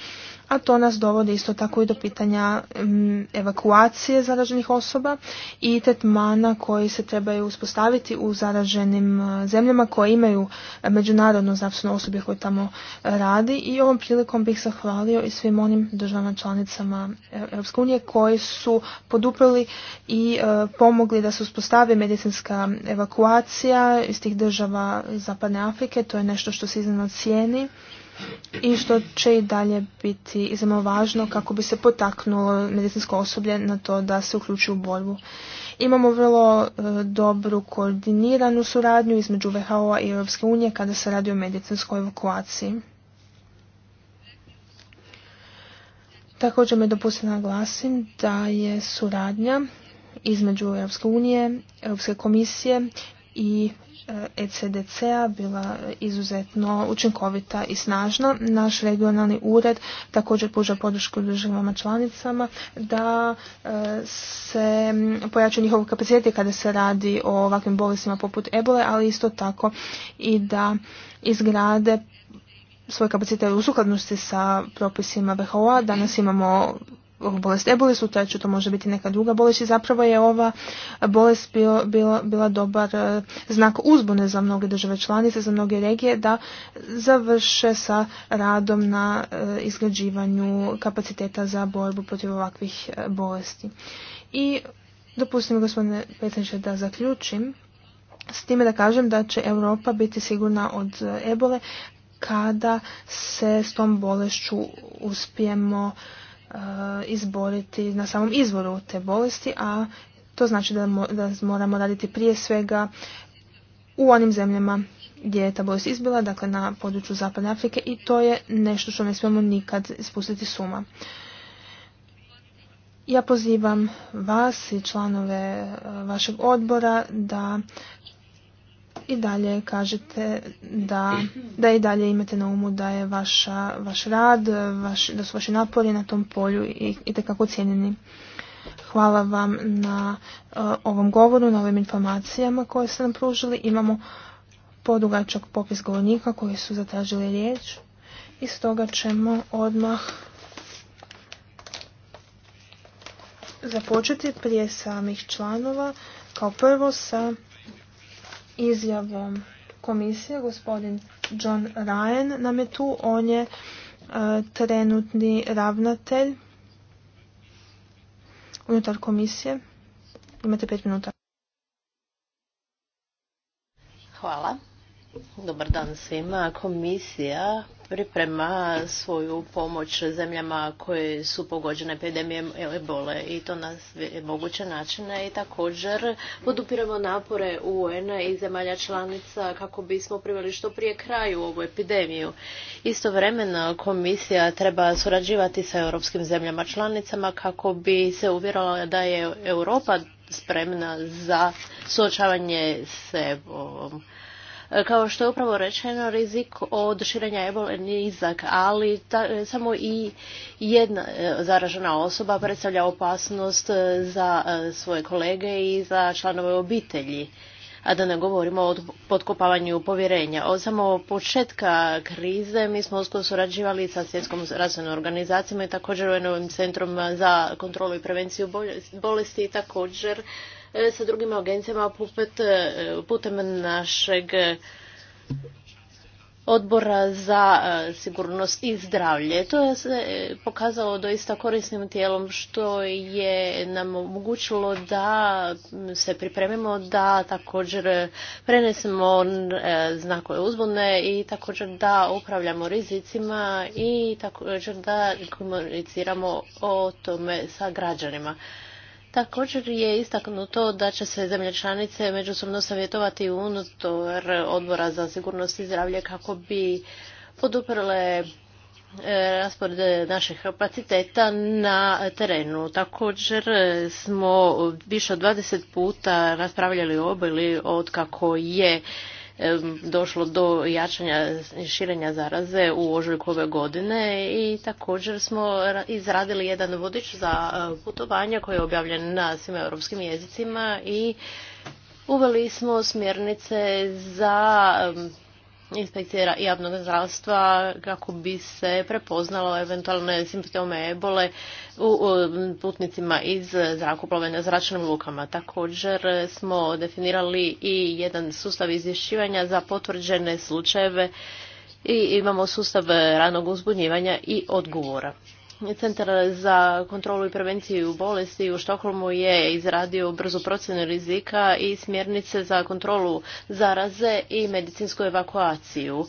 a to nas dovodi isto tako i do pitanja mm, evakuacije zaraženih osoba i tetmana koji se trebaju uspostaviti u zaraženim e, zemljama koje imaju međunarodno zdravstveno osobe koje tamo radi i ovom prilikom bih zahvalio i svim onim državama članicama e, Europske unije koji su poduprli i e, pomogli da se uspostavi medicinska evakuacija iz tih država Zapadne Afrike. To je nešto što se iznimno cijeni i što će i dalje biti iznimno važno kako bi se potaknulo medicinsko osoblje na to da se uključi u borbu. Imamo vrlo e, dobru koordiniranu suradnju između WHO-a i Europske unije kada se radi o medicinskoj evakuaciji. Također me dopustite naglasim da je suradnja između Europske unije, Europske komisije i ECDC-a bila izuzetno učinkovita i snažna. Naš regionalni ured također pruža podršku državama članicama da e, se pojačaju njihov kapaciteti kada se radi o ovakvim bolestima poput ebole, ali isto tako i da izgrade svoje kapacitete u sukladnosti sa propisima WHO-a. Danas imamo bolest su ta treću to može biti neka druga bolest i zapravo je ova bolest bila, bila dobar e, znak uzbune za mnoge države članice, za mnoge regije da završe sa radom na e, izgrađivanju kapaciteta za borbu protiv ovakvih e, bolesti. I dopustim gospodine predsjedniče da zaključim s time da kažem da će Europa biti sigurna od ebole kada se s tom bolešću uspijemo Eh, izboriti na samom izvoru te bolesti, a to znači da, moramo raditi prije svega u onim zemljama gdje je ta bolest izbila, dakle na području Zapadne Afrike i to je nešto što ne smijemo nikad spustiti suma. Ja pozivam vas i članove eh, vašeg odbora da i dalje kažete da, da i dalje imate na umu da je vaša, vaš rad, vaš, da su vaši napori na tom polju i, i tekako cijenjeni. Hvala vam na e, ovom govoru, na ovim informacijama koje ste nam pružili. Imamo podugačak popis govornika koji su zatražili riječ i stoga ćemo odmah započeti prije samih članova kao prvo sa izjavom komisije, gospodin John Ryan nam je tu, on je e, trenutni ravnatelj unutar komisije. Imate pet minuta. Hvala. Dobar dan svima. Komisija priprema svoju pomoć zemljama koje su pogođene epidemijom ebole i to na moguće načine i također podupiramo napore UN-a i zemalja članica kako bismo priveli što prije kraju ovu epidemiju. Istovremeno komisija treba surađivati sa europskim zemljama članicama kako bi se uvjerala da je Europa spremna za suočavanje s E, kao što je upravo rečeno, rizik od širenja ebole je nizak, ali e, samo i jedna e, zaražena osoba predstavlja opasnost za svoje kolege i za članove obitelji a da ne govorimo o potkopavanju povjerenja. Od samo početka krize mi smo usko surađivali sa svjetskom razvojnom organizacijama i također u centrom za kontrolu i prevenciju bolesti i također E, sa drugim agencijama e, putem našeg odbora za e, sigurnost i zdravlje. To je se pokazalo doista korisnim tijelom što je nam omogućilo da se pripremimo da također prenesemo znakove uzbune i također da upravljamo rizicima i također da komuniciramo o tome sa građanima. Također je istaknuto da će se zemlje članice međusobno savjetovati unutar odbora za sigurnost i zdravlje kako bi poduprle raspored naših kapaciteta na terenu. Također smo više od 20 puta raspravljali o obili od kako je došlo do jačanja širenja zaraze u ožujku ove godine i također smo izradili jedan vodič za e, putovanja koji je objavljen na svim europskim jezicima i uveli smo smjernice za inspekcija javnog zdravstva kako bi se prepoznalo eventualne simptome ebole u putnicima iz zrakoplove na zračnim lukama. Također smo definirali i jedan sustav izvješćivanja za potvrđene slučajeve i imamo sustav ranog uzbunjivanja i odgovora. Centar za kontrolu i prevenciju bolesti u Štokholmu je izradio brzu procjenu rizika i smjernice za kontrolu zaraze i medicinsku evakuaciju.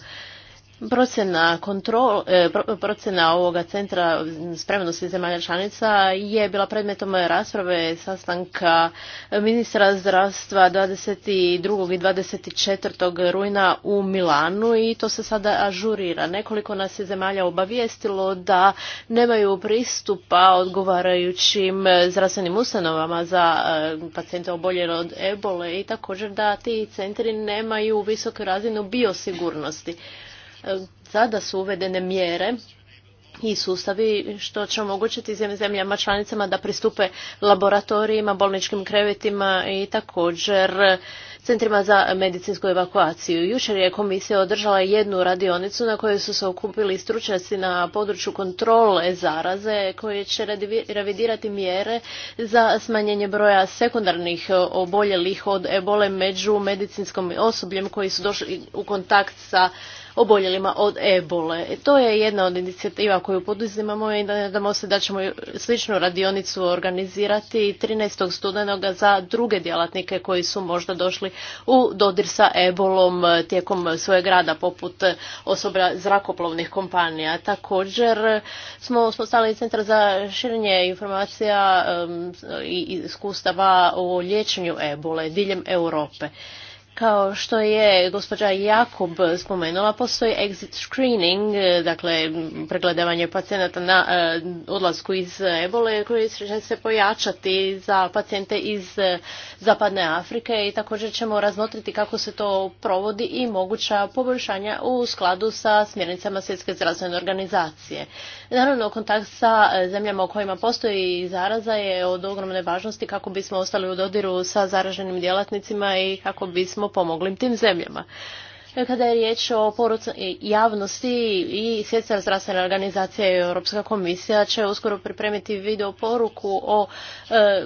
Procjena, kontrol, e, procjena ovoga centra spremnosti zemalja članica je bila predmetom moje rasprave sastanka ministra zdravstva 22. i 24. rujna u Milanu i to se sada ažurira. Nekoliko nas je zemalja obavijestilo da nemaju pristupa odgovarajućim zdravstvenim ustanovama za e, pacijente oboljene od ebole i također da ti centri nemaju visoku razinu biosigurnosti sada su uvedene mjere i sustavi što će omogućiti zemljama članicama da pristupe laboratorijima, bolničkim krevetima i također centrima za medicinsku evakuaciju. Jučer je komisija održala jednu radionicu na kojoj su se okupili stručnjaci na području kontrole zaraze koje će revidirati mjere za smanjenje broja sekundarnih oboljelih od ebole među medicinskom osobljem koji su došli u kontakt sa oboljelima od ebole. To je jedna od inicijativa koju poduzimamo i nadamo se da ćemo sličnu radionicu organizirati 13. studenoga za druge djelatnike koji su možda došli u dodir sa ebolom tijekom svojeg rada poput osoba zrakoplovnih kompanija. Također smo uspostavili centar za širenje informacija um, i iskustava o liječenju ebole diljem Europe. Kao što je gospođa Jakub spomenula, postoji exit screening, e, dakle pregledavanje pacijenata na e, odlasku iz ebole koji će se pojačati za pacijente iz e, Zapadne Afrike i također ćemo razmotriti kako se to provodi i moguća poboljšanja u skladu sa smjernicama Svjetske zdravstvene organizacije. Naravno, kontakt sa e, zemljama u kojima postoji zaraza je od ogromne važnosti kako bismo ostali u dodiru sa zaraženim djelatnicima i kako bismo pomogli tim zemljama. E, kada je riječ o poruci javnosti i Svjetska zdravstvena organizacija i Europska komisija će uskoro pripremiti video poruku o e,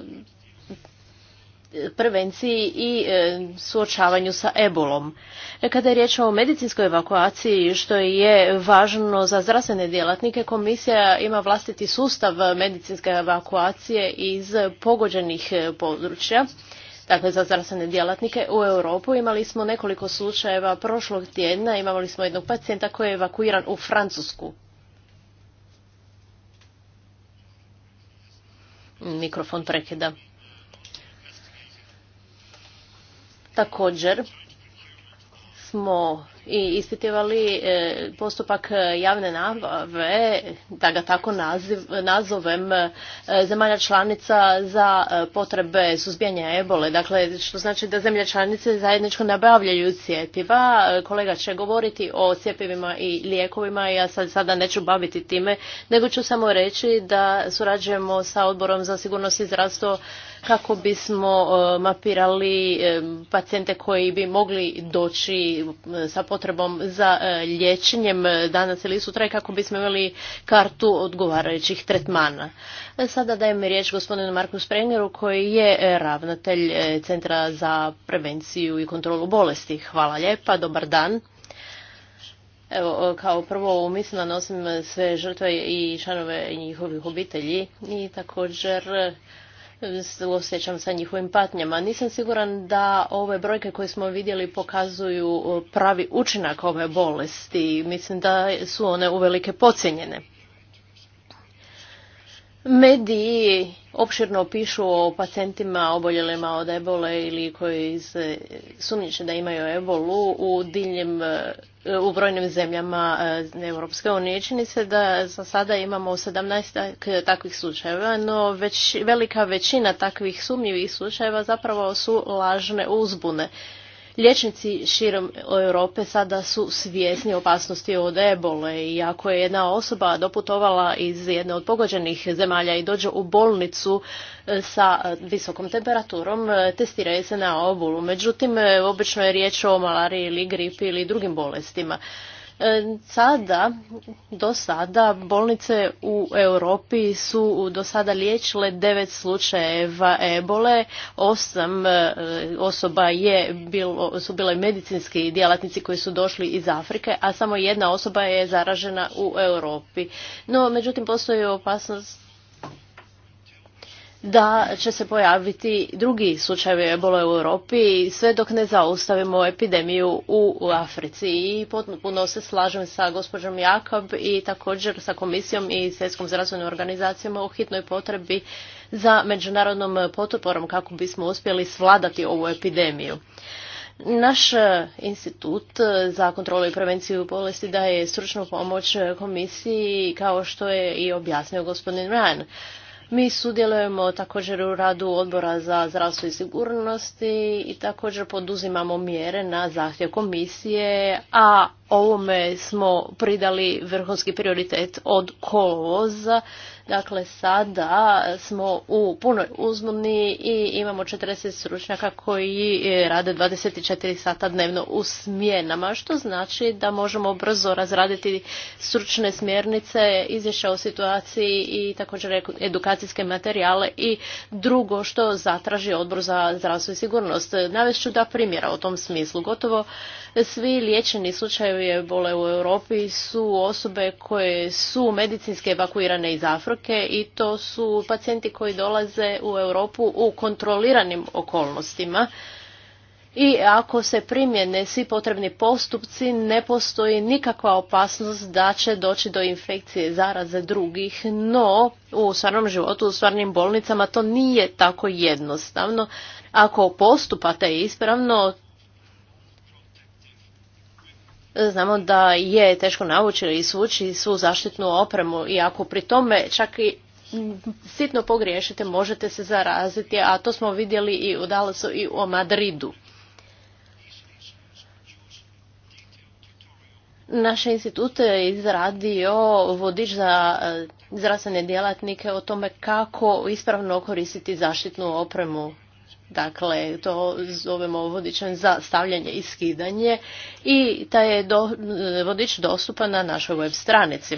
prevenciji i e, suočavanju sa ebolom. E, kada je riječ o medicinskoj evakuaciji, što je važno za zdravstvene djelatnike, komisija ima vlastiti sustav medicinske evakuacije iz pogođenih e, područja. Dakle, za zdravstvene djelatnike u Europu imali smo nekoliko slučajeva prošlog tjedna. Imali smo jednog pacijenta koji je evakuiran u Francusku. Mikrofon prekida. Također smo i ispitivali e, postupak e, javne nabave, da ga tako naziv, nazovem, e, zemalja članica za potrebe suzbijanja ebole. Dakle, što znači da zemlje članice zajedničko nabavljaju cijepiva. Kolega će govoriti o cijepivima i lijekovima, ja sad, sada neću baviti time, nego ću samo reći da surađujemo sa odborom za sigurnost i zdravstvo kako bismo mapirali pacijente koji bi mogli doći sa potrebom za e, liječenjem danas ili sutra kako bismo imali kartu odgovarajućih tretmana. E, sada dajem riječ gospodinu Marku Sprengeru koji je e, ravnatelj Centra za prevenciju i kontrolu bolesti. Hvala lijepa, dobar dan. Evo, kao prvo u da nosim sve žrtve i članove njihovih obitelji i također osjećam sa njihovim patnjama. Nisam siguran da ove brojke koje smo vidjeli pokazuju e, pravi učinak ove bolesti. Mislim da su one uvelike pocijenjene. Mediji opširno pišu o pacijentima oboljelima od ebole ili koji sumnjiče da imaju ebolu u diljem u brojnim zemljama eh, Europske unije. Čini se da za sada imamo 17 takvih slučajeva, no već, velika većina takvih sumnjivih slučajeva zapravo su lažne uzbune. Liječnici širom Europe sada su svjesni opasnosti od ebole i ako je jedna osoba doputovala iz jedne od pogođenih zemalja i dođe u bolnicu e, sa e, visokom temperaturom, e, testiraju se na obolu. Međutim, obično je riječ o malariji ili gripi ili drugim bolestima. E, sada, do sada, bolnice u Europi su do sada liječile devet slučajeva ebole, osam e, osoba je bilo, su bile medicinski djelatnici koji su došli iz Afrike, a samo jedna osoba je zaražena u Europi. No, međutim, postoji opasnost da će se pojaviti drugi slučajevi ebola u Europi sve dok ne zaustavimo epidemiju u Africi. I puno se slažem sa gospođom Jakob i također sa komisijom i svjetskom zdravstvenom organizacijama o hitnoj potrebi za međunarodnom potporom kako bismo uspjeli svladati ovu epidemiju. Naš institut za kontrolu i prevenciju bolesti daje stručnu pomoć komisiji kao što je i objasnio gospodin Ryan. Mi sudjelujemo također u radu odbora za zdravstvo i sigurnosti i također poduzimamo mjere na zahtjev komisije, a ovome smo pridali vrhunski prioritet od kolovoza. Dakle, sada smo u punoj uzmoni i imamo 40 stručnjaka koji e, rade 24 sata dnevno u smjenama, što znači da možemo brzo razraditi stručne smjernice, izvješća o situaciji i također edukacijske materijale i drugo što zatraži odbor za zdravstvo i sigurnost. Navest ću da primjera u tom smislu. Gotovo svi liječeni slučajevi ebole u Europi su osobe koje su medicinski evakuirane iz Afrike i to su pacijenti koji dolaze u Europu u kontroliranim okolnostima. I ako se primjene svi potrebni postupci, ne postoji nikakva opasnost da će doći do infekcije zaraze drugih, no u stvarnom životu, u stvarnim bolnicama to nije tako jednostavno. Ako postupate ispravno, Znamo da je teško naučiti i svući svu zaštitnu opremu i ako pri tome čak i sitno pogriješite možete se zaraziti, a to smo vidjeli i u Dallasu i u Madridu. Naš institut je izradio vodič za e, zdravstvene djelatnike o tome kako ispravno koristiti zaštitnu opremu Dakle, to zovemo vodičem za stavljanje i skidanje i taj je e, vodič dostupan na našoj web stranici.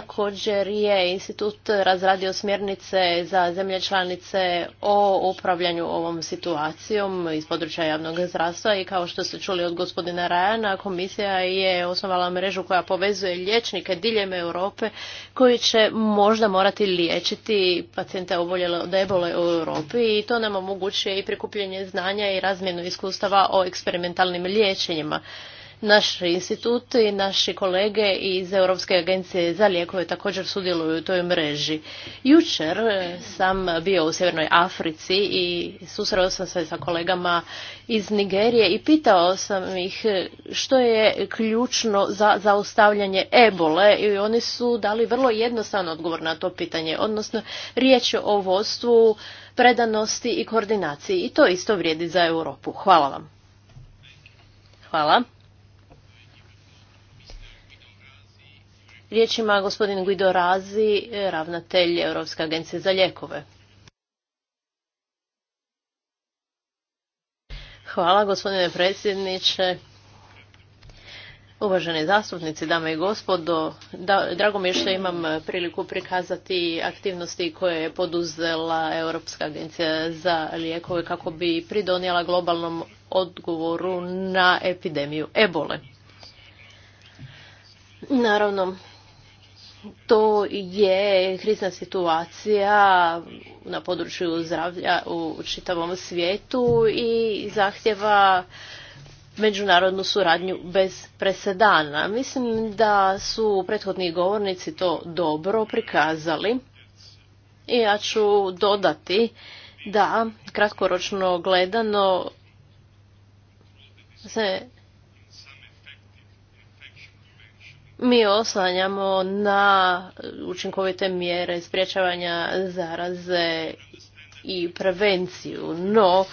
Također je institut razradio smjernice za zemlje članice o upravljanju ovom situacijom iz područja javnog zdravstva i kao što ste čuli od gospodina Rajana, komisija je osnovala mrežu koja povezuje liječnike diljem Europe koji će možda morati liječiti pacijente oboljele od ebole u Europi i to nam omogućuje i prikupljanje znanja i razmjenu iskustava o eksperimentalnim liječenjima. Naš institut i naši kolege iz Europske agencije za lijekove također sudjeluju u toj mreži. Jučer eh, sam bio u Sjevernoj Africi i susreo sam se sa kolegama iz Nigerije i pitao sam ih eh, što je ključno za zaustavljanje ebole i oni su dali vrlo jednostavan odgovor na to pitanje, odnosno riječ je o vodstvu, predanosti i koordinaciji i to isto vrijedi za Europu. Hvala vam. Hvala. ima gospodin Guido Razi, e, ravnatelj Europske agencije za lijekove. Hvala gospodine predsjedniče. Uvaženi zastupnici, dame i gospodo, drago mi je što imam priliku prikazati aktivnosti koje je poduzela Europska agencija za lijekove kako bi pridonijela globalnom odgovoru na epidemiju ebole. Naravno, to je krizna situacija na području zdravlja u čitavom svijetu i zahtjeva međunarodnu suradnju bez presedana. Mislim da su prethodni govornici to dobro prikazali i ja ću dodati da kratkoročno gledano se mi oslanjamo na učinkovite mjere sprječavanja zaraze i prevenciju, no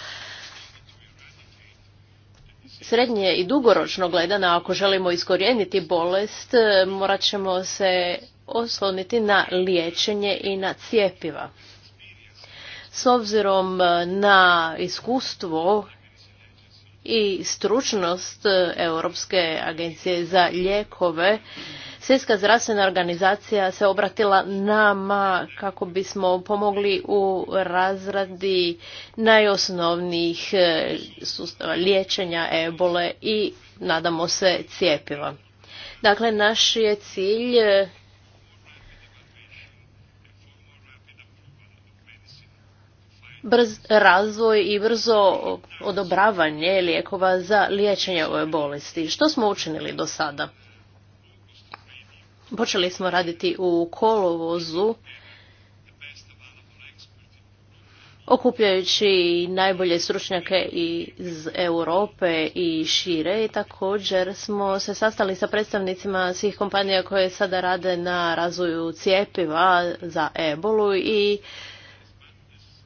srednje i dugoročno gledano, ako želimo iskorijeniti bolest, morat ćemo se osloniti na liječenje i na cijepiva. S obzirom na iskustvo i stručnost e, Europske agencije za ljekove Svjetska zdravstvena organizacija se obratila nama kako bismo pomogli u razradi najosnovnijih e, sustava liječenja ebole i nadamo se cijepiva. Dakle, naš je cilj e, brz razvoj i brzo odobravanje lijekova za liječenje ove bolesti. Što smo učinili do sada? Počeli smo raditi u kolovozu okupljajući najbolje stručnjake iz Europe i šire i također smo se sastali sa predstavnicima svih kompanija koje sada rade na razvoju cijepiva za ebolu i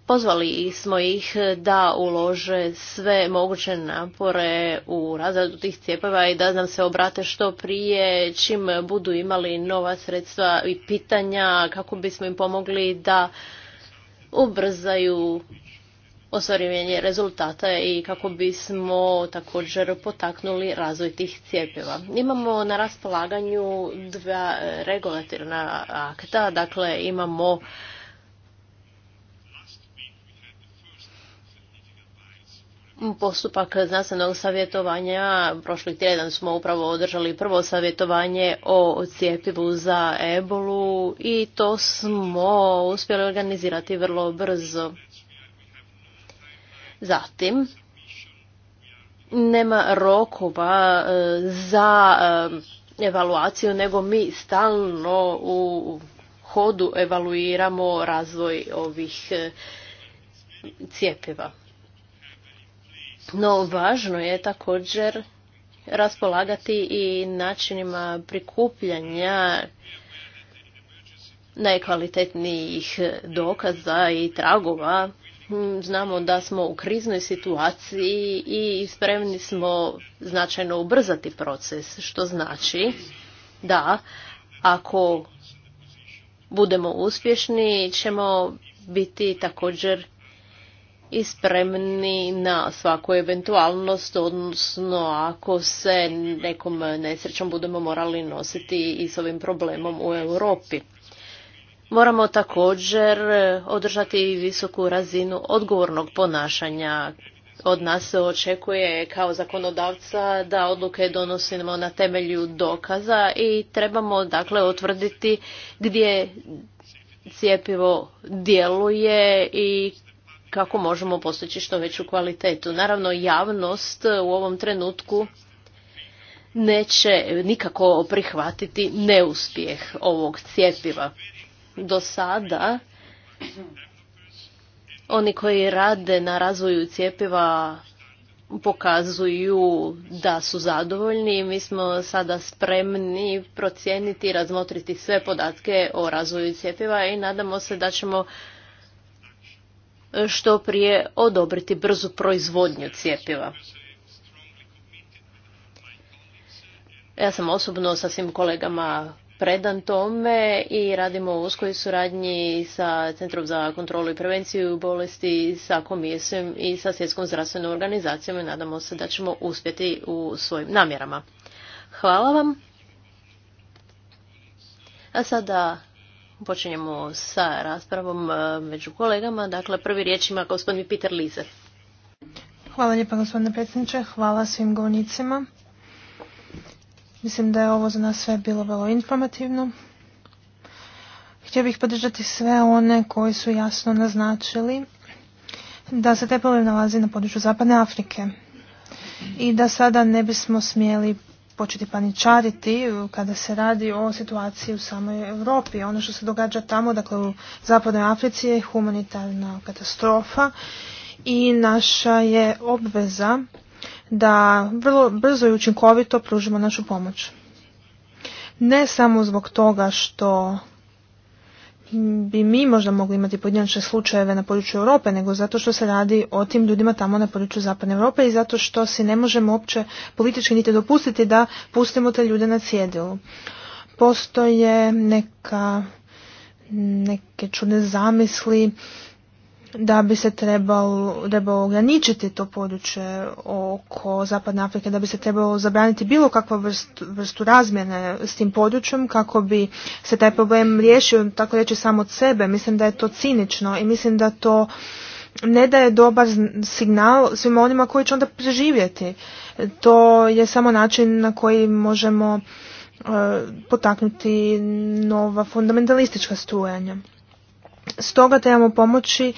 Pozvali smo ih eh, da ulože sve moguće napore u razradu tih cijepeva i da nam se obrate što prije, čim budu imali nova sredstva i pitanja kako bismo im pomogli da ubrzaju ostvarivanje rezultata i kako bismo također potaknuli razvoj tih cijepiva. Imamo na raspolaganju dva eh, regulatorna akta, dakle imamo Postupak znanstvenog savjetovanja, prošli tjedan smo upravo održali prvo savjetovanje o cijepivu za ebolu i to smo uspjeli organizirati vrlo brzo. Zatim, nema rokova e, za e, evaluaciju, nego mi stalno u hodu evaluiramo razvoj ovih e, cijepiva. No, važno je također raspolagati i načinima prikupljanja najkvalitetnijih dokaza i tragova. Hmm, znamo da smo u kriznoj situaciji i spremni smo značajno ubrzati proces, što znači da ako budemo uspješni ćemo biti također i spremni na svaku eventualnost, odnosno ako se nekom nesrećom budemo morali nositi i s ovim problemom u Europi. Moramo također održati visoku razinu odgovornog ponašanja. Od nas se očekuje kao zakonodavca da odluke donosimo na temelju dokaza i trebamo dakle utvrditi gdje cijepivo djeluje i kako možemo postići što veću kvalitetu. Naravno, javnost u ovom trenutku neće nikako prihvatiti neuspjeh ovog cijepiva. Do sada oni koji rade na razvoju cijepiva pokazuju da su zadovoljni i mi smo sada spremni procijeniti i razmotriti sve podatke o razvoju cijepiva i nadamo se da ćemo što prije odobriti brzu proizvodnju cijepiva. Ja sam osobno sa svim kolegama predan tome i radimo u uskoj suradnji sa Centrom za kontrolu i prevenciju bolesti, sa komisijom i sa svjetskom zdravstvenom organizacijom i nadamo se da ćemo uspjeti u svojim namjerama. Hvala vam. A sada Počinjemo sa raspravom e, među kolegama. Dakle, prvi riječ ima gospodin Peter Lizer. Hvala lijepa gospodine predsjedniče, hvala svim govornicima. Mislim da je ovo za nas sve bilo vrlo informativno. Htio bih podržati sve one koji su jasno naznačili da se te nalazi na području Zapadne Afrike i da sada ne bismo smjeli početi paničariti e, kada se radi o situaciji u samoj Europi. Ono što se događa tamo, dakle u zapadnoj Africi je humanitarna katastrofa i naša je obveza da vrlo brzo i učinkovito pružimo našu pomoć. Ne samo zbog toga što bi mi možda mogli imati pojedinačne slučajeve na području Europe, nego zato što se radi o tim ljudima tamo na području Zapadne Europe i zato što si ne možemo uopće politički niti dopustiti da pustimo te ljude na cjedilu. Postoje neka, neke čudne zamisli da bi se trebalo, trebalo ograničiti to područje oko Zapadne Afrike, da bi se trebalo zabraniti bilo kakvu vrstu, vrstu razmjene s tim područjem kako bi se taj problem riješio, tako reći, samo od sebe. Mislim da je to cinično i mislim da to ne daje dobar signal svima onima koji će onda preživjeti. To je samo način na koji možemo e, potaknuti nova fundamentalistička strujanja. Stoga trebamo pomoći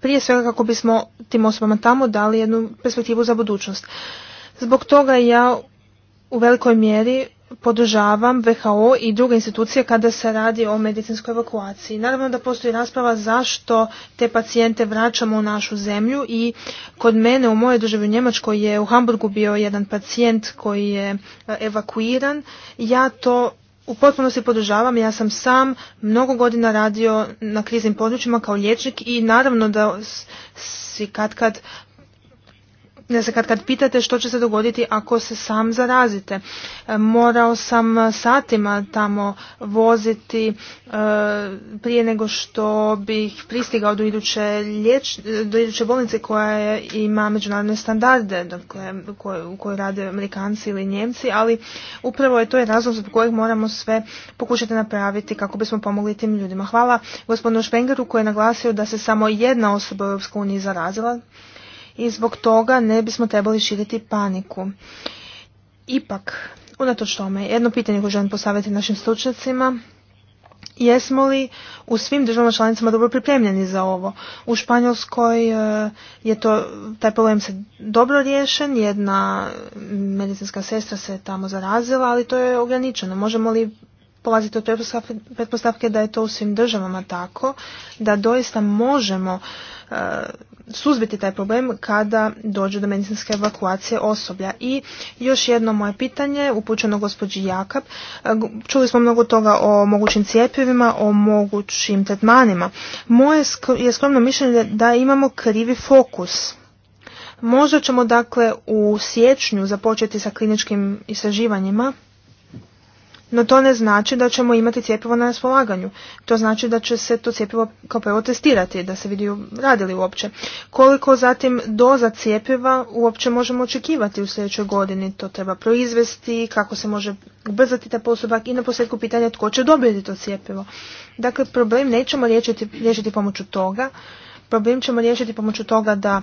prije svega kako bismo tim osobama tamo dali jednu perspektivu za budućnost. Zbog toga ja u velikoj mjeri podržavam VHO i druge institucije kada se radi o medicinskoj evakuaciji. Naravno da postoji rasprava zašto te pacijente vraćamo u našu zemlju i kod mene u mojoj državi u Njemačkoj je u Hamburgu bio jedan pacijent koji je e, evakuiran. Ja to u potpunosti podržavam. Ja sam sam mnogo godina radio na kriznim područjima kao liječnik i naravno da si kad kad da se kad kad pitate što će se dogoditi ako se sam zarazite. E, morao sam e, satima tamo voziti e, prije nego što bih pristigao do iduće, lječ, do iduće bolnice koja ima međunarodne standarde dakle, u kojoj rade Amerikanci ili Njemci, ali upravo je to je razlog zbog kojeg moramo sve pokušati napraviti kako bismo pomogli tim ljudima. Hvala gospodinu Špengeru koji je naglasio da se samo jedna osoba u EU zarazila i zbog toga ne bismo trebali širiti paniku. Ipak, unatoč tome, jedno pitanje koje želim postaviti našim stručnjacima Jesmo li u svim državama članicama dobro pripremljeni za ovo? U Španjolskoj e, je to, taj problem se dobro riješen, jedna medicinska sestra se tamo zarazila, ali to je ograničeno. Možemo li Polazite od pretpostavke da je to u svim državama tako, da doista možemo e, suzbiti taj problem kada dođe do medicinske evakuacije osoblja. I još jedno moje pitanje, upućeno gospođi Jakab. E, čuli smo mnogo toga o mogućim cijepivima, o mogućim tretmanima. Moje je skromno mišljenje da imamo krivi fokus. Možda ćemo dakle u siječnju započeti sa kliničkim istraživanjima, no to ne znači da ćemo imati cjepivo na raspolaganju. To znači da će se to cjepivo kao prvo testirati, da se vidi radili uopće. Koliko zatim doza cjepiva uopće možemo očekivati u sljedećoj godini, to treba proizvesti, kako se može ubrzati taj postupak i na posljedku pitanja tko će dobiti to cjepivo. Dakle, problem nećemo riješiti, riješiti pomoću toga, problem ćemo riješiti pomoću toga da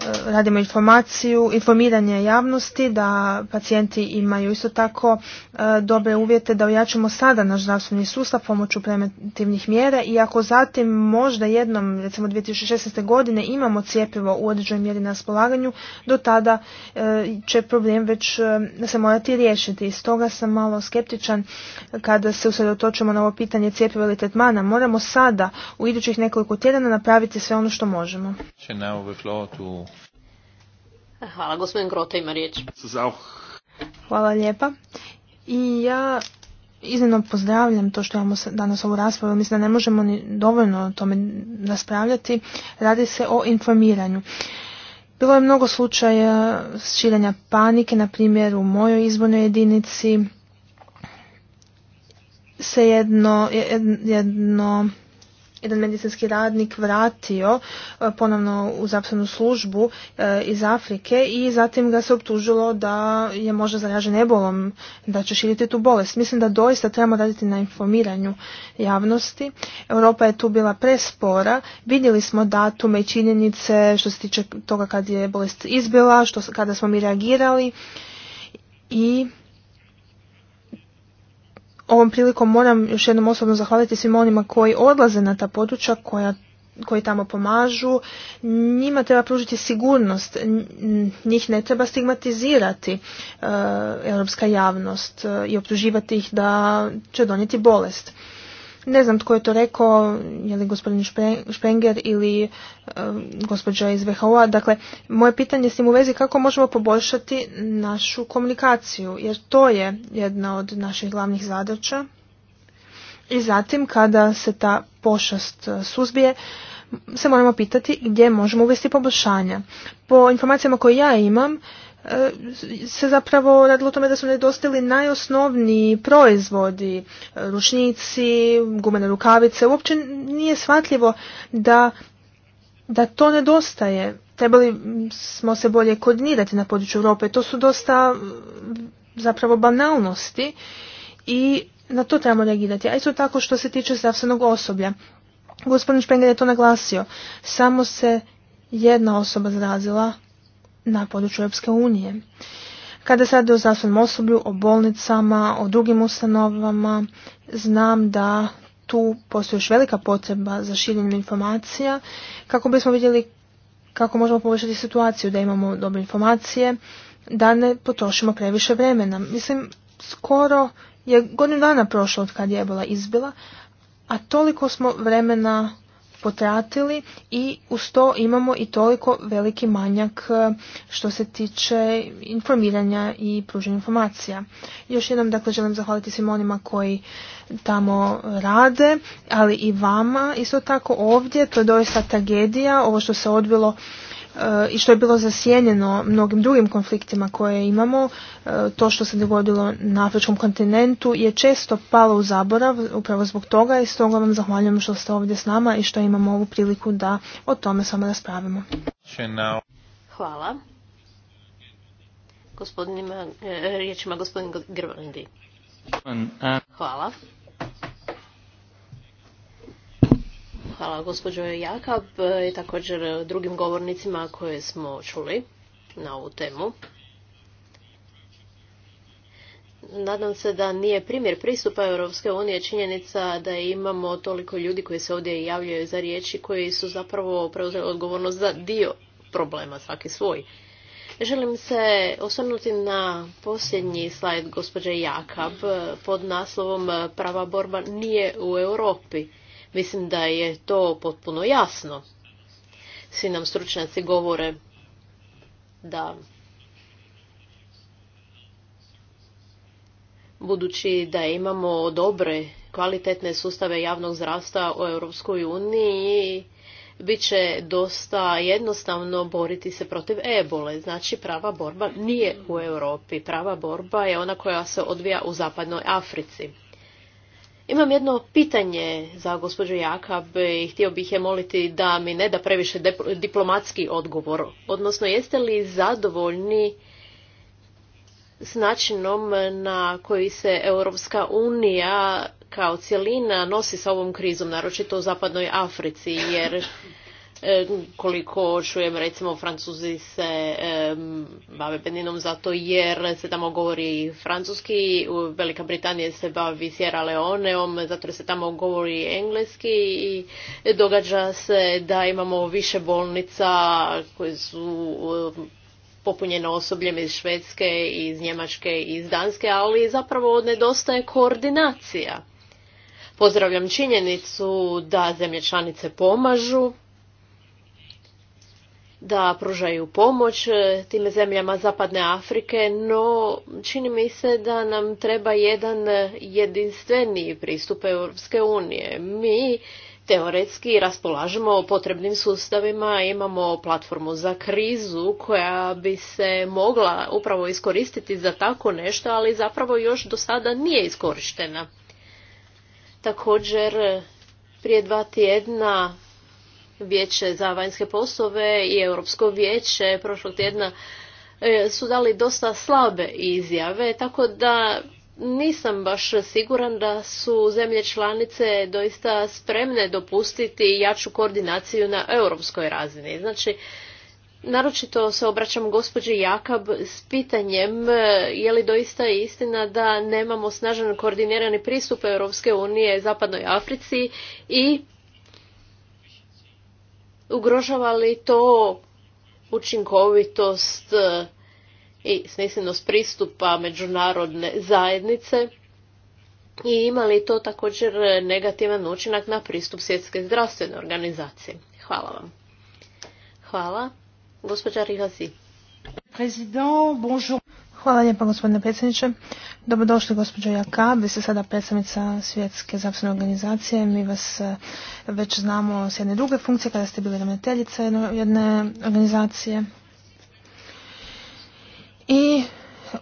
E, radimo informaciju, informiranje javnosti, da pacijenti imaju isto tako e, dobre uvjete da ojačimo sada naš zdravstveni sustav pomoću preventivnih mjera i ako zatim možda jednom, recimo 2016. godine imamo cijepivo u određenoj mjeri na raspolaganju, do tada e, će problem već se morati riješiti. I stoga sam malo skeptičan kada se usredotočimo na ovo pitanje cijepiva ili tretmana. Moramo sada u idućih nekoliko tjedana napraviti sve ono što možemo. Hvala, gospodin Grota ima riječ. Hvala lijepa. I ja iznimno pozdravljam to što imamo danas ovu raspravu. Mislim da ne možemo ni dovoljno o tome raspravljati. Radi se o informiranju. Bilo je mnogo slučaja širenja panike, na primjer u mojoj izbornoj jedinici se jedno, jedno jedan medicinski radnik vratio e, ponovno u zapsanu službu e, iz Afrike i zatim ga se optužilo da je možda zaražen ebolom, da će širiti tu bolest. Mislim da doista trebamo raditi na informiranju javnosti. Europa je tu bila prespora. Vidjeli smo datume i činjenice što se tiče toga kad je bolest izbila, što, kada smo mi reagirali i ovom prilikom moram još jednom osobno zahvaliti svima onima koji odlaze na ta područja koji tamo pomažu, njima treba pružiti sigurnost, njih ne treba stigmatizirati e, europska javnost e, i optuživati ih da će donijeti bolest. Ne znam tko je to rekao, je li gospodin Špenger ili e, gospođa iz VHO-a. Dakle, moje pitanje s tim u vezi kako možemo poboljšati našu komunikaciju, jer to je jedna od naših glavnih zadaća. I zatim, kada se ta pošast e, suzbije, se moramo pitati gdje možemo uvesti poboljšanja. Po informacijama koje ja imam, E, se zapravo radilo o tome da su nedostali najosnovniji proizvodi, e, ručnici, gumene rukavice. Uopće nije shvatljivo da, da to nedostaje. Trebali smo se bolje koordinirati na području Europe. To su dosta zapravo banalnosti i na to trebamo reagirati. A isto tako što se tiče zdravstvenog osoblja. Gospodin Špenger je to naglasio. Samo se jedna osoba zrazila na području Europske unije. Kada se radi o zdravstvenom osoblju, o bolnicama, o drugim ustanovama, znam da tu postoji još velika potreba za širenjem informacija kako bismo vidjeli kako možemo poboljšati situaciju da imamo dobre informacije, da ne potrošimo previše vremena. Mislim, skoro je godinu dana prošlo od kad je bila izbila, a toliko smo vremena potratili i uz to imamo i toliko veliki manjak e, što se tiče informiranja i pruženja informacija. Još jednom dakle želim zahvaliti svim onima koji tamo rade, ali i vama isto tako ovdje, to je doista tragedija, ovo što se odbilo i što je bilo zasjenjeno mnogim drugim konfliktima koje imamo, e, to što se dogodilo na afričkom kontinentu je često palo u zaborav upravo zbog toga i stoga vam zahvaljujem što ste ovdje s nama i što imamo ovu priliku da o tome samo raspravimo. Hvala. E, riječima gospodin Grvandi. Hvala. Hvala gospođo Jakab i također drugim govornicima koje smo čuli na ovu temu. Nadam se da nije primjer pristupa Europske unije činjenica da imamo toliko ljudi koji se ovdje javljaju za riječi koji su zapravo preuzeli odgovornost za dio problema svaki svoj. Želim se osvrnuti na posljednji slajd gospođe Jakab pod naslovom Prava borba nije u Europi. Mislim da je to potpuno jasno. Svi nam stručnjaci govore da budući da imamo dobre, kvalitetne sustave javnog zdravstva u Europskoj uniji, bit će dosta jednostavno boriti se protiv ebole. Znači prava borba nije u Europi. Prava borba je ona koja se odvija u zapadnoj Africi. Imam jedno pitanje za gospođu Jakab i htio bih je moliti da mi ne da previše diplomatski odgovor. Odnosno, jeste li zadovoljni s načinom na koji se Europska unija kao cjelina nosi sa ovom krizom, naročito u zapadnoj Africi, jer E, koliko čujem recimo Francuzi se e, bave Beninom zato jer se tamo govori francuski, u Velika Britanija se bavi Sierra Leoneom zato jer se tamo govori engleski i događa se da imamo više bolnica koje su e, popunjene osobljem iz Švedske, iz Njemačke i iz Danske, ali zapravo nedostaje koordinacija. Pozdravljam činjenicu da zemlje članice pomažu, da pružaju pomoć e, tim zemljama Zapadne Afrike, no čini mi se da nam treba jedan jedinstveni pristup Europske unije. Mi teoretski raspolažemo potrebnim sustavima, imamo platformu za krizu koja bi se mogla upravo iskoristiti za tako nešto, ali zapravo još do sada nije iskorištena. Također, prije dva tjedna vijeće za vanjske poslove i Europsko vijeće prošlog tjedna e, su dali dosta slabe izjave, tako da nisam baš siguran da su zemlje članice doista spremne dopustiti jaču koordinaciju na europskoj razini. Znači, naročito se obraćam gospođi Jakab s pitanjem e, je li doista istina da nemamo snažan koordinirani pristup Europske unije zapadnoj Africi i ugrožava li to učinkovitost e, i smislenost pristupa međunarodne zajednice i ima li to također negativan učinak na pristup svjetske zdravstvene organizacije. Hvala vam. Hvala. Gospođa Rihazi. Hvala lijepa gospodine predsjedniče. Dobrodošli gospođo Jaka, vi ste sada predstavnica svjetske zdravstvene organizacije. Mi vas e, već znamo s jedne druge funkcije kada ste bili ravnateljica jedne organizacije. I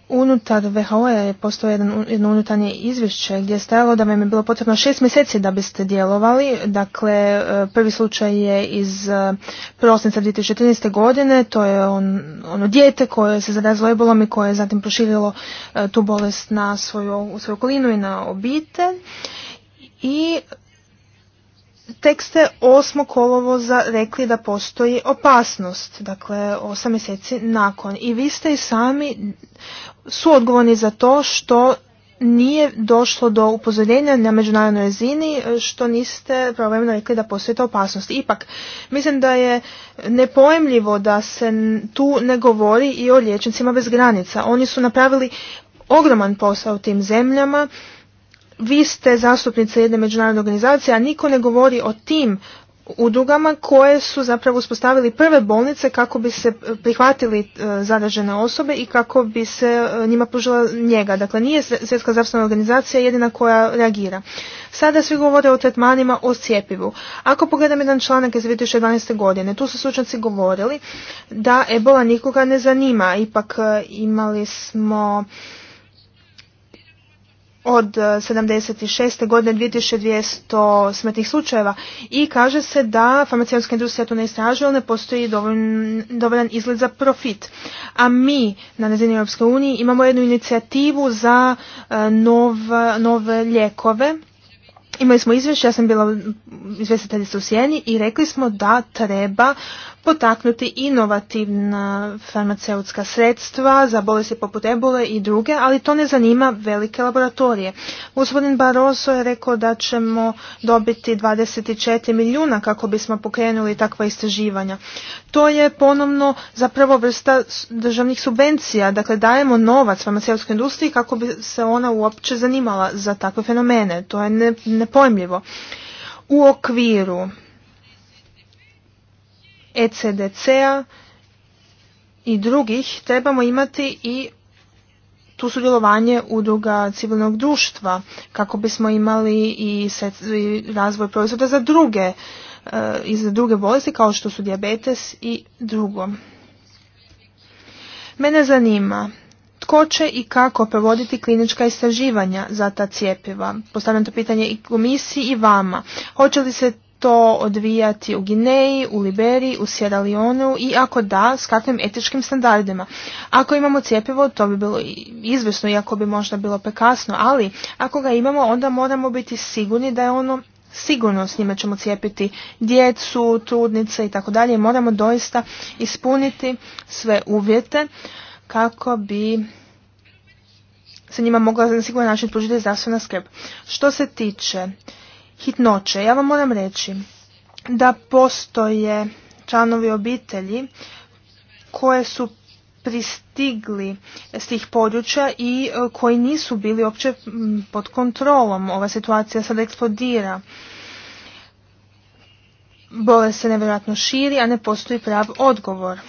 unutar WHO je postao jedno unutarnje izvješće gdje je stajalo da vam je bilo potrebno šest mjeseci da biste djelovali. Dakle, e, prvi slučaj je iz e, prosinca 2014. godine, to je on, ono dijete koje se zarazilo ebolom i koje je zatim proširilo e, tu bolest na svoju, svoju okolinu i na obitelj. I tek ste 8. kolovoza rekli da postoji opasnost, dakle osam mjeseci nakon. I vi ste i sami su odgovorni za to što nije došlo do upozorenja na međunarodnoj razini što niste pravovremeno rekli da postoji ta opasnost. Ipak, mislim da je nepojemljivo da se tu ne govori i o liječnicima bez granica. Oni su napravili ogroman posao u tim zemljama vi ste zastupnica jedne međunarodne organizacije, a niko ne govori o tim udrugama koje su zapravo uspostavili prve bolnice kako bi se e, prihvatili e, zaražene osobe i kako bi se e, njima pružila njega. Dakle, nije Svjetska zdravstvena organizacija jedina koja reagira. Sada svi govore o tretmanima o cjepivu. Ako pogledam jedan članak iz 2012. godine, tu su slučajci govorili da ebola nikoga ne zanima. Ipak imali smo od 76. Eh, godine 2200 smrtnih slučajeva i kaže se da farmaceutska industrija to ne istražuje, ne postoji dovoljan, izgled za profit. A mi na razini Europske unije imamo jednu inicijativu za eh, nove lijekove. Imali smo izvješće, ja sam bila izvjestiteljica u Sjeni i rekli smo da treba potaknuti inovativna farmaceutska sredstva za bolesti poput ebole i druge, ali to ne zanima velike laboratorije. Gospodin Barroso je rekao da ćemo dobiti 24 milijuna kako bismo pokrenuli takva istraživanja. To je ponovno zapravo vrsta državnih subvencija, dakle dajemo novac farmaceutskoj industriji kako bi se ona uopće zanimala za takve fenomene. To je nepojmljivo. U okviru ECDC-a i drugih trebamo imati i tu sudjelovanje udruga civilnog društva kako bismo imali i, razvoj proizvoda za druge e, i za druge bolesti kao što su dijabetes i drugo. Mene zanima tko će i kako provoditi klinička istraživanja za ta cijepiva. Postavljam to pitanje i komisiji i vama. Hoće li se to odvijati u Gineji, u Liberiji, u Sierra Leoneu i ako da, s kakvim etičkim standardima. Ako imamo cjepivo, to bi bilo izvesno, iako bi možda bilo prekasno, ali ako ga imamo, onda moramo biti sigurni da je ono sigurno s njima ćemo cijepiti djecu, trudnice i tako dalje. Moramo doista ispuniti sve uvjete kako bi se njima mogla na siguran način pružiti zdravstvena skrb. Što se tiče hitnoće. Ja vam moram reći da postoje članovi obitelji koje su pristigli s tih područja i e, koji nisu bili uopće pod kontrolom. Ova situacija sada eksplodira. Bole se nevjerojatno širi, a ne postoji prav odgovor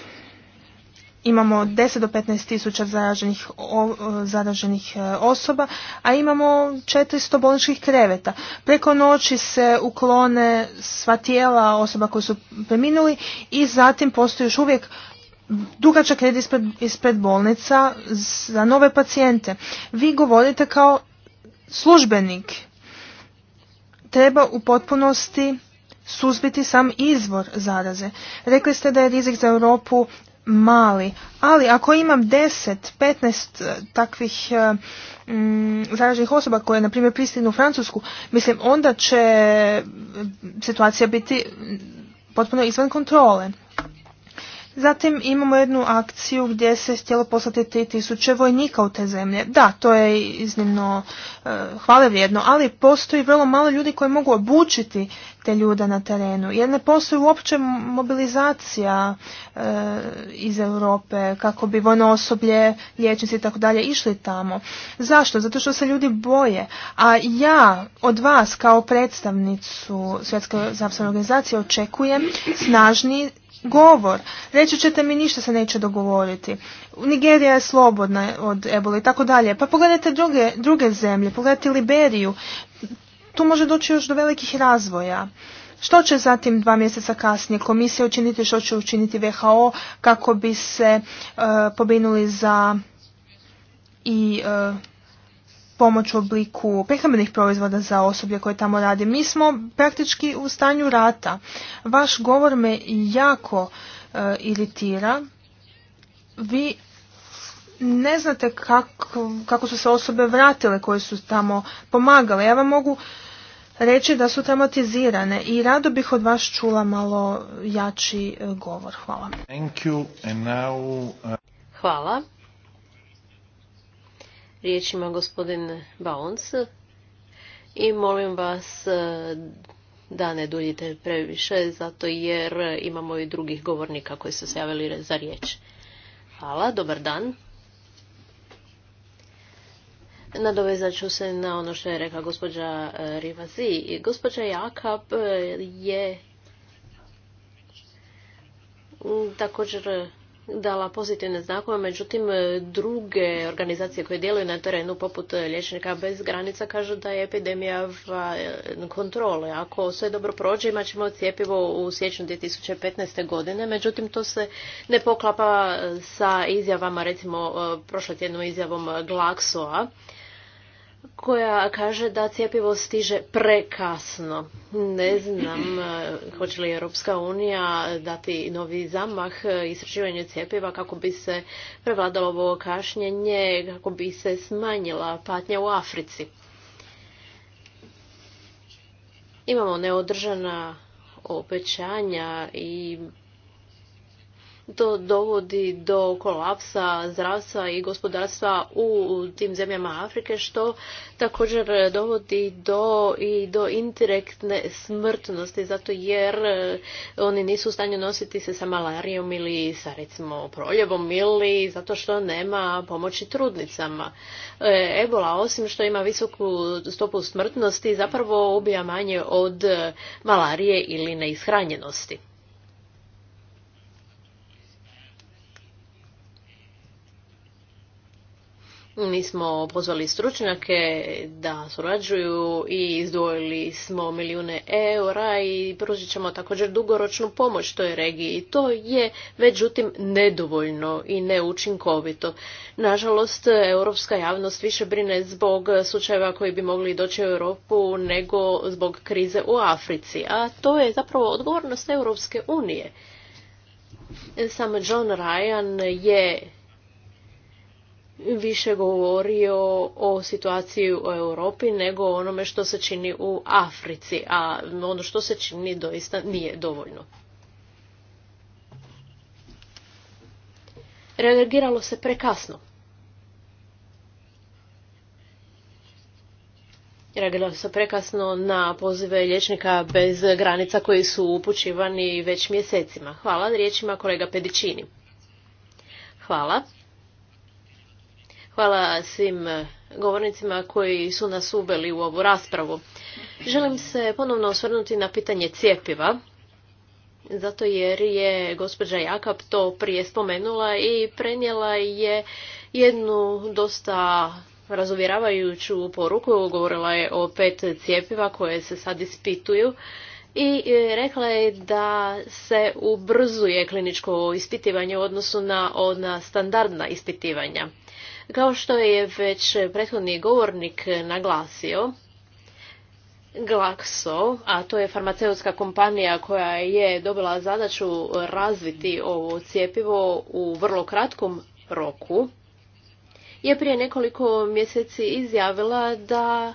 imamo 10 do 15 tisuća zaraženih, e, osoba, a imamo 400 bolničkih kreveta. Preko noći se uklone sva tijela osoba koje su preminuli i zatim postoji još uvijek dugačak red ispred, ispred bolnica za nove pacijente. Vi govorite kao službenik. Treba u potpunosti suzbiti sam izvor zaraze. Rekli ste da je rizik za Europu mali, ali ako imam 10-15 eh, takvih eh, mm, zaraženih osoba koje, na primjer, u Francusku, mislim, onda će eh, situacija biti mm, potpuno izvan kontrole. Zatim imamo jednu akciju gdje se htjelo poslati tisuće vojnika u te zemlje. Da, to je iznimno e, hvale vrijedno, ali postoji vrlo malo ljudi koji mogu obučiti te ljude na terenu. Jer ne postoji uopće mobilizacija e, iz Europe kako bi vojno osoblje, liječnici i tako dalje išli tamo. Zašto? Zato što se ljudi boje. A ja od vas kao predstavnicu Svjetske zdravstvene organizacije očekujem snažni govor. Reći ćete mi ništa se neće dogovoriti. Nigerija je slobodna od ebola i tako dalje. Pa pogledajte druge, druge zemlje, pogledajte Liberiju. Tu može doći još do velikih razvoja. Što će zatim dva mjeseca kasnije komisija učiniti, što će učiniti WHO kako bi se e, pobinuli za i e, pomoć u obliku prehrambenih proizvoda za osoblje koje tamo radi. Mi smo praktički u stanju rata. Vaš govor me jako e, iritira. Vi ne znate kako, kako su se osobe vratile koje su tamo pomagale. Ja vam mogu reći da su traumatizirane i rado bih od vas čula malo jači e, govor. Hvala. Thank you. And now, uh, Hvala. Riječ ima gospodin Baons i molim vas e, da ne duljite previše, zato jer imamo i drugih govornika koji su se javili za riječ. Hvala, dobar dan. Nadovezat ću se na ono što je rekla gospođa e, Rivazi. Gospođa Jakab e, je također dala pozitivne znakove, međutim e, druge organizacije koje djeluju na terenu poput e, liječnika bez granica kažu da je epidemija e, kontrole. Ako sve dobro prođe imat ćemo cijepivo u siječnju 2015. godine, međutim to se ne poklapa sa izjavama recimo tjednom izjavom Glaxoa koja kaže da cjepivo stiže prekasno. Ne znam hoće li Europska unija dati novi zamah istraživanju cijepiva kako bi se prevladalo ovo kašnjenje, kako bi se smanjila patnja u Africi. Imamo neodržana obećanja i to dovodi do kolapsa zdravstva i gospodarstva u tim zemljama Afrike, što također dovodi do i do indirektne smrtnosti, zato jer e, oni nisu u stanju nositi se sa malarijom ili sa recimo proljevom ili zato što nema pomoći trudnicama. E, Ebola, osim što ima visoku stopu smrtnosti, zapravo ubija manje od malarije ili neishranjenosti. Mi smo pozvali stručnjake da surađuju i izdvojili smo milijune eura i pružit ćemo također dugoročnu pomoć toj regiji. To je međutim nedovoljno i neučinkovito. Nažalost, europska javnost više brine zbog slučajeva koji bi mogli doći u Europu nego zbog krize u Africi, a to je zapravo odgovornost Europske unije. Sam John Ryan je više govorio o situaciji u Europi nego o onome što se čini u Africi, a ono što se čini doista nije dovoljno. Reagiralo se prekasno. Reagiralo se prekasno na pozive liječnika bez granica koji su upućivani već mjesecima. Hvala riječima kolega Pedicini. Hvala. Hvala svim e, govornicima koji su nas uveli u ovu raspravu. Želim se ponovno osvrnuti na pitanje cijepiva, zato jer je gospođa Jakab to prije spomenula i prenijela je jednu dosta razuvjeravajuću poruku. Govorila je o pet cijepiva koje se sad ispituju i e, rekla je da se ubrzuje kliničko ispitivanje u odnosu na ona standardna ispitivanja. Kao što je već prethodni govornik naglasio, Glaxo, a to je farmaceutska kompanija koja je dobila zadaću razviti ovo cijepivo u vrlo kratkom roku, je prije nekoliko mjeseci izjavila da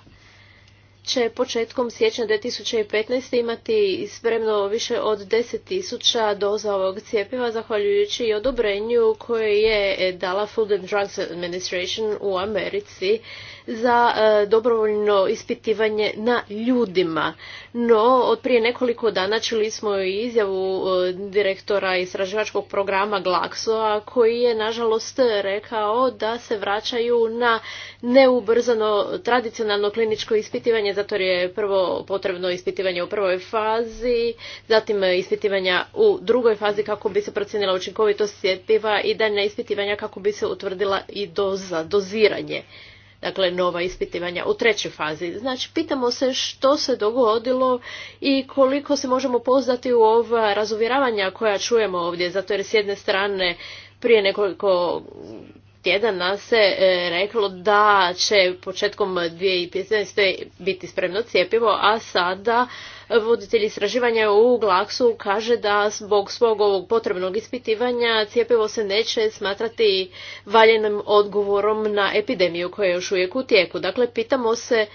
će početkom siječnja 2015. imati spremno više od 10.000 doza ovog cijepiva, zahvaljujući i odobrenju koje je dala Food and Drugs Administration u Americi za e, dobrovoljno ispitivanje na ljudima. No, od prije nekoliko dana čuli smo i izjavu e, direktora istraživačkog programa Glaxoa koji je nažalost rekao da se vraćaju na neubrzano tradicionalno kliničko ispitivanje zato je prvo potrebno ispitivanje u prvoj fazi, zatim ispitivanja u drugoj fazi kako bi se procijenila učinkovitost cjepiva i daljnja ispitivanja kako bi se utvrdila i doza, doziranje dakle nova ispitivanja u trećoj fazi. Znači, pitamo se što se dogodilo i koliko se možemo poznati u ova razuvjeravanja koja čujemo ovdje, zato jer s jedne strane prije nekoliko tjedana se e, reklo da će početkom 2015. biti spremno cijepivo, a sada voditelj istraživanja u Glaksu kaže da zbog svog ovog potrebnog ispitivanja cijepivo se neće smatrati valjenim odgovorom na epidemiju koja je još uvijek u tijeku. Dakle, pitamo se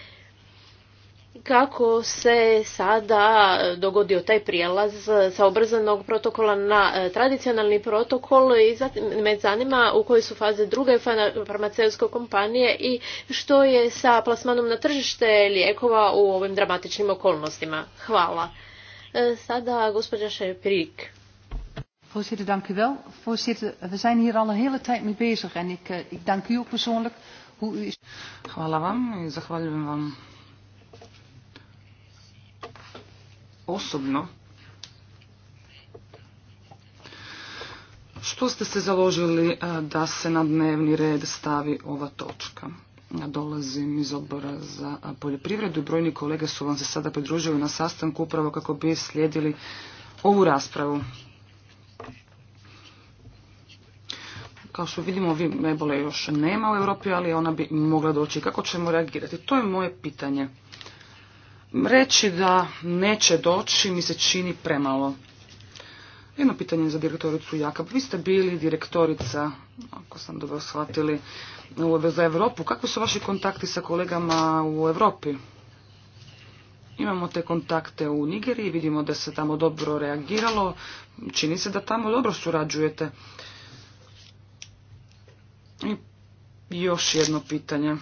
kako se sada dogodio taj prijelaz sa obrzanog protokola na e, tradicionalni protokol i me zanima u kojoj su faze druge farmaceutske kompanije i što je sa plasmanom na tržište lijekova u ovim dramatičnim okolnostima. Hvala. E, sada gospođa Šepirik. Voorzitter, dank u wel. Voorzitter, we zijn hier al een hele tijd mee bezig en ik, eh, ik dank u persoonlijk. Hoe u... Hvala vam i zahvaljujem vam osobno što ste se založili e, da se na dnevni red stavi ova točka. Ja dolazim iz odbora za poljoprivredu i brojni kolege su vam se sada pridružili na sastanku upravo kako bi slijedili ovu raspravu. Kao što vidimo, vi nebole još nema u Europi, ali ona bi mogla doći. Kako ćemo reagirati? To je moje pitanje. Reći da neće doći mi se čini premalo. Jedno pitanje za direktoricu Jakab. Vi ste bili direktorica, ako sam dobro shvatili, za Europu. Kakvi su vaši kontakti sa kolegama u Europi? Imamo te kontakte u Nigeriji, vidimo da se tamo dobro reagiralo. Čini se da tamo dobro surađujete. I još jedno pitanje.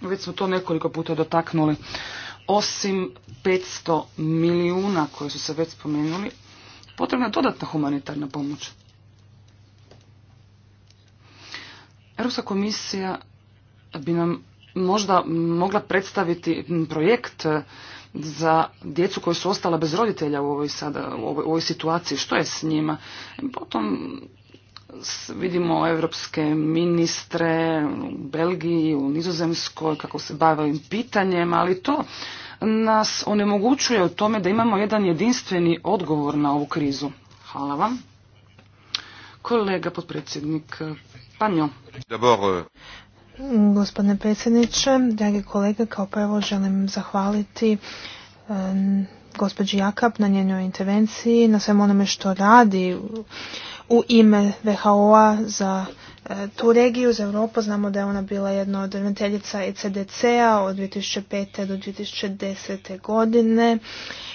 Već smo to nekoliko puta dotaknuli. Osim 500 milijuna koje su se već spomenuli, potrebna je dodatna humanitarna pomoć. Europska komisija bi nam možda mogla predstaviti projekt za djecu koja su ostala bez roditelja u ovoj, sada, u ovoj situaciji, što je s njima. Potom vidimo evropske ministre u Belgiji, u Nizozemskoj, kako se bave ovim pitanjem, ali to nas onemogućuje u tome da imamo jedan jedinstveni odgovor na ovu krizu. Hvala vam. Kolega potpredsjednik eh, Panjo. Eh, Gospodine predsjedniče, dragi kolege, kao prvo želim zahvaliti eh, gospođi Jakab na njenoj intervenciji, na svemu onome što radi u ime who a za e, tu regiju, za Europu. Znamo da je ona bila jedna od ravnateljica ECDC-a od 2005. do 2010. godine.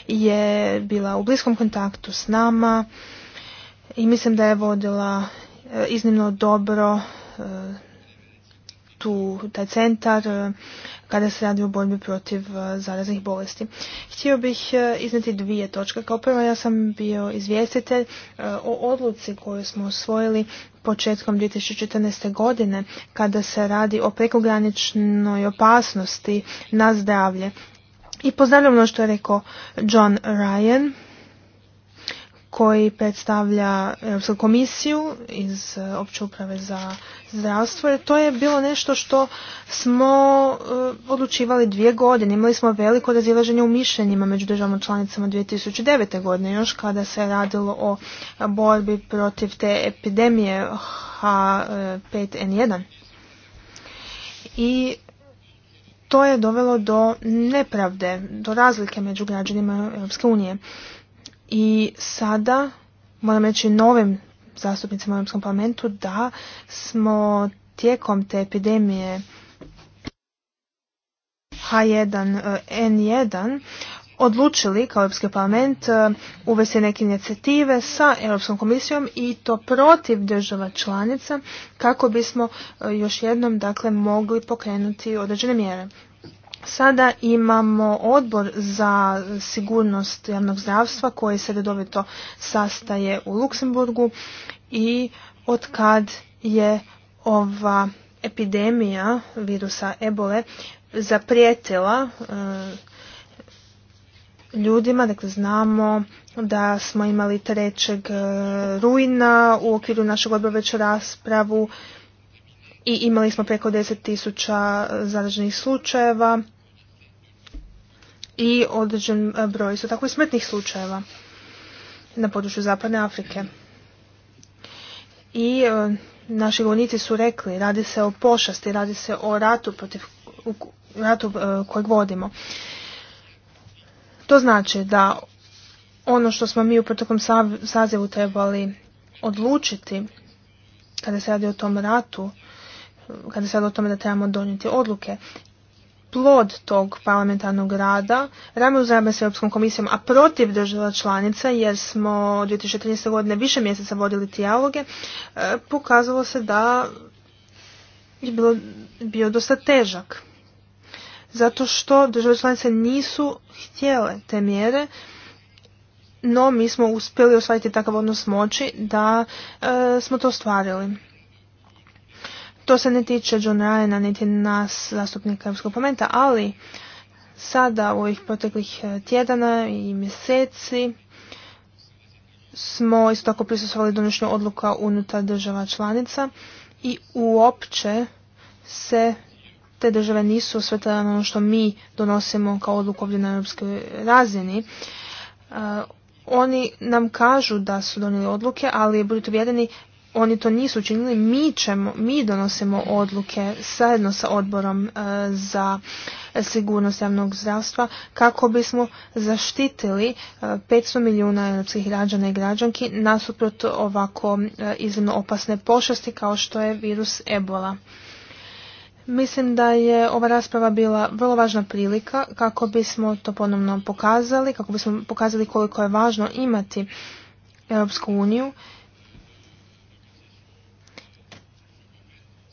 Je bila u bliskom kontaktu s nama i mislim da je vodila e, iznimno dobro e, tu, taj centar e, kada se radi o borbi protiv e, zaraznih bolesti. Htio bih e, izneti dvije točke. Kao prvo ja sam bio izvjestitelj o odluci koju smo osvojili početkom 2014. godine kada se radi o prekograničnoj opasnosti na zdravlje. I pozdravljam ono što je rekao John Ryan, koji predstavlja Europsku komisiju iz e, opće uprave za zdravstvo. to je bilo nešto što smo e, odlučivali dvije godine. Imali smo veliko razilaženje u mišljenjima među državama članicama 2009. godine, još kada se radilo o borbi protiv te epidemije H5N1. I to je dovelo do nepravde, do razlike među građanima Europske unije. I sada moram reći novim zastupnicima u Europskom parlamentu da smo tijekom te epidemije H1N1 eh, odlučili kao Europski parlament eh, uvesti neke inicijative sa Europskom komisijom i to protiv država članica kako bismo eh, još jednom dakle mogli pokrenuti određene mjere. Sada imamo odbor za sigurnost javnog zdravstva koji se redovito sastaje u Luksemburgu i od kad je ova epidemija virusa ebole zaprijetila e, ljudima, dakle znamo da smo imali trećeg e, rujna u okviru našeg odbora već raspravu i imali smo preko 10.000 zaraženih slučajeva i određen e, broj su tako i smrtnih slučajeva na području Zapadne Afrike. I e, naši govornici su rekli, radi se o pošasti, radi se o ratu protiv ratu e, kojeg vodimo. To znači da ono što smo mi u protokom sazivu trebali odlučiti kada se radi o tom ratu, kada se radi o tome da trebamo donijeti odluke, plod tog parlamentarnog rada, rame uz rame s Europskom komisijom, a protiv država članica, jer smo 2013. godine više mjeseca vodili dijaloge, e, pokazalo se da je bilo, bio dosta težak. Zato što države članice nisu htjele te mjere, no mi smo uspjeli osvajati takav odnos moći da e, smo to ostvarili. To se ne tiče John Ryana, niti nas, zastupnika Europskog parlamenta, ali sada u ovih proteklih e, tjedana i mjeseci smo isto tako prisustvovali donošnju odluka unutar država članica i uopće se te države nisu osvetljene na ono što mi donosimo kao odluku ovdje na europskoj razini. E, oni nam kažu da su donijeli odluke, ali budite uvjereni, oni to nisu učinili, mi, ćemo, mi donosimo odluke zajedno sa odborom e, za sigurnost javnog zdravstva kako bismo zaštitili 500 e, milijuna europskih građana i građanki nasuprot ovako e, iznimno opasne pošasti kao što je virus ebola. Mislim da je ova rasprava bila vrlo važna prilika kako bismo to ponovno pokazali, kako bismo pokazali koliko je važno imati Europsku uniju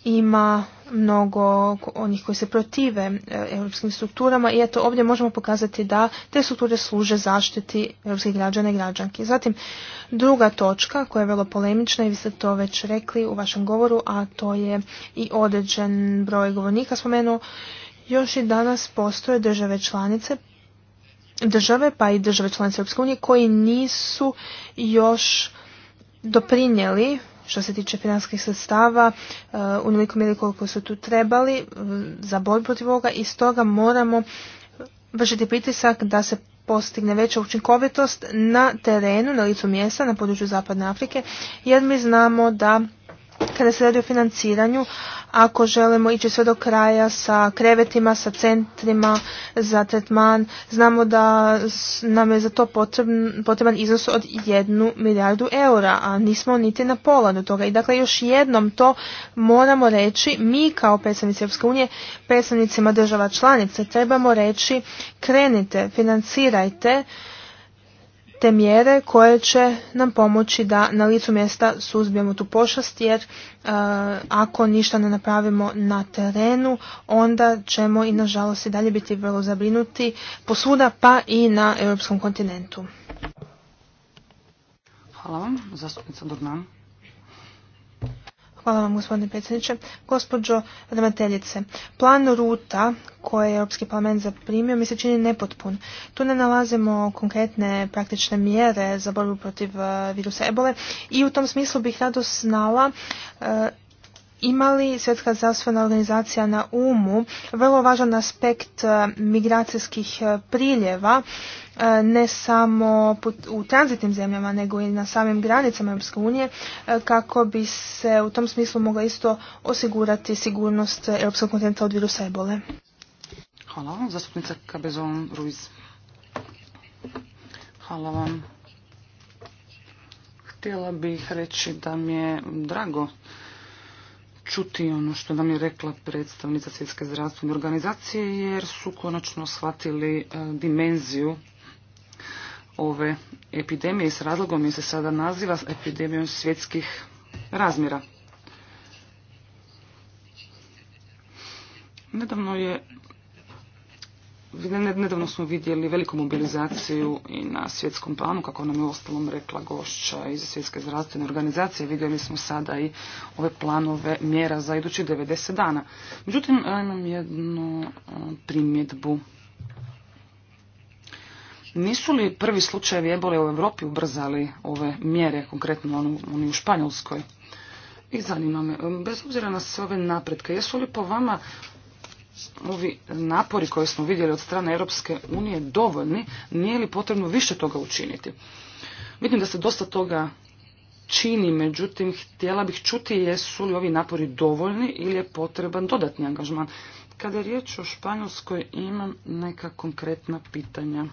ima mnogo onih koji se protive e, europskim strukturama i eto ovdje možemo pokazati da te strukture služe zaštiti europskih građana i građanki. Zatim druga točka koja je vrlo polemična i vi ste to već rekli u vašem govoru, a to je i određen broj govornika spomenuo, još i danas postoje države članice države pa i države članice Europske unije koji nisu još doprinijeli što se tiče finanskih sredstava e, u nekoliko mjeri koliko su tu trebali e, za borbu protiv ovoga i stoga moramo vršiti pritisak da se postigne veća učinkovitost na terenu, na licu mjesta, na području Zapadne Afrike, jer mi znamo da kada se radi o financiranju, ako želimo ići sve do kraja sa krevetima, sa centrima za tretman, znamo da nam je za to potreban, iznos od jednu milijardu eura, a nismo niti na pola do toga. I dakle još jednom to moramo reći, mi kao predstavnici Europske unije, predstavnicima država članica trebamo reći krenite, financirajte, te mjere koje će nam pomoći da na licu mjesta suzbijemo tu pošast jer e, ako ništa ne napravimo na terenu onda ćemo i nažalost i dalje biti vrlo zabrinuti posuda pa i na europskom kontinentu. Hvala vam, zastupnica Hvala vam gospodine predsjedniče. Gospođo ravnateljice, plan ruta koje je Europski parlament zaprimio mi se čini nepotpun. Tu ne nalazimo konkretne praktične mjere za borbu protiv eh, virusa ebole i u tom smislu bih rado znala eh, imali Svjetska zdravstvena organizacija na umu vrlo važan aspekt e, migracijskih e, priljeva e, ne samo u tranzitnim zemljama nego i na samim granicama Europske unije kako bi se u tom smislu mogla isto osigurati sigurnost Europskog kontinenta od virusa ebole. Hvala vam, zastupnica Kabezon Ruiz. Hvala vam. Htjela bih reći da mi je drago čuti ono što nam je rekla predstavnica Svjetske zdravstvene organizacije jer su konačno shvatili e, dimenziju ove epidemije s razlogom je se sada naziva epidemijom svjetskih razmjera. Nedavno je Nedavno smo vidjeli veliku mobilizaciju i na svjetskom planu, kako nam je ostalom rekla gošća iz svjetske zdravstvene organizacije. Vidjeli smo sada i ove planove mjera za idući 90 dana. Međutim, imam jednu e, primjedbu. Nisu li prvi slučajevi ebole u Europi ubrzali ove mjere, konkretno ono, oni u Španjolskoj? I zanima me, e, bez obzira na sve ove napretke, jesu li po vama ovi napori koje smo vidjeli od strane Europske unije dovoljni, nije li potrebno više toga učiniti? Vidim da se dosta toga čini, međutim, htjela bih čuti jesu li ovi napori dovoljni ili je potreban dodatni angažman. Kada je riječ o Španjolskoj, imam neka konkretna pitanja.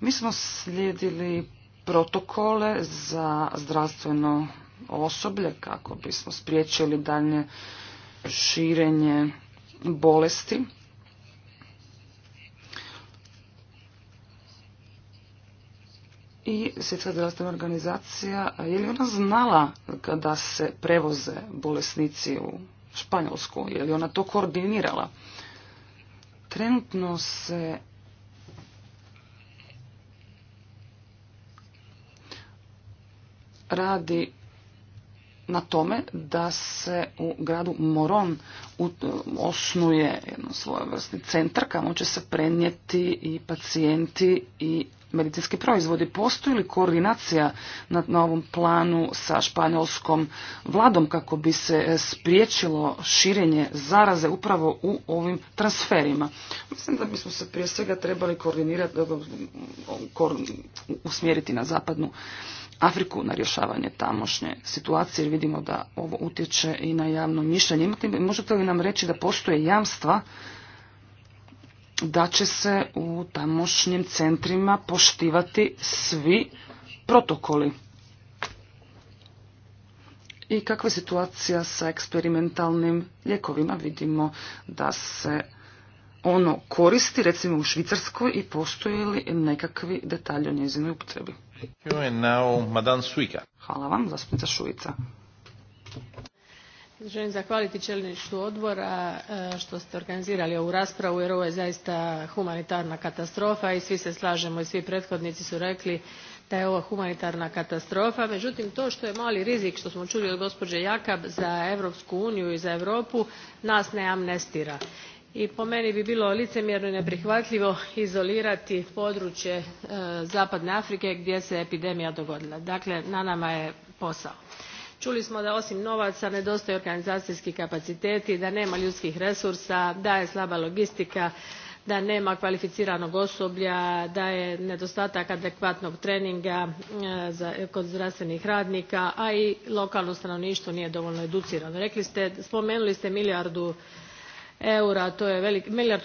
Mi smo slijedili protokole za zdravstveno osoblje kako bismo spriječili dalje širenje bolesti. I Svjetska zdravstvena organizacija, je li ona znala kada se prevoze bolesnici u Španjolsku? Je li ona to koordinirala? Trenutno se radi na tome da se u gradu Moron osnuje jedno svojevrsni centar kamo će se prenijeti i pacijenti i medicinski proizvodi. Postoji li koordinacija na, ovom planu sa španjolskom vladom kako bi se e, spriječilo širenje zaraze upravo u ovim transferima? Mislim da bismo se prije svega trebali koordinirati, mm, usmjeriti na zapadnu Afriku na rješavanje tamošnje situacije jer vidimo da ovo utječe i na javno mišljenje. možete li nam reći da postoje jamstva da će se u tamošnjim centrima poštivati svi protokoli. I kakva je situacija sa eksperimentalnim ljekovima? Vidimo da se ono koristi, recimo u Švicarskoj, i postoje li nekakvi detalji o njezinoj upotrebi? Hvala vam, zastupnica Šuica želim zahvaliti čelništvu odbora e, što ste organizirali ovu raspravu jer ovo je zaista humanitarna katastrofa i svi se slažemo i svi prethodnici su rekli da je ovo humanitarna katastrofa. međutim to što je mali rizik što smo čuli od gospođe jakab za europsku uniju i za europu nas ne amnestira i po meni bi bilo licemjerno i neprihvatljivo izolirati područje e, zapadne afrike gdje se epidemija dogodila. dakle na nama je posao čuli smo da osim novaca nedostaju organizacijski kapaciteti da nema ljudskih resursa da je slaba logistika da nema kvalificiranog osoblja da je nedostatak adekvatnog treninga e, kod zdravstvenih radnika a i lokalno stanovništvo nije dovoljno educirano. spomenuli ste milijardu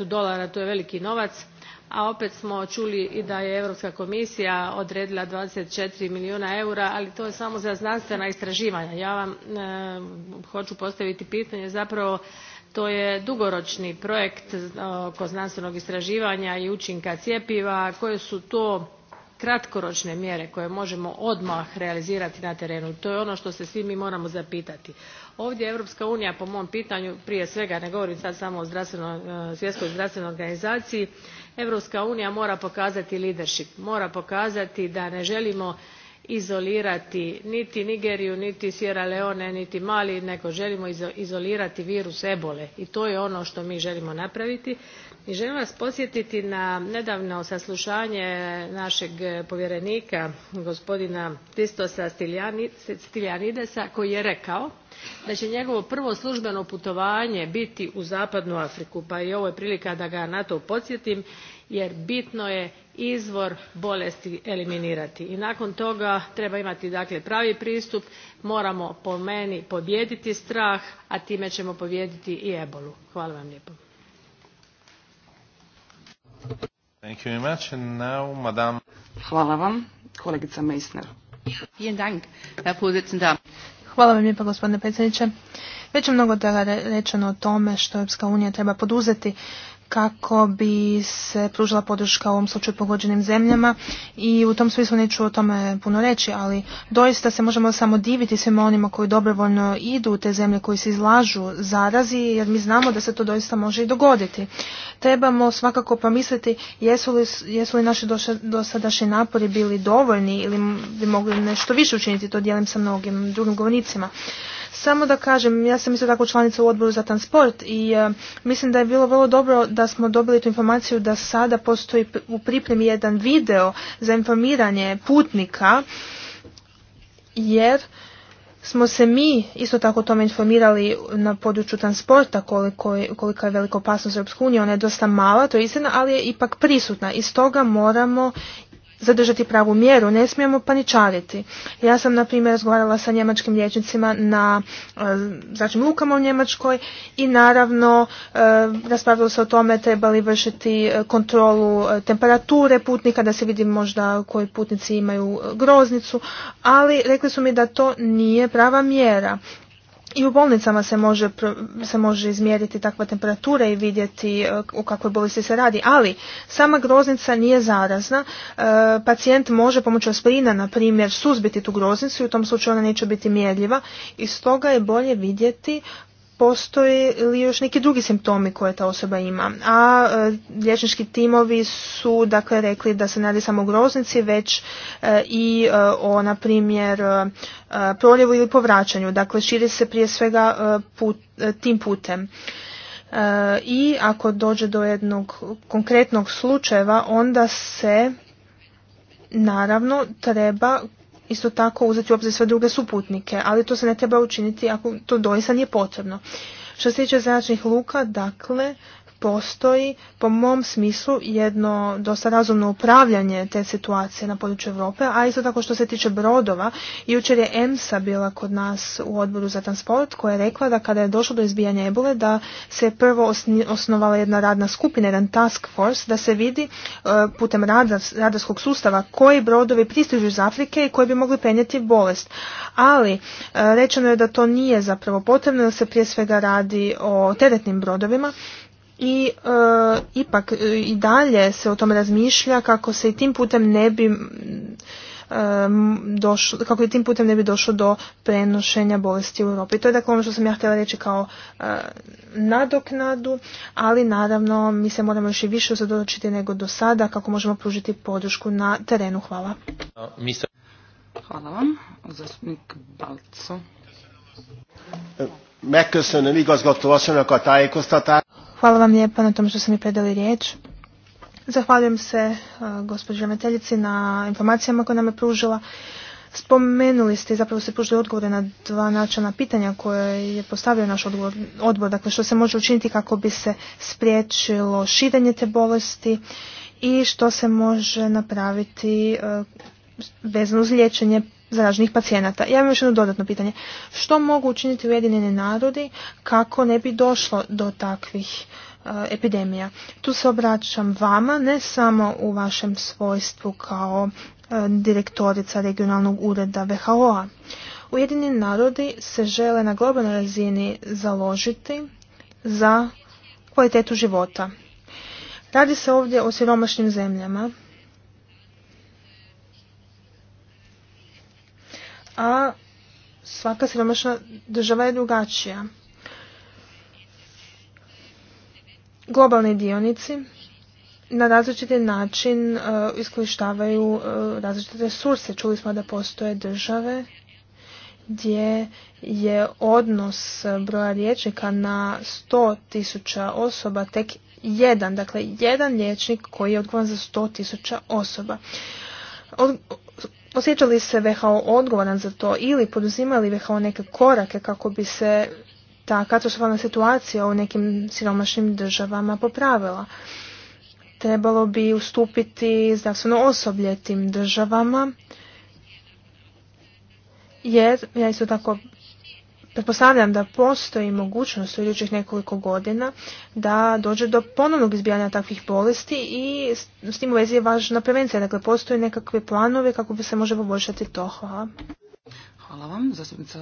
dolara to je veliki novac a opet smo uli i da je europska komisija odredila twenty four milijuna eura ali to je samo za znanstvena istraivanja. ja vam eh, hou postaviti pitanje zapravo to je dugoroni projekt eh, oko znanstvenog istraivanja i uinka cjepiva koje su to kratkorone mjere koje moemo odmah realizirati na terenu? to je ono to se svi mi moramo zapitati. ovdje europska unija po mom pitanju prije svega ne govorim sad samo o eh, svjetskoj zdravstvenoj organizaciji europska unija mora pokazati leadership mora pokazati da ne želimo izolirati niti nigeriju niti sierra leone niti mali nego želimo izolirati virus ebole i to je ono što mi želimo napraviti. i želim vas podsjetiti na nedavno saslušanje našeg povjerenika gospodina christosa stylianidesa koji je rekao da će njegovo prvo službeno putovanje biti u zapadnu afriku pa i ovo je prilika da ga na to podsjetim jer bitno je izvor bolesti eliminirati i nakon toga treba imati dakle pravi pristup moramo po meni pobijediti strah a time ćemo pobijediti i ebolu. hvala vam lijepo. Hvala vam. Hvala vam lijepa gospodine predsjedniče. Već je mnogo toga rečeno o tome što Europska unija treba poduzeti kako bi se pružila podrška u ovom slučaju pogođenim zemljama i u tom smislu neću o tome puno reći, ali doista se možemo samo diviti svima onima koji dobrovoljno idu u te zemlje koji se izlažu zarazi jer mi znamo da se to doista može i dogoditi. Trebamo svakako pomisliti jesu li, jesu li naši dosadašnji napori bili dovoljni ili bi mogli nešto više učiniti, to dijelim sa mnogim drugim govornicima. Samo da kažem, ja sam isto tako članica u odboru za transport i e, mislim da je bilo vrlo dobro da smo dobili tu informaciju da sada postoji u pripremi jedan video za informiranje putnika jer smo se mi isto tako tome informirali na području transporta koliko je, kolika je velika opasnost Europske unije. Ona je dosta mala, to je istina, ali je ipak prisutna. I stoga moramo zadržati pravu mjeru, ne smijemo paničariti. Ja sam, na primjer, razgovarala sa njemačkim liječnicima na e, zračnim lukama u Njemačkoj i naravno e, raspravljalo se o tome treba li vršiti e, kontrolu temperature putnika, da se vidi možda koji putnici imaju groznicu, ali rekli su mi da to nije prava mjera i u bolnicama se može, se može izmjeriti takva temperatura i vidjeti e, u kakvoj bolesti se radi, ali sama groznica nije zarazna. E, pacijent može pomoću aspirina, na primjer, suzbiti tu groznicu i u tom slučaju ona neće biti mjerljiva i stoga je bolje vidjeti postoji li još neki drugi simptomi koje ta osoba ima. A e, liječnički timovi su dakle rekli da se ne radi samo o groznici već e, i e, o na primjer proljevu ili povraćanju. Dakle širi se prije svega put, tim putem. I ako dođe do jednog konkretnog slučajeva onda se naravno treba isto tako uzeti u obzir sve druge suputnike, ali to se ne treba učiniti ako to doista nije potrebno. Što se tiče zračnih luka, dakle, postoji po mom smislu jedno dosta razumno upravljanje te situacije na području Europe, a isto tako što se tiče brodova, jučer je EMSA bila kod nas u odboru za transport koja je rekla da kada je došlo do izbijanja ebole da se prvo osnovala jedna radna skupina, jedan task force, da se vidi e, putem radarskog sustava koji brodovi pristižu iz Afrike i koji bi mogli prenijeti bolest. Ali e, rečeno je da to nije zapravo potrebno, jer se prije svega radi o teretnim brodovima i e, ipak e, i dalje se o tome razmišlja kako se i tim putem ne bi e, došlo, kako je tim putem ne bi došlo do prenošenja bolesti u Europi. To je dakle ono što sam ja htjela reći kao e, nadoknadu, ali naravno mi se moramo još i više zadočiti nego do sada kako možemo pružiti podršku na terenu. Hvala. Hvala vam. Balco. Megköszönöm Hvala vam lijepa na tom što ste mi predali riječ. Zahvaljujem se uh, gospođi na informacijama koje nam je pružila. Spomenuli ste i zapravo se pružili odgovore na dva načelna pitanja koje je postavio naš odbor, dakle što se može učiniti kako bi se spriječilo širenje te bolesti i što se može napraviti uh, vezano uz liječenje zaraženih pacijenata. Ja imam još jedno dodatno pitanje. Što mogu učiniti Ujedinjeni narodi kako ne bi došlo do takvih eh, epidemija? Tu se obraćam vama, ne samo u vašem svojstvu kao eh, direktorica regionalnog ureda WHO-a. Ujedinjeni narodi se žele na globalnoj razini založiti za kvalitetu života. Radi se ovdje o siromašnim zemljama a svaka siromašna država je drugačija. Globalni dionici na različiti način uh, iskorištavaju e, različite resurse. Čuli smo da postoje države gdje je odnos broja liječnika na sto tisuća osoba tek jedan, dakle jedan liječnik koji je odgovoran za 100 tisuća osoba. Od, osjeća li se VHO odgovoran za to ili poduzima li VHO neke korake kako bi se ta katastrofalna situacija u nekim siromašnim državama popravila? Trebalo bi ustupiti zdravstveno osoblje tim državama, jer ja isto tako Pretpostavljam da postoji mogućnost u idućih nekoliko godina da dođe do ponovnog izbijanja takvih bolesti i s tim u vezi je važna prevencija. Dakle, postoje nekakve planove kako bi se može poboljšati to. Hvala. Hvala vam, zastupnica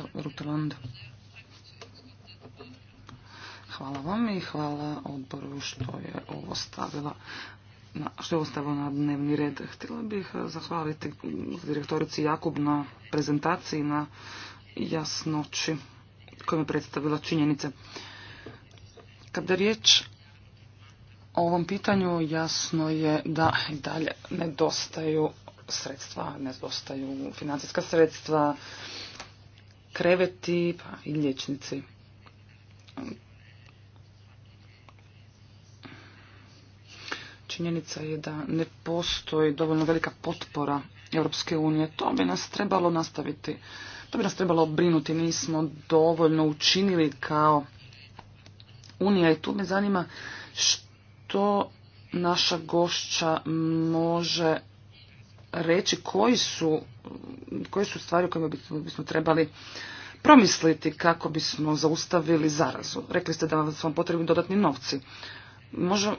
Hvala vam i hvala odboru što je ovo stavila na, što je na dnevni red. Htjela bih zahvaliti direktorici Jakub na prezentaciji na jasnoći kojima je predstavila činjenice. Kada je riječ o ovom pitanju, jasno je da i dalje nedostaju sredstva, nedostaju financijska sredstva, kreveti pa i liječnici. Činjenica je da ne postoji dovoljno velika potpora Europske unije. To bi nas trebalo nastaviti bi nas trebalo brinuti, nismo dovoljno učinili kao Unija i tu me zanima što naša gošća može reći koji su, koji su stvari o kojima bismo, bismo trebali promisliti kako bismo zaustavili zarazu. Rekli ste da vam potrebni dodatni novci. Može,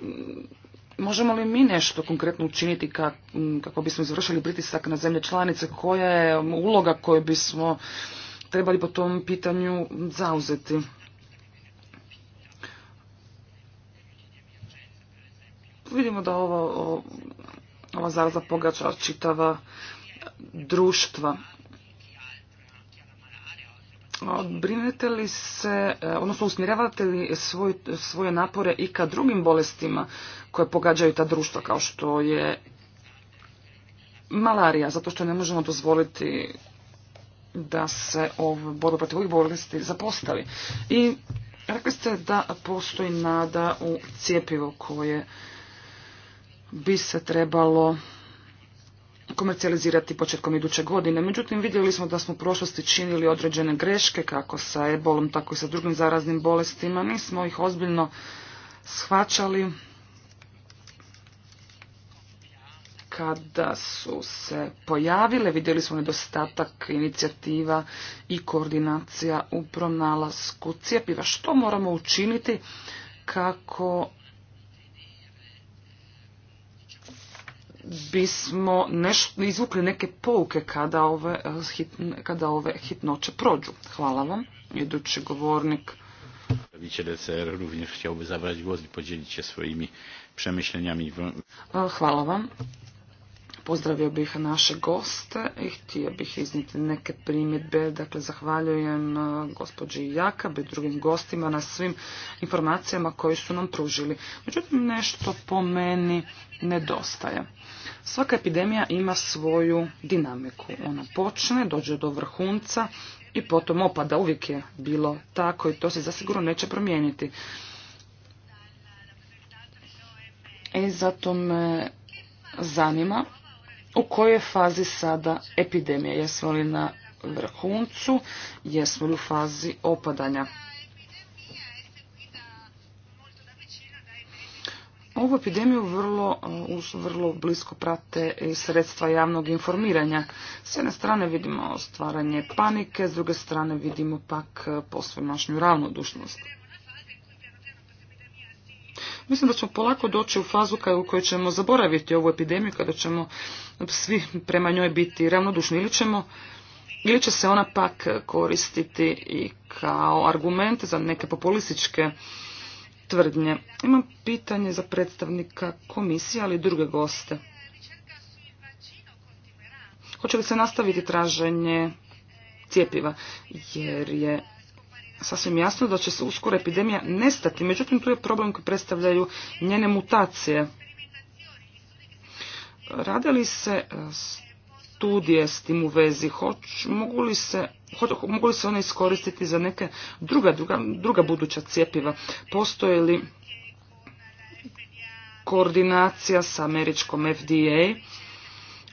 Možemo li mi nešto konkretno učiniti kako bismo izvršili pritisak na zemlje članice? Koja je uloga koju bismo trebali po tom pitanju zauzeti? Vidimo da ova zaraza pogača čitava društva brinete li se, e, odnosno usmjeravate li svoje napore i ka drugim bolestima koje pogađaju ta društva kao što je malarija, zato što ne možemo dozvoliti da se borba protiv ovih bolesti zapostavi. I rekli ste da postoji nada u cijepivo koje bi se trebalo komercijalizirati početkom iduće godine. Međutim, vidjeli smo da smo u prošlosti činili određene greške, kako sa ebolom, tako i sa drugim zaraznim bolestima. Nismo ih ozbiljno shvaćali kada su se pojavile. Vidjeli smo nedostatak inicijativa i koordinacija u pronalasku cijepiva. Što moramo učiniti kako bismo nešto, izvukli neke pouke kada ove, eh, kada ove hitnoće prođu. Hvala vam. Idući govornik. LCR również chciałby zabrać głos i podzielić się swoimi przemyśleniami. Eh, hvala vam. Pozdravio bih naše goste i htio bih izniti neke primjedbe. Dakle, zahvaljujem e, gospođi Jakab i drugim gostima na svim informacijama koje su nam pružili. Međutim, nešto po meni nedostaje. Svaka epidemija ima svoju dinamiku. Ona počne, dođe do vrhunca i potom opada. Uvijek je bilo tako i to se zasigurno neće promijeniti. I e, zato me zanima u kojoj je fazi sada epidemija? Jesmo li na vrhuncu? Jesmo li u fazi opadanja? Ovu epidemiju vrlo, vrlo blisko prate sredstva javnog informiranja. S jedne strane vidimo stvaranje panike, s druge strane vidimo pak posvemašnju ravnodušnost. Mislim da ćemo polako doći u fazu u kojoj ćemo zaboraviti ovu epidemiju, kada ćemo svi prema njoj biti ravnodušni ili ćemo ili će se ona pak koristiti i kao argument za neke populističke tvrdnje. Imam pitanje za predstavnika komisije, ali i druge goste. Hoće li se nastaviti traženje cijepiva? Jer je sasvim jasno da će se uskoro epidemija nestati. Međutim, tu je problem koji predstavljaju njene mutacije. Rade li se e, studije s tim u vezi? mogu, li se, se one iskoristiti za neke druga, buduća cjepiva? Postoje li koordinacija sa američkom FDA?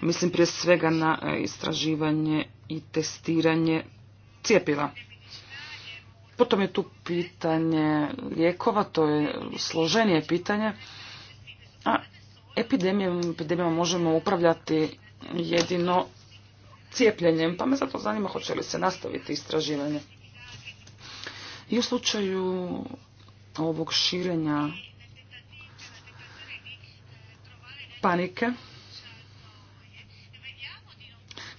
Mislim prije svega na e, istraživanje i testiranje cjepiva. Potom je tu pitanje lijekova, to je složenije pitanje. A epidemijom, epidemijom možemo upravljati jedino cijepljenjem, pa me zato zanima hoće li se nastaviti istraživanje. I u slučaju ovog širenja panike,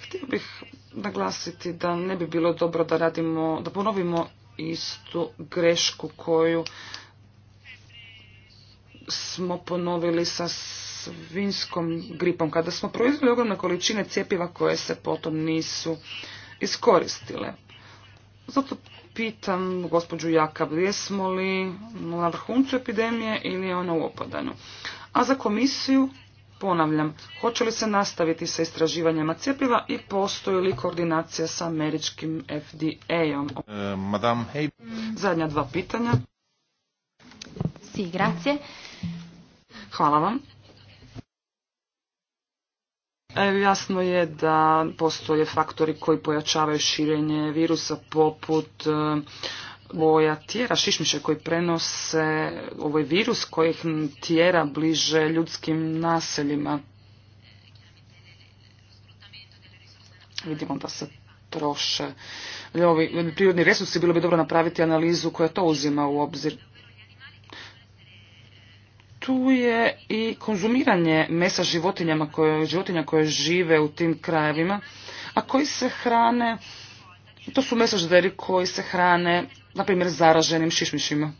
htio bih naglasiti da ne bi bilo dobro da radimo, da ponovimo istu grešku koju smo ponovili sa svinskom gripom, kada smo proizveli ogromne količine cjepiva koje se potom nisu iskoristile. Zato pitam gospođu Jakab, jesmo li na vrhuncu epidemije ili je ona u A za komisiju Ponavljam, hoće li se nastaviti sa istraživanjima cjepiva i postoji li koordinacija sa američkim FDA-om? E, Zadnja dva pitanja. Si, Hvala vam. E, jasno je da postoje faktori koji pojačavaju širenje virusa poput e, koja tjera šišmiše koji prenose ovaj virus koji ih tjera bliže ljudskim naseljima. Vidimo da se troše ovi prirodni resursi, bilo bi dobro napraviti analizu koja to uzima u obzir. Tu je i konzumiranje mesa životinjama koje, životinja koje žive u tim krajevima, a koji se hrane, to su žideri koji se hrane na primjer, zaraženim šišmišima.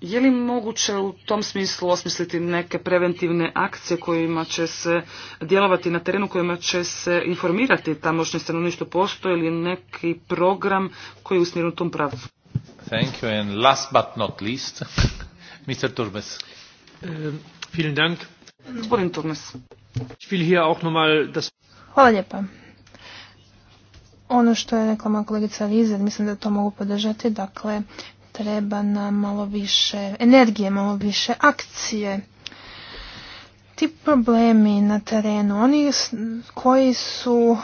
Je li moguće u tom smislu osmisliti neke preventivne akcije kojima će se djelovati na terenu, kojima će se informirati tamošnje stanovništvo postoje ili neki program koji je usmjeren u tom pravcu? Thank you and last but not least, Mr. Turmes. Ehm, vielen Dank. Gospodin Turmes. Ich will hier auch nochmal das... Hvala lijepa. Ono što je rekla moja kolegica Vizer, mislim da to mogu podržati, dakle treba nam malo više energije, malo više akcije. Ti problemi na terenu, oni koji su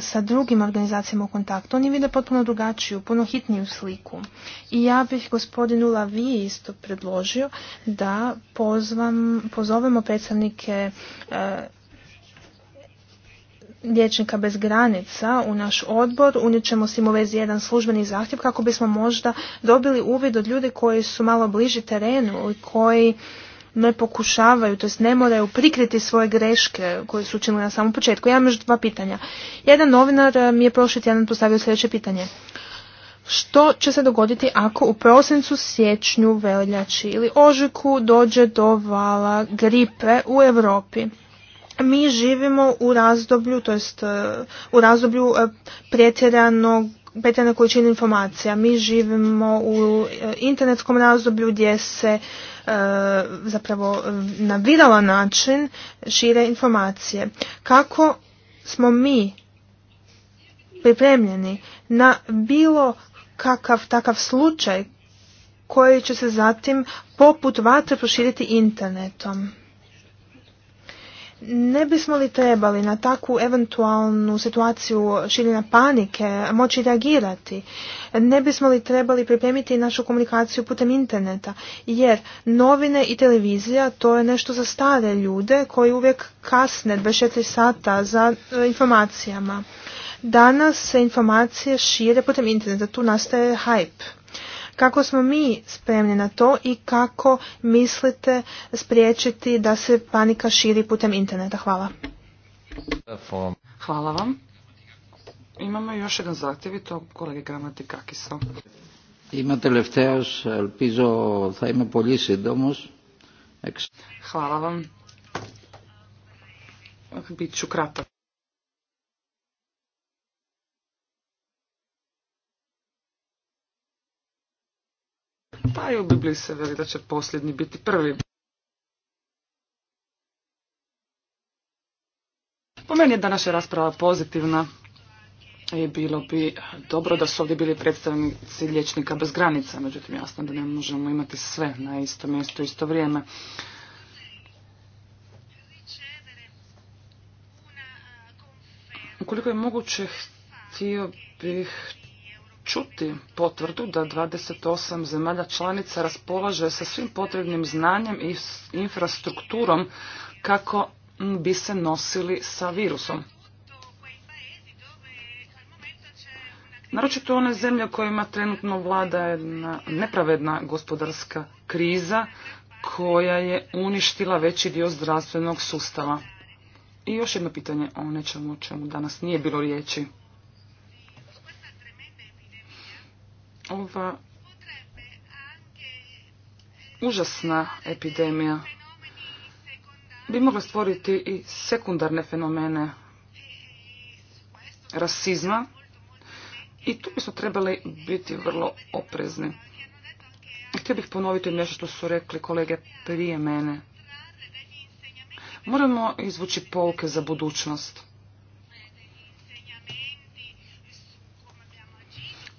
sa drugim organizacijama u kontaktu, oni vide potpuno drugačiju, puno hitniju sliku. I ja bih gospodinu Lavi isto predložio da pozovemo predstavnike eh, liječnika bez granica u naš odbor. Unijet ćemo s tim u vezi jedan službeni zahtjev kako bismo možda dobili uvid od ljudi koji su malo bliži terenu i koji ne pokušavaju, to ne moraju prikriti svoje greške koje su učinili na samom početku. Ja imam još dva pitanja. Jedan novinar eh, mi je prošli tjedan postavio sljedeće pitanje. Što će se dogoditi ako u prosincu, siječnju, veljači ili ožiku dođe do vala gripe u Europi? mi živimo u razdoblju, to jest e, u razdoblju e, pretjeranog pretjerane količine informacija. Mi živimo u e, internetskom razdoblju gdje se zapravo na viralan način šire informacije. Kako smo mi pripremljeni na bilo kakav takav slučaj koji će se zatim poput vatre proširiti internetom. Ne bismo li trebali na takvu eventualnu situaciju širina panike moći reagirati? Ne bismo li trebali pripremiti našu komunikaciju putem interneta? Jer novine i televizija to je nešto za stare ljude koji uvijek kasne 24 sata za e, informacijama. Danas se informacije šire putem interneta, tu nastaje hype. Kako smo mi spremni na to i kako mislite spriječiti da se panika širi putem interneta? Hvala. Hvala vam. Imamo još jedan zahtjev i to kolege Gramati Kakisa. Ima telefteos, elpizo, θα είμαι πολύ Hvala vam. Biću kratak. Pa i u Bibliji se veli da će posljednji biti prvi. Po meni je današnja rasprava pozitivna i bilo bi dobro da su ovdje bili predstavnici liječnika bez granica, međutim jasno da ne možemo imati sve na isto mjesto u isto vrijeme. Ukoliko je moguće, htio bih čuti potvrdu da 28 zemalja članica raspolaže sa svim potrebnim znanjem i infrastrukturom kako bi se nosili sa virusom. Naročito one zemlje u kojima trenutno vlada jedna nepravedna gospodarska kriza koja je uništila veći dio zdravstvenog sustava. I još jedno pitanje o nečemu o čemu danas nije bilo riječi. ova užasna epidemija bi mogla stvoriti i sekundarne fenomene rasizma i tu smo trebali biti vrlo oprezni. Htio bih ponoviti nešto što su rekli kolege prije mene. Moramo izvući pouke za budućnost.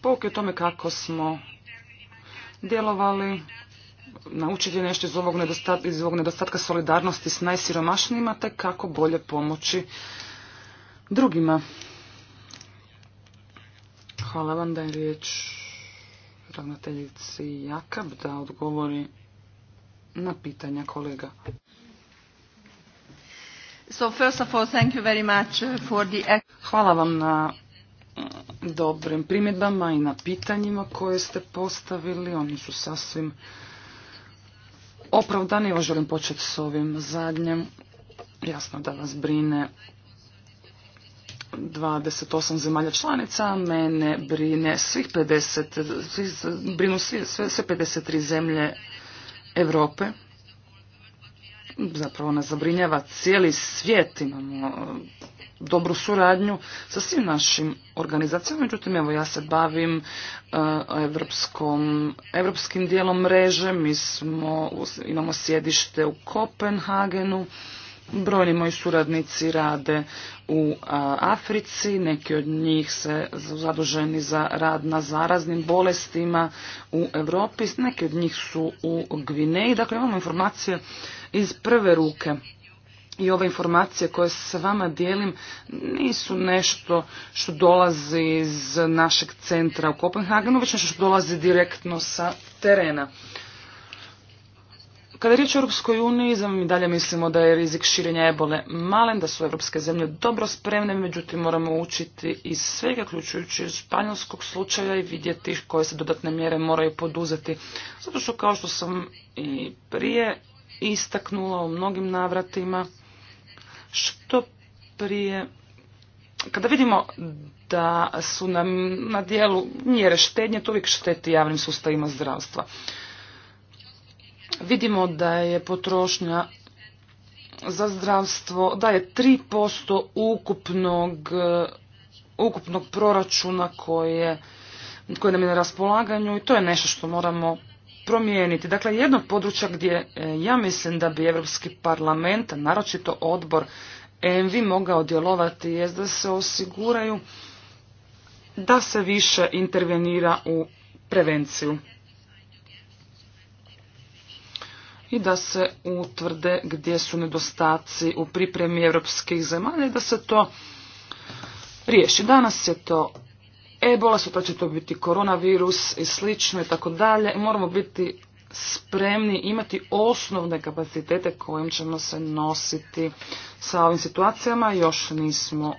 pouke o tome kako smo djelovali, naučiti nešto iz ovog, nedostatka, iz ovog nedostatka solidarnosti s najsiromašnijima, te kako bolje pomoći drugima. Hvala vam da je riječ ravnateljici Jakab da odgovori na pitanja kolega. Hvala vam na dobrim primjedbama i na pitanjima koje ste postavili. Oni su sasvim opravdani. Evo želim početi s ovim zadnjem. Jasno da vas brine 28 zemalja članica, mene brine svih 50, brinu sve, sve 53 zemlje Europe. Zapravo nas zabrinjava cijeli svijet, imamo e, dobru suradnju sa svim našim organizacijama, međutim evo ja se bavim e, evropskom, evropskim dijelom mreže, mi smo, imamo sjedište u Kopenhagenu, Brojni moji suradnici rade u Africi, neki od njih se zaduženi za rad na zaraznim bolestima u Europi, neki od njih su u Gvineji. Dakle, imamo informacije iz prve ruke. I ove informacije koje sa vama dijelim nisu nešto što dolazi iz našeg centra u Kopenhagenu, već nešto što dolazi direktno sa terena. Kada je riječ o Europskoj uniji, za mi dalje mislimo da je rizik širenja ebole malen, da su europske zemlje dobro spremne, međutim moramo učiti iz svega, uključujući španjolskog slučaja i vidjeti koje se dodatne mjere moraju poduzeti. Zato što, kao što sam i prije istaknula u mnogim navratima, što prije, kada vidimo da su nam na dijelu mjere štednje, to uvijek šteti javnim sustavima zdravstva. Vidimo da je potrošnja za zdravstvo, da je 3% ukupnog, ukupnog proračuna koje, koje nam je na raspolaganju i to je nešto što moramo promijeniti. Dakle, jedno područja gdje e, ja mislim da bi Europski parlament, naročito odbor ENVI mogao djelovati je da se osiguraju da se više intervenira u prevenciju. I da se utvrde gdje su nedostaci u pripremi europskih zemalja i da se to riješi. Danas je to ebola, sutra će to biti koronavirus i slično i tako dalje. Moramo biti spremni imati osnovne kapacitete kojim ćemo se nositi sa ovim situacijama. Još nismo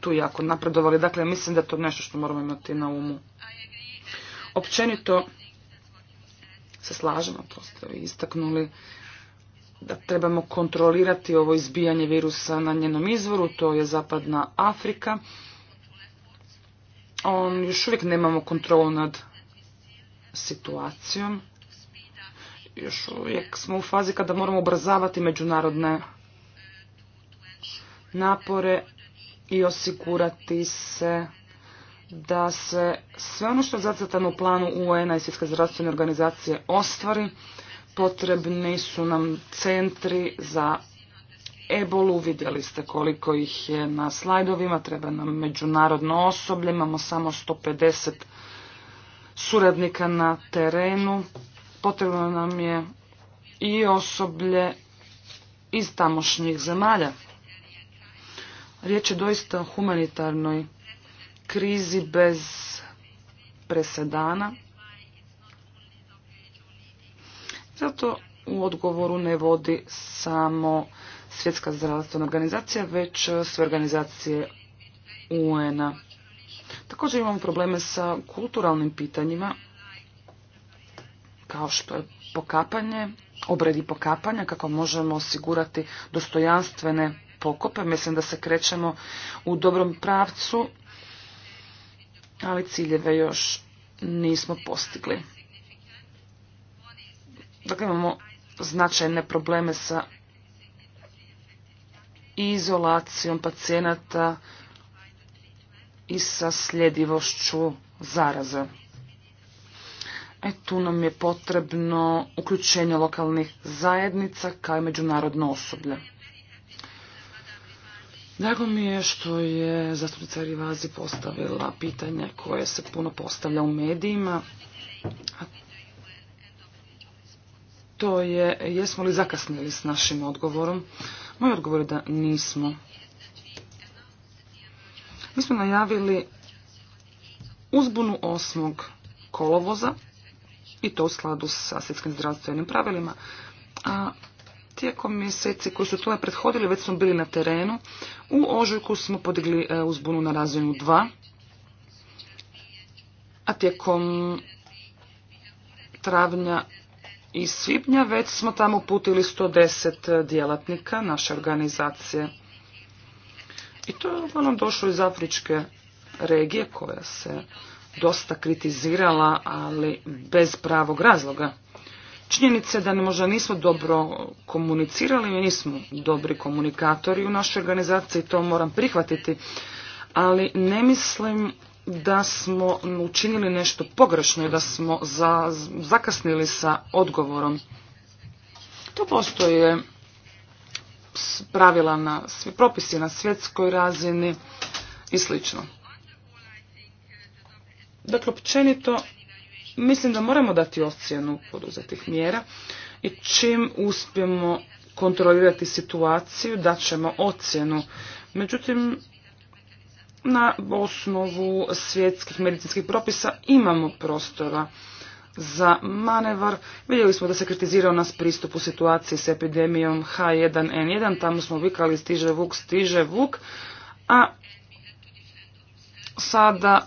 tu jako napredovali. Dakle, mislim da je to nešto što moramo imati na umu. Općenito se slažemo, to ste vi istaknuli, da trebamo kontrolirati ovo izbijanje virusa na njenom izvoru, to je zapadna Afrika on, još uvijek nemamo kontrolu nad situacijom. Još uvijek smo u fazi kada moramo obrazavati međunarodne napore i osigurati se da se sve ono što je zacrtano u planu UN-a i Svjetske zdravstvene organizacije ostvari. Potrebni su nam centri za ebolu, vidjeli ste koliko ih je na slajdovima, treba nam međunarodno osoblje, imamo samo 150 suradnika na terenu, potrebno nam je i osoblje iz tamošnjih zemalja. Riječ je doista o humanitarnoj krizi bez presedana. Zato u odgovoru ne vodi samo svjetska zdravstvena organizacija, već e, sve organizacije UN-a. Također imamo probleme sa kulturalnim pitanjima, kao što je pokapanje, obredi pokapanja, kako možemo osigurati dostojanstvene pokope. Mislim da se krećemo u dobrom pravcu, ali ciljeve još nismo postigli. Dakle, imamo značajne probleme sa izolacijom pacijenata i sa sljedivošću zaraze. E tu nam je potrebno uključenje lokalnih zajednica kao i međunarodno osoblje. Drago mi je što je zastupnica Rivazi postavila pitanje koje se puno postavlja u medijima. to je jesmo li zakasnili s našim odgovorom. Moj odgovor je da nismo. Mi smo najavili uzbunu osmog kolovoza i to u skladu sa svjetskim zdravstvenim pravilima. A tijekom mjeseci koji su tome prethodili, već smo bili na terenu. U ožujku smo podigli e, uzbunu na razinu dva, A tijekom travnja iz svibnja već smo tamo putili 110 e, djelatnika naše organizacije. I to je uglavnom došlo iz afričke regije koja se dosta kritizirala, ali bez pravog razloga. Činjenica je da ne možda nismo dobro komunicirali, mi nismo dobri komunikatori u našoj organizaciji, to moram prihvatiti, ali ne mislim da smo učinili nešto pogrešno i da smo zakasnili sa odgovorom. To postoje pravila na svi, propisi na svjetskoj razini i slično. Dakle, općenito mislim da moramo dati ocjenu poduzetih mjera i čim uspijemo kontrolirati situaciju, dat ćemo ocjenu. Međutim, na osnovu svjetskih medicinskih propisa imamo prostora za manevar. Vidjeli smo da se kritizirao nas pristup u situaciji s epidemijom H1N1, tamo smo vikali stiže vuk, stiže vuk, a sada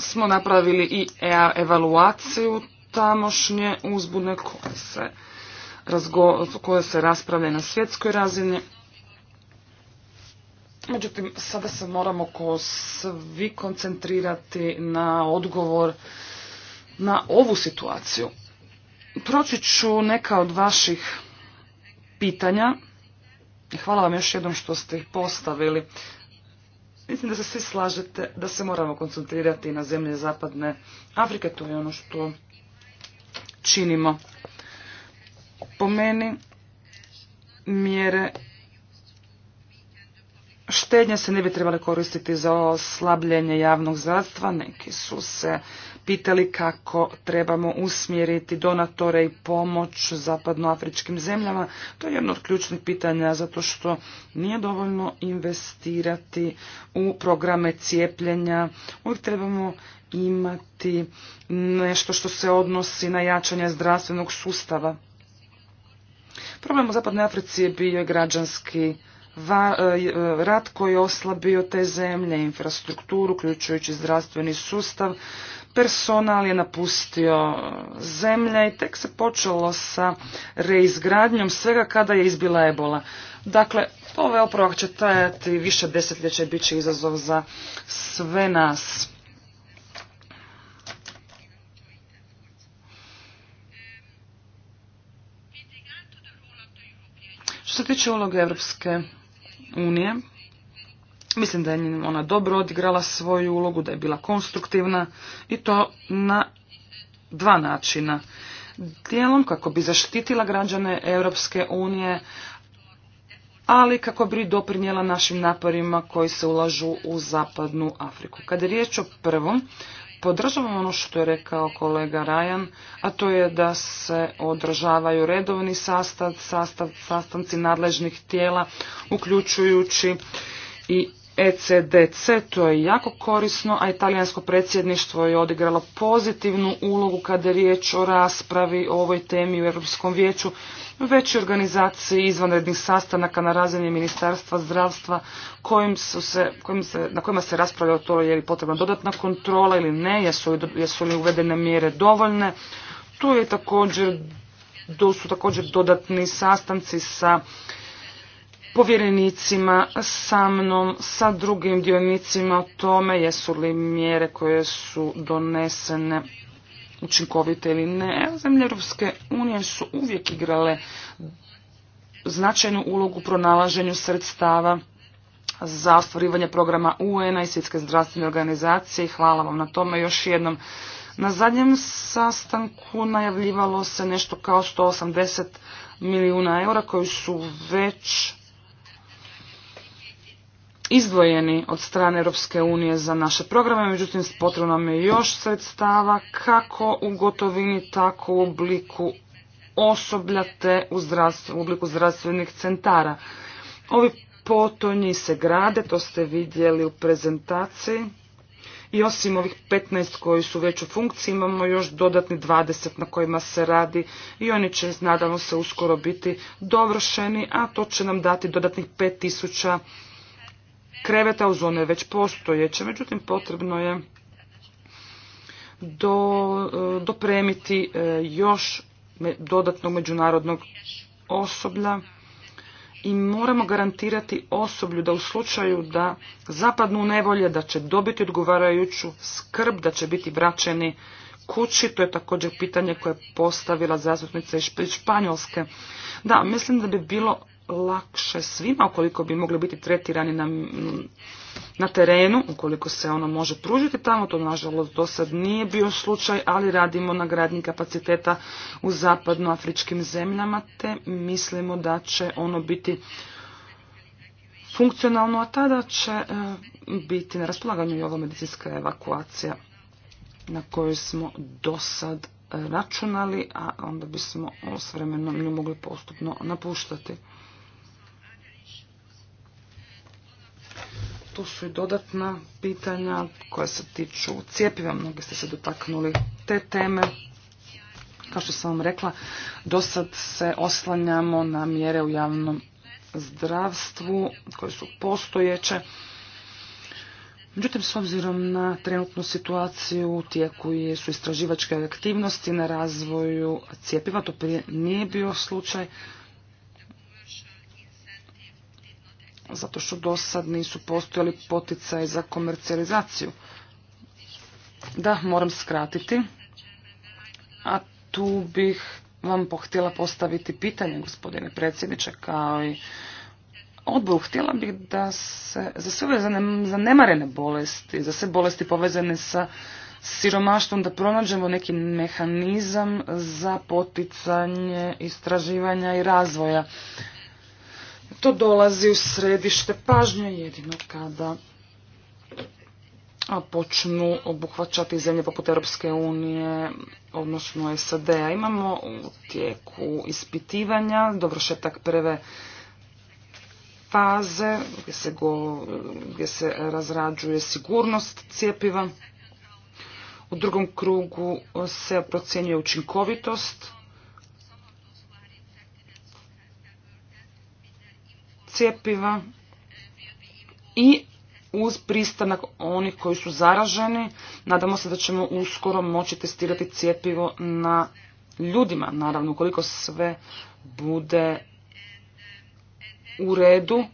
smo napravili i evaluaciju tamošnje uzbune koje se, koje se raspravlja na svjetskoj razini. Međutim, sada se moramo ko svi koncentrirati na odgovor na ovu situaciju. Proći ću neka od vaših pitanja. Hvala vam još jednom što ste ih postavili. Mislim da se svi slažete da se moramo koncentrirati na zemlje zapadne Afrike. To je ono što činimo. Po meni mjere Štednje se ne bi trebale koristiti za oslabljenje javnog zdravstva. Neki su se pitali kako trebamo usmjeriti donatore i pomoć zapadnoafričkim zemljama. To je jedno od ključnih pitanja zato što nije dovoljno investirati u programe cijepljenja. Uvijek trebamo imati nešto što se odnosi na jačanje zdravstvenog sustava. Problem u Zapadnoj Africi je bio građanski va, e, rat koji je oslabio te zemlje, infrastrukturu, uključujući zdravstveni sustav, personal je napustio zemlje i tek se počelo sa reizgradnjom svega kada je izbila ebola. Dakle, ovaj opravak će trajati više desetljeća i bit će izazov za sve nas. Što se tiče uloge Europske unije. Mislim da je ona dobro odigrala svoju ulogu, da je bila konstruktivna i to na dva načina. Dijelom kako bi zaštitila građane Europske unije, ali kako bi doprinijela našim naporima koji se ulažu u zapadnu Afriku. Kada je riječ o prvom, Podržavam ono što je rekao kolega Rajan, a to je da se održavaju redovni sastav, sastanci nadležnih tijela, uključujući i ECDC, to je jako korisno, a italijansko predsjedništvo je odigralo pozitivnu ulogu kada je riječ o raspravi o ovoj temi u Europskom vijeću, već i organizaciji izvanrednih sastanaka na razini Ministarstva zdravstva kojim su se, kojim se, na kojima se raspravlja o to je li potrebna dodatna kontrola ili ne, jesu, jesu li uvedene mjere dovoljne. Tu je također, su također dodatni sastanci sa povjerenicima, sa mnom, sa drugim dionicima o tome jesu li mjere koje su donesene učinkovite ili ne. Zemlje Europske unije su uvijek igrale značajnu ulogu u pronalaženju sredstava za ostvarivanje programa UN-a i Svjetske zdravstvene organizacije. Hvala vam na tome još jednom. Na zadnjem sastanku najavljivalo se nešto kao 180 milijuna eura koji su već izdvojeni od strane Europske unije za naše programe, međutim potrebno nam je još sredstava kako u gotovini, tako u obliku osoblja te u, u obliku zdravstvenih centara. Ovi potonji se grade, to ste vidjeli u prezentaciji. I osim ovih 15 koji su već u funkciji, imamo još dodatni 20 na kojima se radi i oni će, nadamo se, uskoro biti dovršeni, a to će nam dati dodatnih 5000 kreveta uz one već postojeće. Međutim, potrebno je e, dopremiti e, još dodatnog međunarodnog osoblja i moramo garantirati osoblju da u slučaju da zapadnu nevolje, da će dobiti odgovarajuću skrb, da će biti vraćeni kući. To je također pitanje koje je postavila zastupnica iz Španjolske. Da, mislim da bi bilo lakše svima ukoliko bi mogli biti tretirani na, na terenu, ukoliko se ono može pružiti tamo, to nažalost do sad nije bio slučaj, ali radimo na gradnji kapaciteta u zapadnoafričkim zemljama, te mislimo da će ono biti funkcionalno, a tada će e, biti na raspolaganju i ova medicinska evakuacija na koju smo do sad e, računali, a onda bismo s vremenom nju mogli postupno napuštati. tu su i dodatna pitanja koja se tiču cijepiva, mnogi ste se dotaknuli te teme. Kao što sam vam rekla, do sad se oslanjamo na mjere u javnom zdravstvu koje su postojeće. Međutim, s obzirom na trenutnu situaciju u tijeku su istraživačke aktivnosti na razvoju cijepiva, to prije nije bio slučaj. zato što do sad nisu postojali poticaje za komercijalizaciju. Da, moram skratiti. A tu bih vam pohtjela postaviti pitanje, gospodine predsjedniče, kao i odboru. Htjela bih da se za sve ove zanemarene bolesti, za sve bolesti povezane sa siromaštvom, da pronađemo neki mehanizam za poticanje istraživanja i razvoja to dolazi u središte pažnje jedino kada počnu obuhvaćati zemlje poput Europske unije, odnosno SAD-a. Imamo u tijeku ispitivanja, dovršetak prve faze gdje se, gdje se razrađuje sigurnost cijepiva. U drugom krugu se procjenjuje učinkovitost Cijepiva i uz pristanak onih koji su zaraženi. Nadamo se da ćemo uskoro moći testirati cjepivo na ljudima, naravno, koliko sve bude u redu.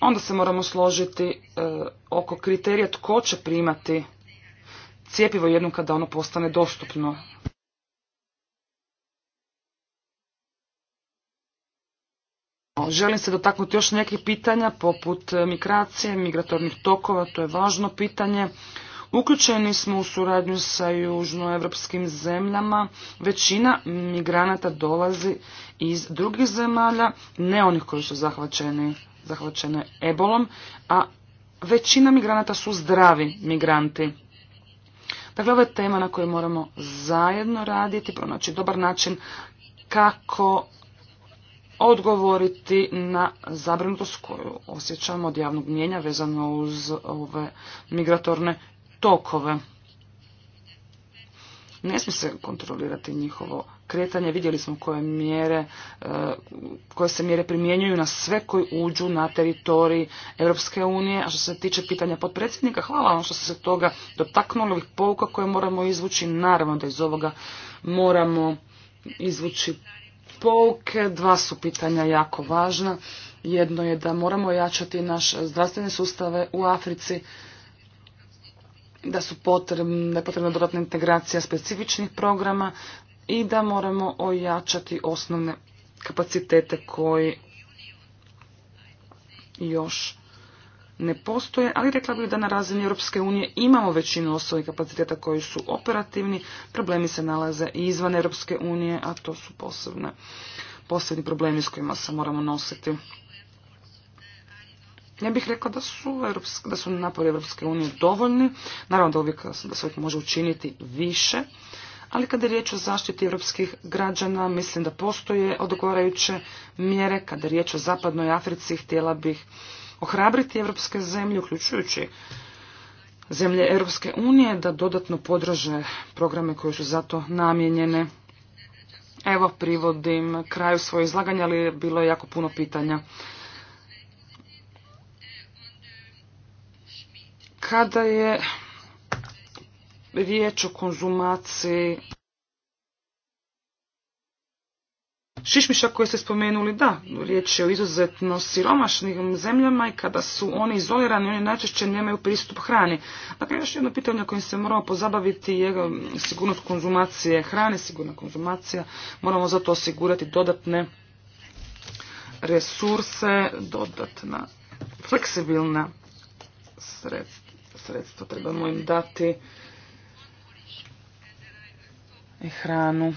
Onda se moramo složiti e, oko kriterija tko će primati cjepivo jednom kada ono postane dostupno. Želim se dotaknuti još nekih pitanja poput e, migracije, migratornih tokova, to je važno pitanje. Uključeni smo u suradnju sa južnoevropskim zemljama. Većina migranata dolazi iz drugih zemalja, ne onih koji su zahvaćeni, zahvaćene ebolom, a većina migranata su zdravi migranti. Dakle, ovo je tema na kojoj moramo zajedno raditi, pronaći dobar način kako odgovoriti na zabrinutost koju osjećamo od javnog mjenja vezano uz ove migratorne tokove. Ne smije se kontrolirati njihovo kretanje. Vidjeli smo koje mjere, e, koje se mjere primjenjuju na sve koji uđu na teritoriji Europske unije. A što se tiče pitanja potpredsjednika, hvala vam što ste se toga dotaknuli, ovih pouka koje moramo izvući. Naravno da iz ovoga moramo izvući pouke. Dva su pitanja jako važna. Jedno je da moramo jačati naš zdravstvene sustave u Africi, da su potrebne, potrebna dodatna integracija specifičnih programa i da moramo ojačati osnovne kapacitete koji još ne postoje, ali rekla bih da na razini Europske unije imamo većinu ostalih kapaciteta koji su operativni, problemi se nalaze i izvan Europske unije, a to su posebne, posebni problemi s kojima se moramo nositi. Ja bih rekla da su, da su napori Europske unije dovoljni, naravno da uvijek da se uvijek može učiniti više, ali kada je riječ o zaštiti europskih građana, mislim da postoje odgovarajuće mjere. Kada je riječ o zapadnoj Africi, htjela bih ohrabriti evropske zemlje, uključujući zemlje Europske unije, da dodatno podrže programe koje su zato namijenjene. Evo privodim kraju svoje izlaganja, ali bilo je jako puno pitanja. Kada je riječ o konzumaciji Šišmiša koje ste spomenuli, da, riječ je o izuzetno siromašnim zemljama i kada su oni izolirani, oni najčešće nemaju pristup hrani. Dakle, još jedno pitanje kojim se moramo pozabaviti je um, sigurnost konzumacije hrane, sigurna konzumacija. Moramo zato osigurati dodatne resurse, dodatna fleksibilna sredstva. Trebamo im dati i hranu.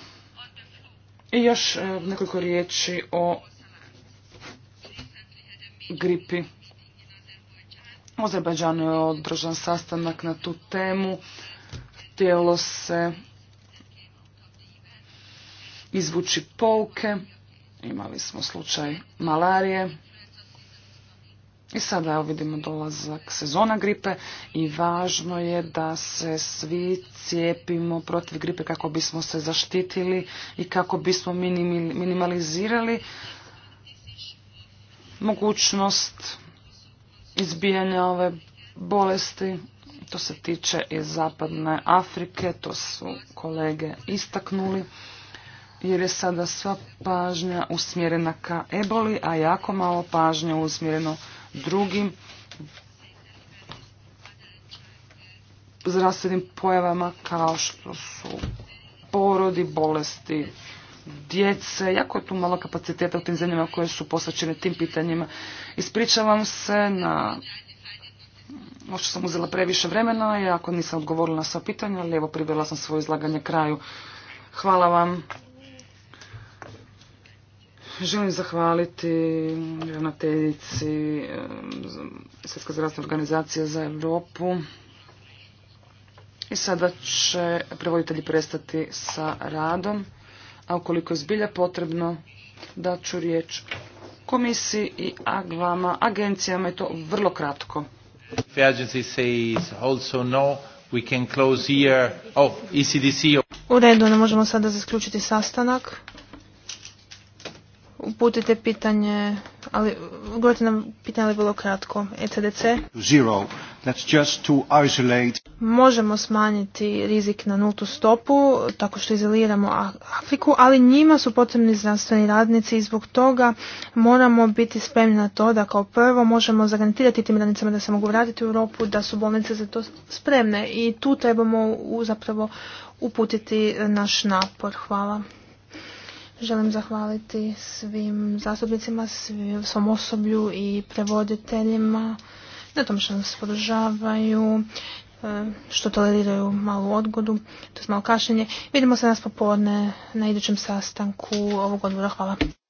I još e, nekoliko riječi o gripi. U Azerbajdžanu je održan sastanak na tu temu. Htjelo se izvući pouke. Imali smo slučaj malarije. I sada evo vidimo dolazak sezona gripe i važno je da se svi cijepimo protiv gripe kako bismo se zaštitili i kako bismo minimalizirali mogućnost izbijanja ove bolesti. To se tiče i zapadne Afrike, to su kolege istaknuli jer je sada sva pažnja usmjerena ka eboli, a jako malo pažnje usmjereno drugim zdravstvenim pojavama kao što su porodi, bolesti djece. Jako je tu malo kapaciteta u tim zemljama koje su posvećene tim pitanjima. Ispričavam se na možda ono sam uzela previše vremena i ako nisam odgovorila na sva pitanja, ali evo sam svoje izlaganje kraju. Hvala vam. Želim zahvaliti ravnateljici eh, Svjetska zdravstvena organizacija za Europu. I sada će prevoditelji prestati sa radom, a ukoliko je zbilja potrebno, da ću riječ komisiji i vama, agencijama Je to vrlo kratko. U redu, ne možemo sada zaključiti sastanak uputite pitanje, ali govorite nam pitanje ali bilo kratko. ECDC? Možemo smanjiti rizik na nultu stopu tako što izoliramo Afriku, ali njima su potrebni zdravstveni radnici i zbog toga moramo biti spremni na to da kao prvo možemo zagarantirati tim radnicama da se mogu vratiti u Europu, da su bolnice za to spremne i tu trebamo zapravo uputiti naš napor. Hvala. Želim zahvaliti svim zastupnicima, svom osoblju i prevoditeljima na tom što nas podržavaju, e, što toleriraju malu odgodu, to je malo kašenje. Vidimo se nas popodne na idućem sastanku ovog odbora. Hvala.